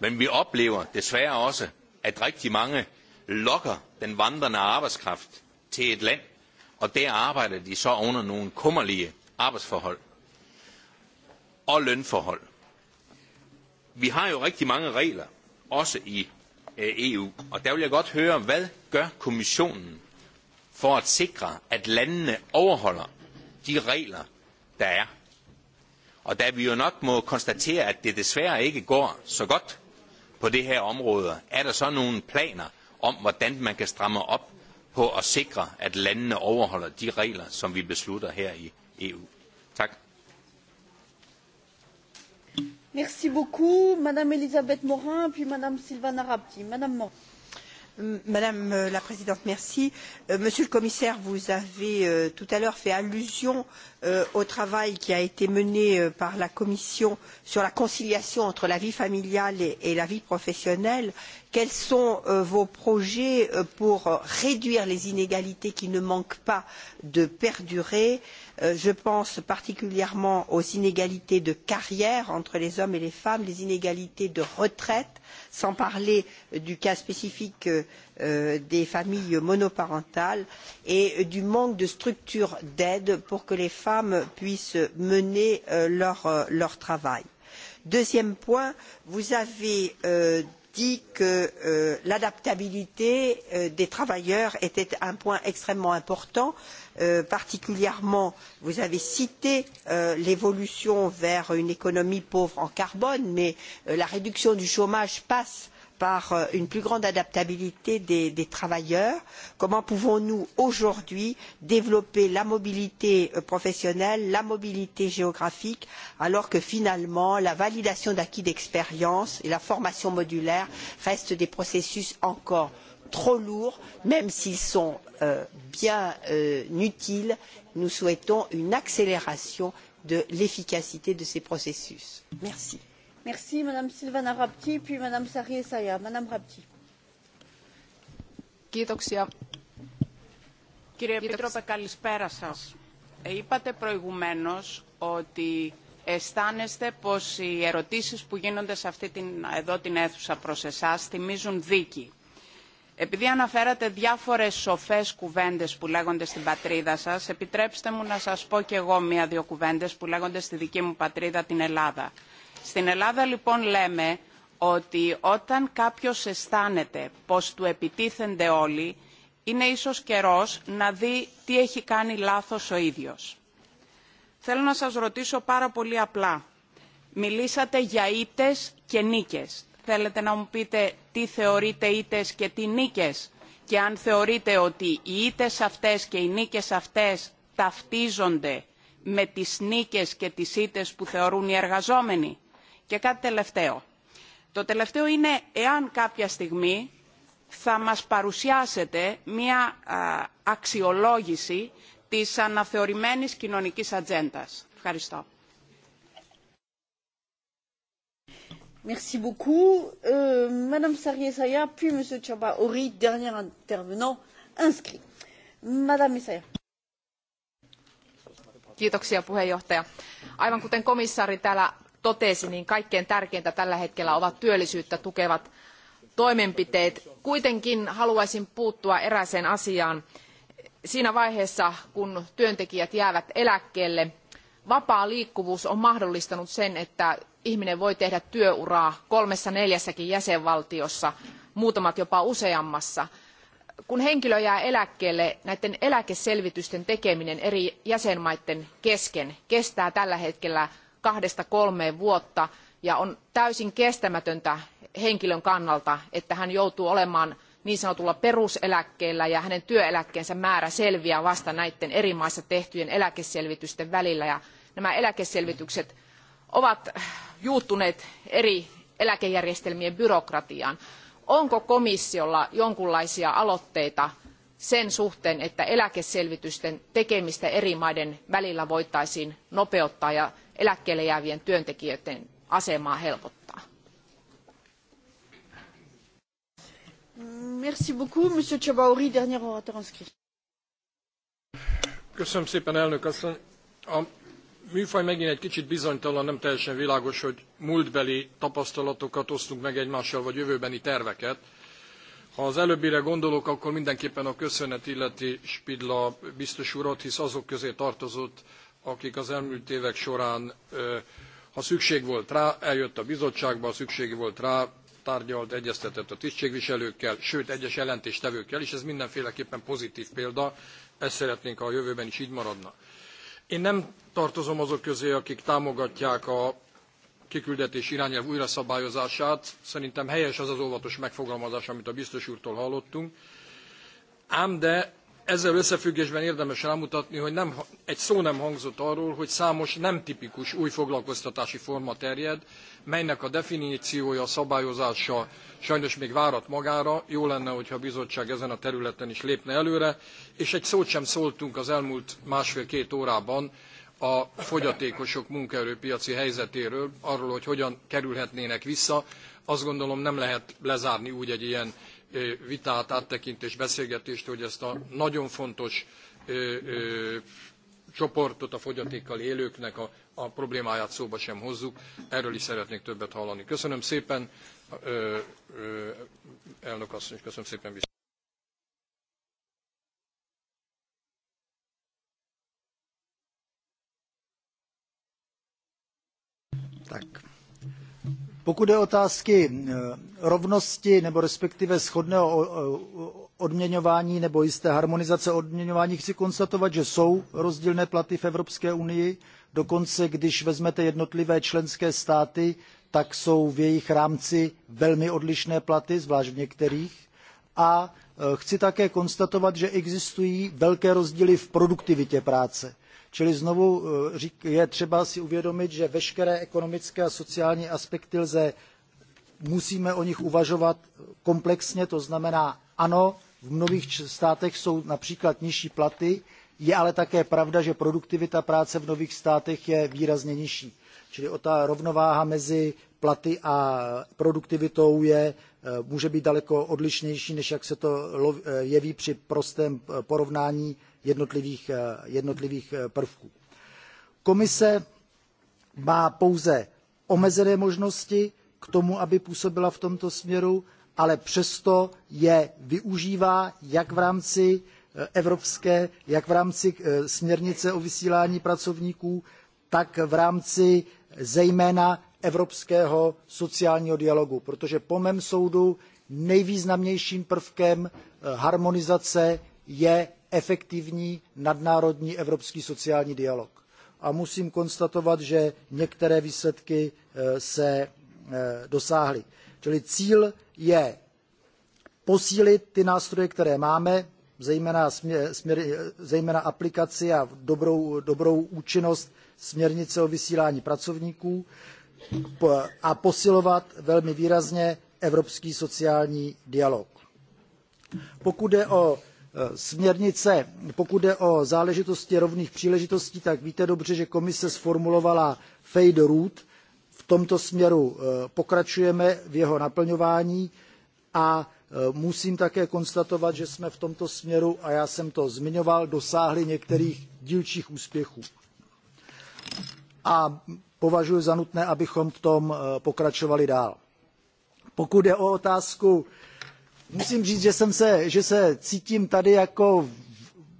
Men vi oplever desværre også, at rigtig mange lokker den vandrende arbejdskraft til et land, og der arbejder de så under nogle kummerlige arbejdsforhold og lønforhold. Vi har jo rigtig mange regler, også i øh, EU, og der vil jeg godt høre, hvad gør kommissionen for at sikre, at landene overholder de regler, der er? Og da vi jo nok må konstatere, at det desværre ikke går så godt, på det her område. Er der så nogle planer om, hvordan man kan stramme op på at sikre, at landene overholder de regler, som vi beslutter her i EU? Tak. Merci beaucoup, Madame Elisabeth Morin, puis Madame Sylvana Rapti. Madame Morin madame euh, la présidente euh, monsieur le commissaire vous avez euh, tout à l'heure fait allusion au travail qui a été mené par la commission sur la conciliation entre la vie familiale et la vie professionnelle. quels sont vos projets pour réduire les inégalités qui ne manquent pas de perdurer et Euh, je pense particulièrement aux inégalités de carrière entre les hommes et les femmes les inégalités de retraite sans parler du cas spécifique euh, des familles monoparentales et du manque de structures d'aide pour que les femmes puissent mener euh, leur, travail. deuxième point vous avez dit que euh, euh, l'adaptabilité euh, des travailleurs était un point extrêmement important particulièrement vous avez cité l'évolution vers une économie pauvre en carbone mais la réduction du chômage passe par euh, une plus grande adaptabilité des, des travailleurs comment pouvons nous aujourd'hui développer la mobilité euh, professionnelle la mobilité géographique alors que finalement la validation d'acquis d'expérience et la formation modulaire restent des processus encore trop lourds même s'ils sont euh, bien euh, utiles nous souhaitons une accélération de l'efficacité de ces processus. merci. Merci, Madame Silvana Rapti, puis Madame Sari Saya. Madame Rapti. Kiitoksia. Κύριε Επίτροπε, καλησπέρα σας. Είπατε προηγουμένως ότι αισθάνεστε πως οι ερωτήσεις που γίνονται σε αυτή την, εδώ την αίθουσα προς εσάς θυμίζουν δίκη. Επειδή αναφέρατε διάφορες σοφές κουβέντες που λέγονται στην πατρίδα σας, επιτρέψτε μου να σας πω κι εγώ μία-δύο κουβέντες που λέγονται στη δική μου πατρίδα, την Ελλάδα. Στην Ελλάδα λοιπόν λέμε ότι όταν κάποιος αισθάνεται πως του επιτίθενται όλοι, είναι ίσως καιρός να δει τι έχει κάνει λάθος ο ίδιος. Θέλω να σας ρωτήσω πάρα πολύ απλά. Μιλήσατε για ήτες και νίκες. Θέλετε να μου πείτε τι θεωρείτε ήτες και τι νίκες και αν θεωρείτε ότι οι ήτες αυτές και οι νίκες αυτές ταυτίζονται με τις νίκες και τις ήτες που θεωρούν οι εργαζόμενοι Και κάτι τελευταίο. Το τελευταίο είναι εάν κάποια στιγμή θα μας παρουσιάσετε μία αξιολόγηση της αναθεωρημένης κοινωνικής ατζέντας. Ευχαριστώ. Merci beaucoup. Euh, Madame sarrier puis Monsieur Chabaori, dernier intervenant inscrit. Madame Essaya. Kiitoksia puheenjohtaja. Aivan kuten komissaari täällä totesi, niin kaikkein tärkeintä tällä hetkellä ovat työllisyyttä tukevat toimenpiteet. Kuitenkin haluaisin puuttua erääseen asiaan. Siinä vaiheessa, kun työntekijät jäävät eläkkeelle, vapaa liikkuvuus on mahdollistanut sen, että ihminen voi tehdä työuraa kolmessa neljässäkin jäsenvaltiossa, muutamat jopa useammassa. Kun henkilö jää eläkkeelle, näiden eläkeselvitysten tekeminen eri jäsenmaiden kesken kestää tällä hetkellä kahdesta kolmeen vuotta ja on täysin kestämätöntä henkilön kannalta että hän joutuu olemaan niin sanotulla peruseläkkeellä ja hänen työeläkkeensä määrä selviää vasta näiden eri maissa tehtyjen eläkeselvitysten välillä ja nämä eläkeselvitykset ovat juuttuneet eri eläkejärjestelmien byrokratiaan. onko komissiolla jonkinlaisia aloitteita sen suhteen että eläkeselvitysten tekemistä eri maiden välillä voitaisiin nopeuttaa ja eläkkeelle jäävien työntekijöiden asemaa helpottaa. Merci beaucoup, Monsieur Chabauri, dernier orateur inscrit. Köszönöm szépen, elnök asszony. A műfaj megint egy kicsit bizonytalan, nem teljesen világos, hogy múltbeli tapasztalatokat osztunk meg egymással, vagy jövőbeni terveket. Ha az előbbire gondolok, akkor mindenképpen a köszönet illeti Spidla biztos urat, hisz azok közé tartozott, akik az elmúlt évek során, ha szükség volt rá, eljött a bizottságba, ha szükség volt rá, tárgyalt, egyeztetett a tisztségviselőkkel, sőt egyes jelentéstevőkkel is, ez mindenféleképpen pozitív példa, ezt szeretnénk, ha a jövőben is így maradna. Én nem tartozom azok közé, akik támogatják a kiküldetés irányelv újraszabályozását. Szerintem helyes az az óvatos megfogalmazás, amit a biztos úrtól hallottunk. Ám de ezzel összefüggésben érdemes rámutatni, hogy nem, egy szó nem hangzott arról, hogy számos nem tipikus új foglalkoztatási forma terjed, melynek a definíciója, szabályozása sajnos még várat magára. Jó lenne, hogyha a bizottság ezen a területen is lépne előre, és egy szót sem szóltunk az elmúlt másfél-két órában a fogyatékosok munkaerőpiaci helyzetéről, arról, hogy hogyan kerülhetnének vissza. Azt gondolom nem lehet lezárni úgy egy ilyen vitát, áttekintést, beszélgetést, hogy ezt a nagyon fontos csoportot, a fogyatékkal élőknek a, a problémáját szóba sem hozzuk. Erről is szeretnék többet hallani. Köszönöm szépen, ö, ö, elnök asszony, köszönöm szépen. Tak. Pokud o otázky eh, rovnosti nebo respektive shodného eh, odměňování nebo jisté harmonizace odměňování, chci konstatovat, že jsou rozdílné platy v Evropské unii. Dokonce, když vezmete jednotlivé členské státy, tak jsou v jejich rámci velmi odlišné platy, zvlášť v některých. A eh, chci také konstatovat, že existují velké rozdíly v produktivitě práce Čili znovu eh, je třeba si uvědomit, že veškeré ekonomické a sociální aspekty lze, musíme o nich uvažovat komplexně, to znamená ano, v mnohých státech jsou například nižší platy, je ale také pravda, že produktivita práce v nových státech je výrazně nižší. Čili o ta rovnováha mezi platy a produktivitou je, eh, může být daleko odlišnější, než jak se to eh, jeví při prostém porovnání jednotlivých, eh, jednotlivých eh, prvků. Komise má pouze omezené možnosti k tomu, aby působila v tomto směru, ale přesto je využívá jak v rámci eh, evropské, jak v rámci směrnice o vysílání pracovníků, tak v rámci zejména evropského sociálního dialogu, protože po mém soudu nejvýznamnějším prvkem harmonizace je efektivní nadnárodní evropský sociální dialog. A musím konstatovat, že některé výsledky eh, se eh, dosáhly. Čili cíl je posílit ty nástroje, které máme, zejména, směr, eh, zejména aplikaci a dobrou, dobrou účinnost směrnice o vysílání pracovníků a posilovat velmi výrazně evropský sociální dialog. Pokud jde o Eh, směrnice, pokud jde o záležitosti rovných příležitostí, tak víte dobře, že komise zformulovala fade rule V tomto směru eh, pokračujeme v jeho naplňování a eh, musím také konstatovat, že jsme v tomto směru, a já jsem to zmiňoval, dosáhli některých dílčích úspěchů. A považuji za nutné, abychom v tom pokračovali dál. Pokud jde o otázku musím říct, že, se, cítím tady jako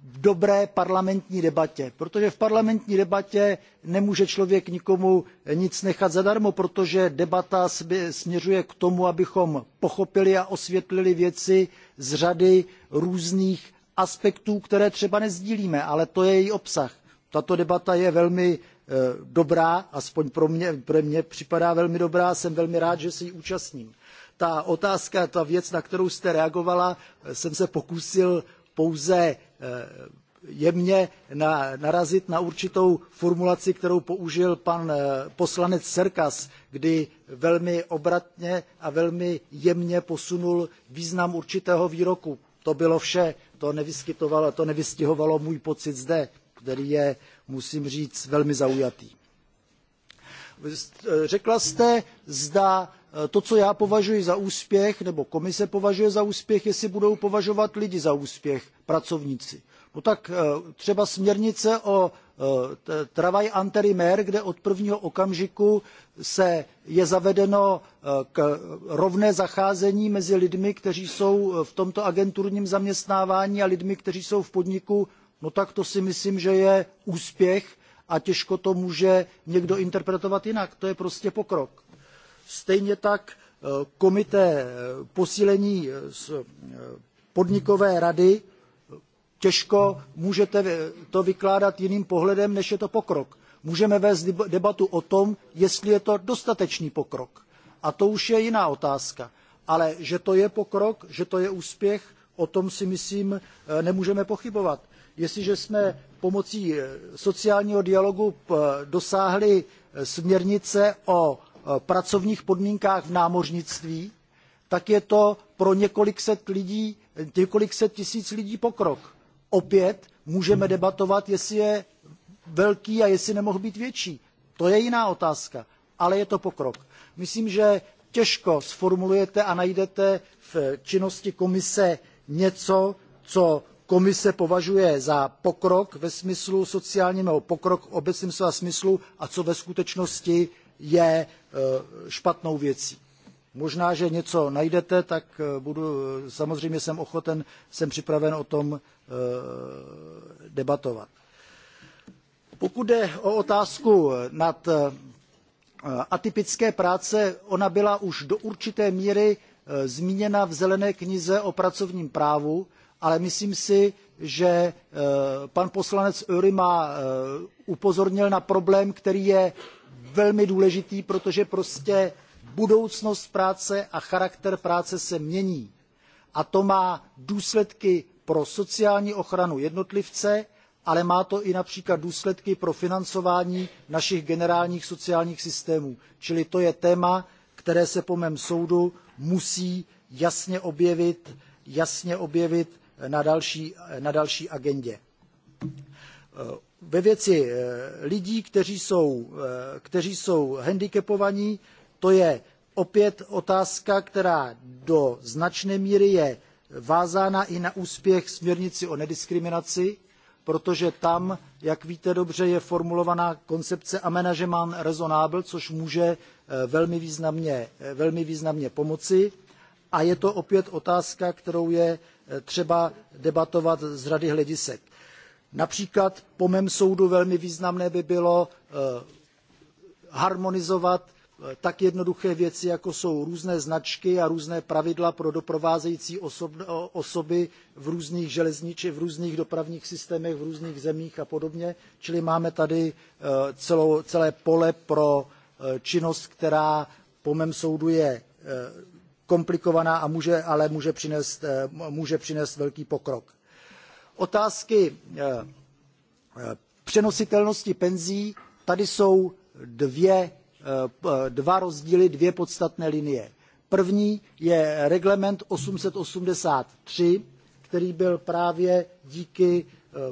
v dobré parlamentní debatě, protože v parlamentní debatě nemůže člověk nikomu nic nechat zadarmo, protože debata směřuje k tomu, abychom pochopili a osvětlili věci z řady různých aspektů, které třeba nesdílíme ale to je její obsah. Tato debata je velmi dobrá, aspoň pro pro mě připadá velmi dobrá, jsem velmi rád, že se jí účastním ta otázka, ta věc, na kterou jste reagovala, eh, jsem se pokusil pouze eh, jemně na, narazit na určitou formulaci, kterou použil pan eh, poslanec Serkas, kdy velmi obratně a velmi jemně posunul význam určitého výroku. To bylo vše, to, nevyskytovalo, to nevystihovalo můj pocit zde, který je, musím říct, velmi zaujatý. Řekla jste, zda Eh, to, co já považuji za úspěch, nebo komise považuje za úspěch, jestli budou považovat lidi za úspěch, pracovníci. No tak eh, třeba směrnice o eh, travail anterimér, kde od prvního okamžiku se je zavedeno k rovné zacházení mezi lidmi, kteří jsou v tomto agenturním zaměstnávání a lidmi, kteří jsou v podniku, no tak to si myslím, že je úspěch a těžko to může někdo interpretovat jinak. To je prostě pokrok. Stejně tak eh, komité eh, posílení z eh, podnikové rady, těžko můžete to vykládat jiným pohledem, než je to pokrok. Můžeme vést debatu o tom, jestli je to dostatečný pokrok. A to už je jiná otázka. Ale že to je pokrok, že to je úspěch, o tom si myslím nemůžeme pochybovat. Jestliže jsme pomocí sociálního dialogu dosáhli směrnice o Eh, pracovních podmínkách v námořnictví, tak je to pro několik set, lidí, několik set tisíc lidí pokrok. Opět můžeme mhm. debatovat, jestli je velký a jestli nemohl být větší. To je jiná otázka, ale je to pokrok. Myslím, že těžko sformulujete a najdete v činnosti komise něco, co komise považuje za pokrok ve smyslu sociálního nebo pokrok v obecném slova smyslu a co ve skutečnosti je eh, špatnou věcí. Možná, že něco najdete, tak eh, budu, samozřejmě jsem ochoten, jsem připraven o tom eh, debatovat. Pokud jde o otázku nad atypické práce, ona byla už do určité míry zmíněna v zelené knize o pracovním právu, ale myslím si, že pan poslanec Öry má upozornil na problém, který je velmi důležitý, protože prostě budoucnost práce a charakter práce se mění. A to má důsledky pro sociální ochranu jednotlivce, ale má to i například důsledky pro financování našich generálních sociálních systémů. Čili to je téma, které se po mém soudu musí jasně objevit, jasně objevit na, další, na další agendě ve věci eh, lidí, kteří jsou, eh, kteří jsou handicapovaní, to je opět otázka, která do značné míry je vázána i na úspěch směrnici o nediskriminaci, protože tam, jak víte dobře, je formulovaná koncepce a management raisonnable, což může eh, velmi významně, velmi významně pomoci. A je to opět otázka, kterou je třeba debatovat z řady hledisek Například po mém soudu velmi významné by bylo eh, harmonizovat eh, tak jednoduché věci, jako jsou různé značky a různé pravidla pro doprovázející osoby v různých železničích, v různých dopravních systémech, v různých zemích a podobně. Čili máme tady eh, celou, celé pole pro činnost, která po mém soudu je komplikovaná, a může, ale může přinést, může přinést velký pokrok otázky eh, eh, přenositelnosti penzí, tady jsou dvě, eh, dva rozdíly, dvě podstatné linie. První je reglement 883, který byl právě díky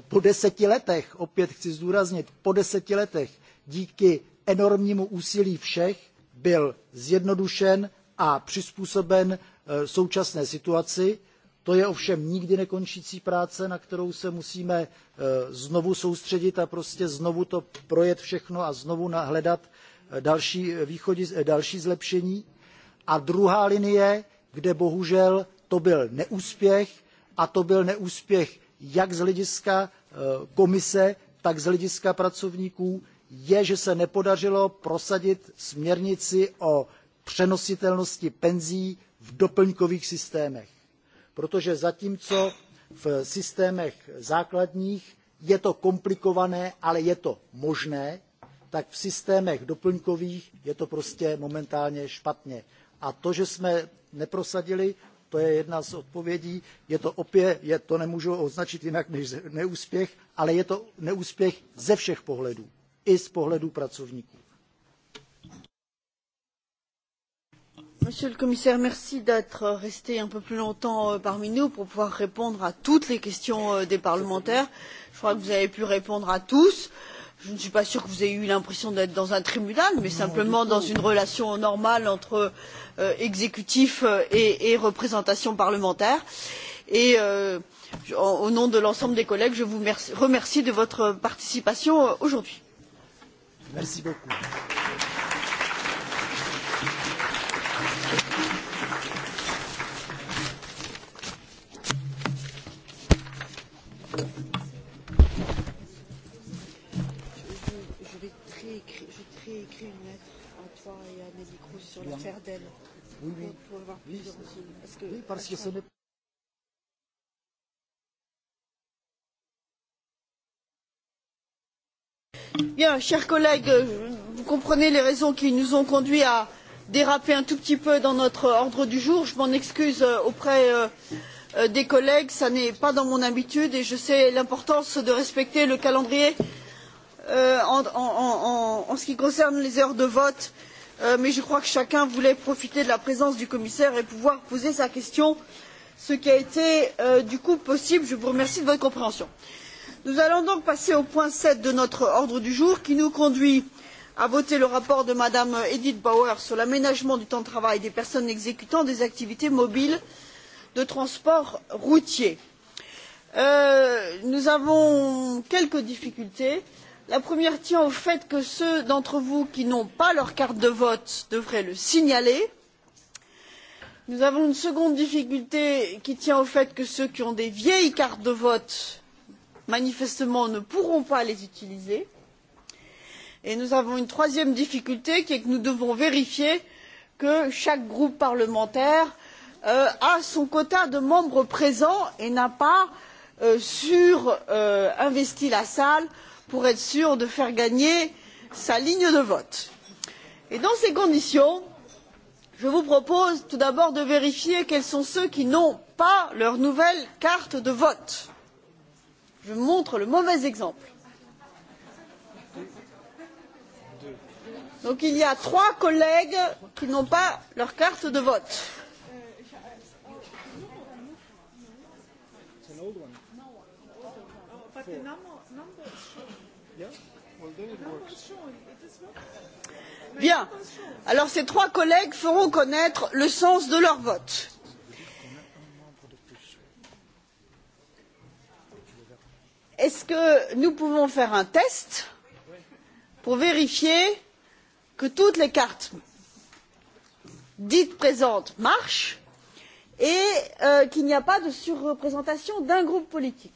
po deseti letech, opět chci zdůraznit, po deseti letech díky enormnímu úsilí všech byl zjednodušen a přizpůsoben současné situaci To je ovšem nikdy nekončící práce, na kterou se musíme eh, znovu soustředit a prostě znovu to projet všechno a znovu hledat eh, další, eh, východiz, další zlepšení. A druhá linie, kde bohužel to byl neúspěch, a to byl neúspěch jak z hlediska komise, tak z hlediska pracovníků, je, že se nepodařilo prosadit směrnici o přenositelnosti penzí v doplňkových systémech protože zatímco v systémech základních je to komplikované, ale je to možné, tak v systémech doplňkových je to prostě momentálně špatně. A to, že jsme neprosadili, to je jedna z odpovědí, je to opět, je, to nemůžu označit jinak než neúspěch, ale je to neúspěch ze všech pohledů, i z pohledu pracovníků. Monsieur le Commissaire, merci d'être resté un peu plus longtemps euh, parmi nous pour pouvoir répondre à toutes les questions euh, des parlementaires. Je crois que vous avez pu répondre à tous. Je ne suis pas sûre que vous ayez eu l'impression d'être dans un tribunal, mais non, simplement dans une relation normale entre euh, exécutif euh, et, et représentation parlementaire. Et euh, au nom de l'ensemble des collègues, je vous remercie de votre participation aujourd'hui. Merci beaucoup. toi et à Nelly Cruz sur l'affaire d'elle. Oui, oui. Pour, pour avoir oui, plusieurs aussi. Parce que, oui, parce que ce n'est pas. Bien, chers collègues, euh, vous comprenez les raisons qui nous ont conduits à déraper un tout petit peu dans notre ordre du jour. Je m'en excuse euh, auprès euh, des collègues, ça n'est pas dans mon habitude et je sais l'importance de respecter le calendrier en, en, en, en en ce qui concerne les heures de vote. Euh, mais je crois que chacun voulait profiter de la présence du commissaire et pouvoir poser sa question ce qui a été euh, du coup possible. je vous remercie de votre compréhension. nous allons donc passer au point sept de notre ordre du jour qui nous conduit à voter le rapport de mme edit bauer sur l'aménagement du temps de travail des personnes exécutant des activités mobiles de transport routier. Euh, nous avons quelques difficultés la première tient au fait que ceux d'entre vous qui n'ont pas leur carte de vote devraient le signaler. nous avons une seconde difficulté qui tient au fait que ceux qui ont de vieilles cartes de vote manifestement ne pourront pas les utiliser et nous avons une troisième difficulté qui est que nous devons vérifier que chaque groupe parlementaire euh, a son quota de membres présents et n'a pas euh, surinvesti euh, la salle pour être sûr de faire gagner sa ligne de vote. Et dans ces conditions je vous propose tout d'abord de vérifier quels sont ceux qui n'ont pas leur nouvelle carte de vote. je montre le mauvais exemple. donc il y a trois collègues qui n'ont pas leur carte de vote. It's an old one. No but the number Bien. Alors ces trois collègues feront connaître le sens de leur vote. est ce que nous pouvons faire un test pour vérifier que toutes les cartes dites présentes marchent et euh, qu'il n'y a pas de surreprésentation d'un groupe politique?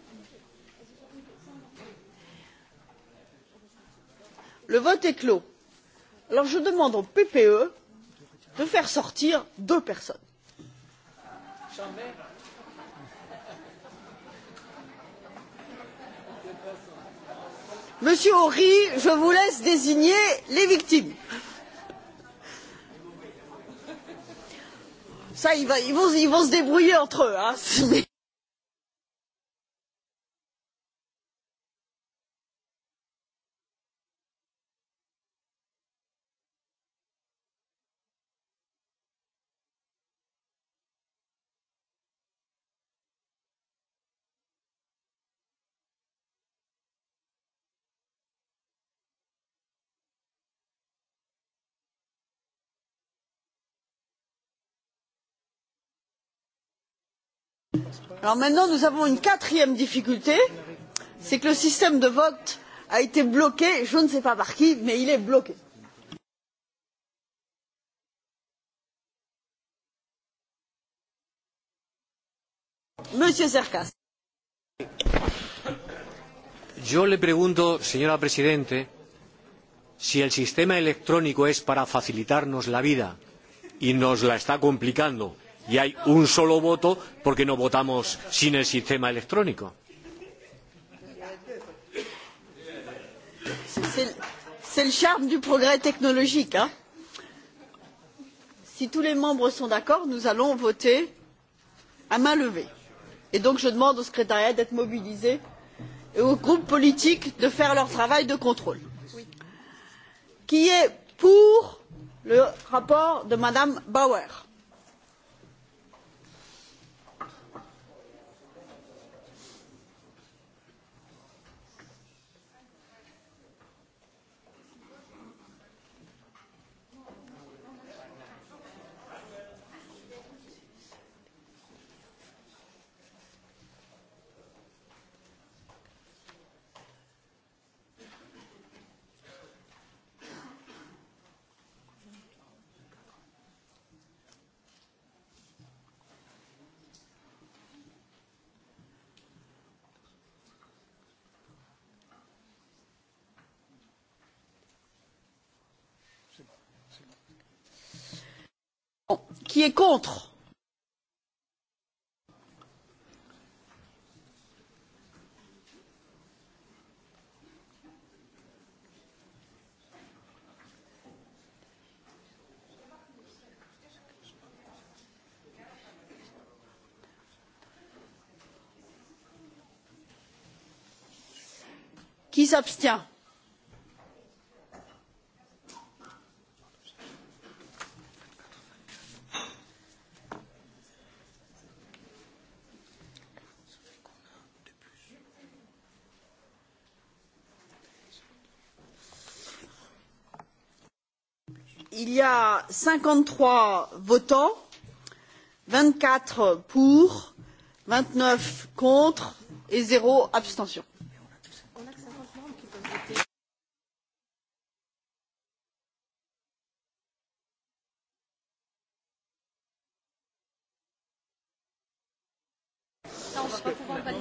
le vote est clos. alors je demande au ppe de faire sortir deux personnes. monsieur ry je vous laisse désigner les victimes. Ça, ils, vont, ils vont se débrouiller entre eux. Hein. <laughs> Alors maintenant, nous avons une quatrième difficulté, c'est que le système de vote a été bloqué, je ne sais pas par qui, mais il est bloqué. Monsieur Cercas. Yo le pregunto, señora Presidente, si el sistema electrónico es para facilitarnos la vida y nos la está complicando y hay un solo voto porque no votamos sin el sistema electrónico. C'est le charme du progrès technologique. Hein si tous les membres sont d'accord, nous allons voter à main levée. Et donc je demande au secrétariat d'être mobilisé et aux groupes politiques de faire leur travail de contrôle. Oui. Qui est pour le rapport de Madame Bauer? qui est contre qui s'abstient? il y a cinquante trois votants vingt quatre pour vingt neuf contre et zéro abstention.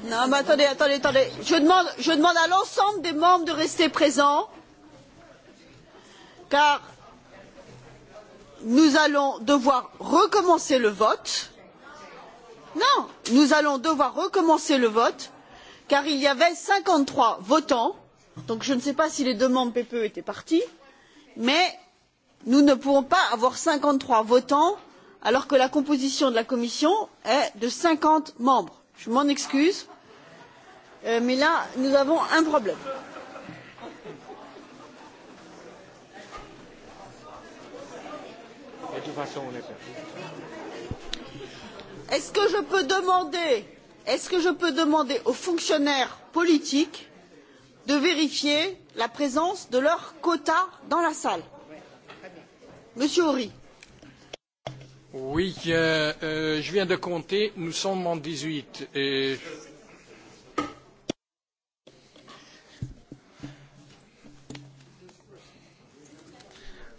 Non, mais attendez, attendez, attendez. Je demande, je demande à l'ensemble des membres de rester présents, car nous allons devoir recommencer le vote non nous allons devoir recommencer le vote car il y avait cinquante trois votants donc je ne sais pas si les deux membres ppe étaient partis mais nous ne pouvons pas avoir cinquante trois votants alors que la composition de la commission est de cinquante membres. je m'en excuse euh, mais là nous avons un problème. est ce que je peux demander, est-ce que je peux demander aux fonctionnaires politiques de vérifier la présence de leur quota dans la salle Monsieur ry Oui, euh, euh, je viens de compter, nous sommes en huit et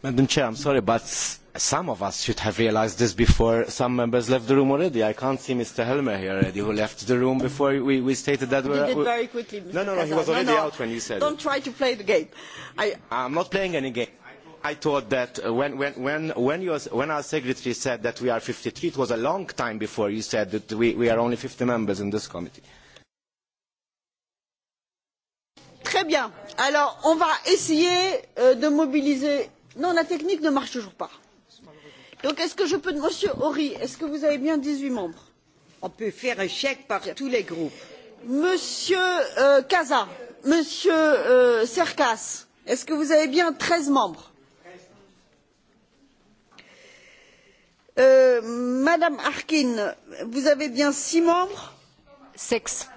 Madam Chair, I'm sorry, but some of us should have realised this before some members left the room already. I can't see Mr. Helmer here already, who left the room before we, we stated that. we did very quickly, Mr. No, no, no, he was already no, no. out when you said Don't it. try to play the game. I, I'm not playing any game. I thought that when, when, when, when, when our secretary said that we are 53, it was a long time before you said that we, we are only 50 members in this committee. Très bien. Alors, on va essayer euh, de mobiliser. Non, la technique ne marche toujours pas donc est ce que je peux monsieur ry est ce que vous avez bien dix huit membres? on peut faire un chèque par tous les groupes. monsieur euh, monsieur euh, cercas est ce que vous avez bien treize membres? Euh, madame harkin vous avez bien six membres? six.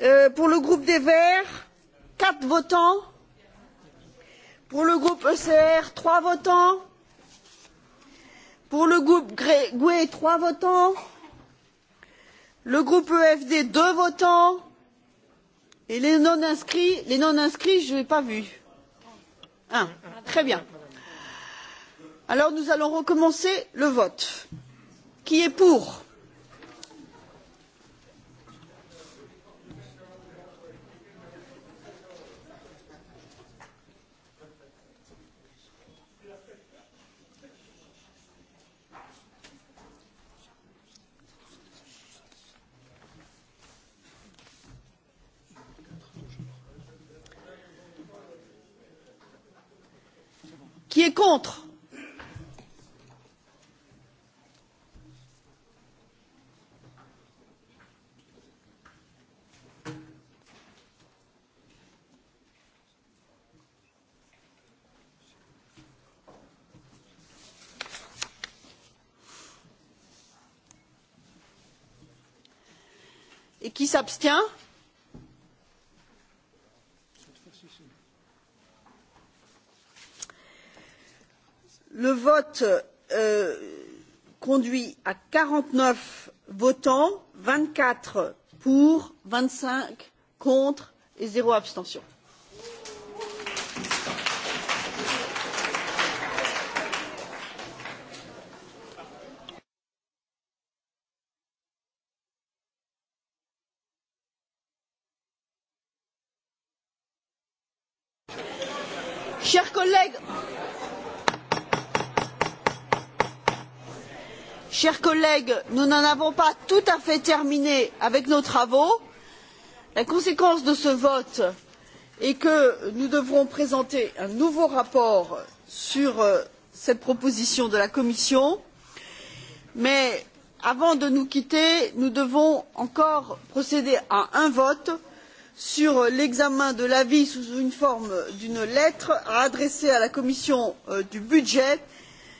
Euh, pour le groupe des verts quatre votants pour le groupe ecr trois votants pour le groupe gue trois votants le groupe efd deux votants et les non inscrits les non inscrits je n'ai pas vu un très bien alors nous allons recommencer le vote qui est pour? qui est contre? et qui s'abstient? le vote euh, conduit à quarante neuf votants vingt quatre pour vingt cinq contre et zéro abstention. collègues nous n'en avons pas tout à fait terminé avec nos travaux. la conséquence de ce vote est que nous devrons présenter un nouveau rapport sur euh, cette proposition de la commission mais avant de nous quitter nous devons encore procéder à un vote sur l'examen de l'avis sous une forme d'une lettre adressée à la commission euh, des budgets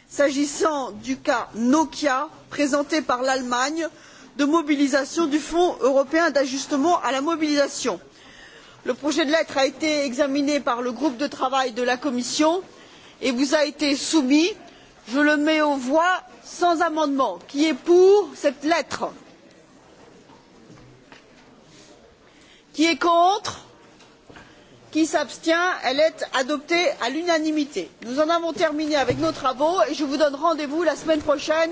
s'agissant du cas nokia présenté par l'allemagne de mobilisation du fonds européen d'ajustement à la mobilisation. le projet de lettre a été examiné par le groupe de travail de la commission et vous a été soumis. je le mets aux voix sans amendement. qui est pour cette lettre? qui est contre? qui s'abstient elle est adoptée à l'unanimité. nous en avons terminé avec nos travaux et je vous donne rendez vous la semaine prochaine.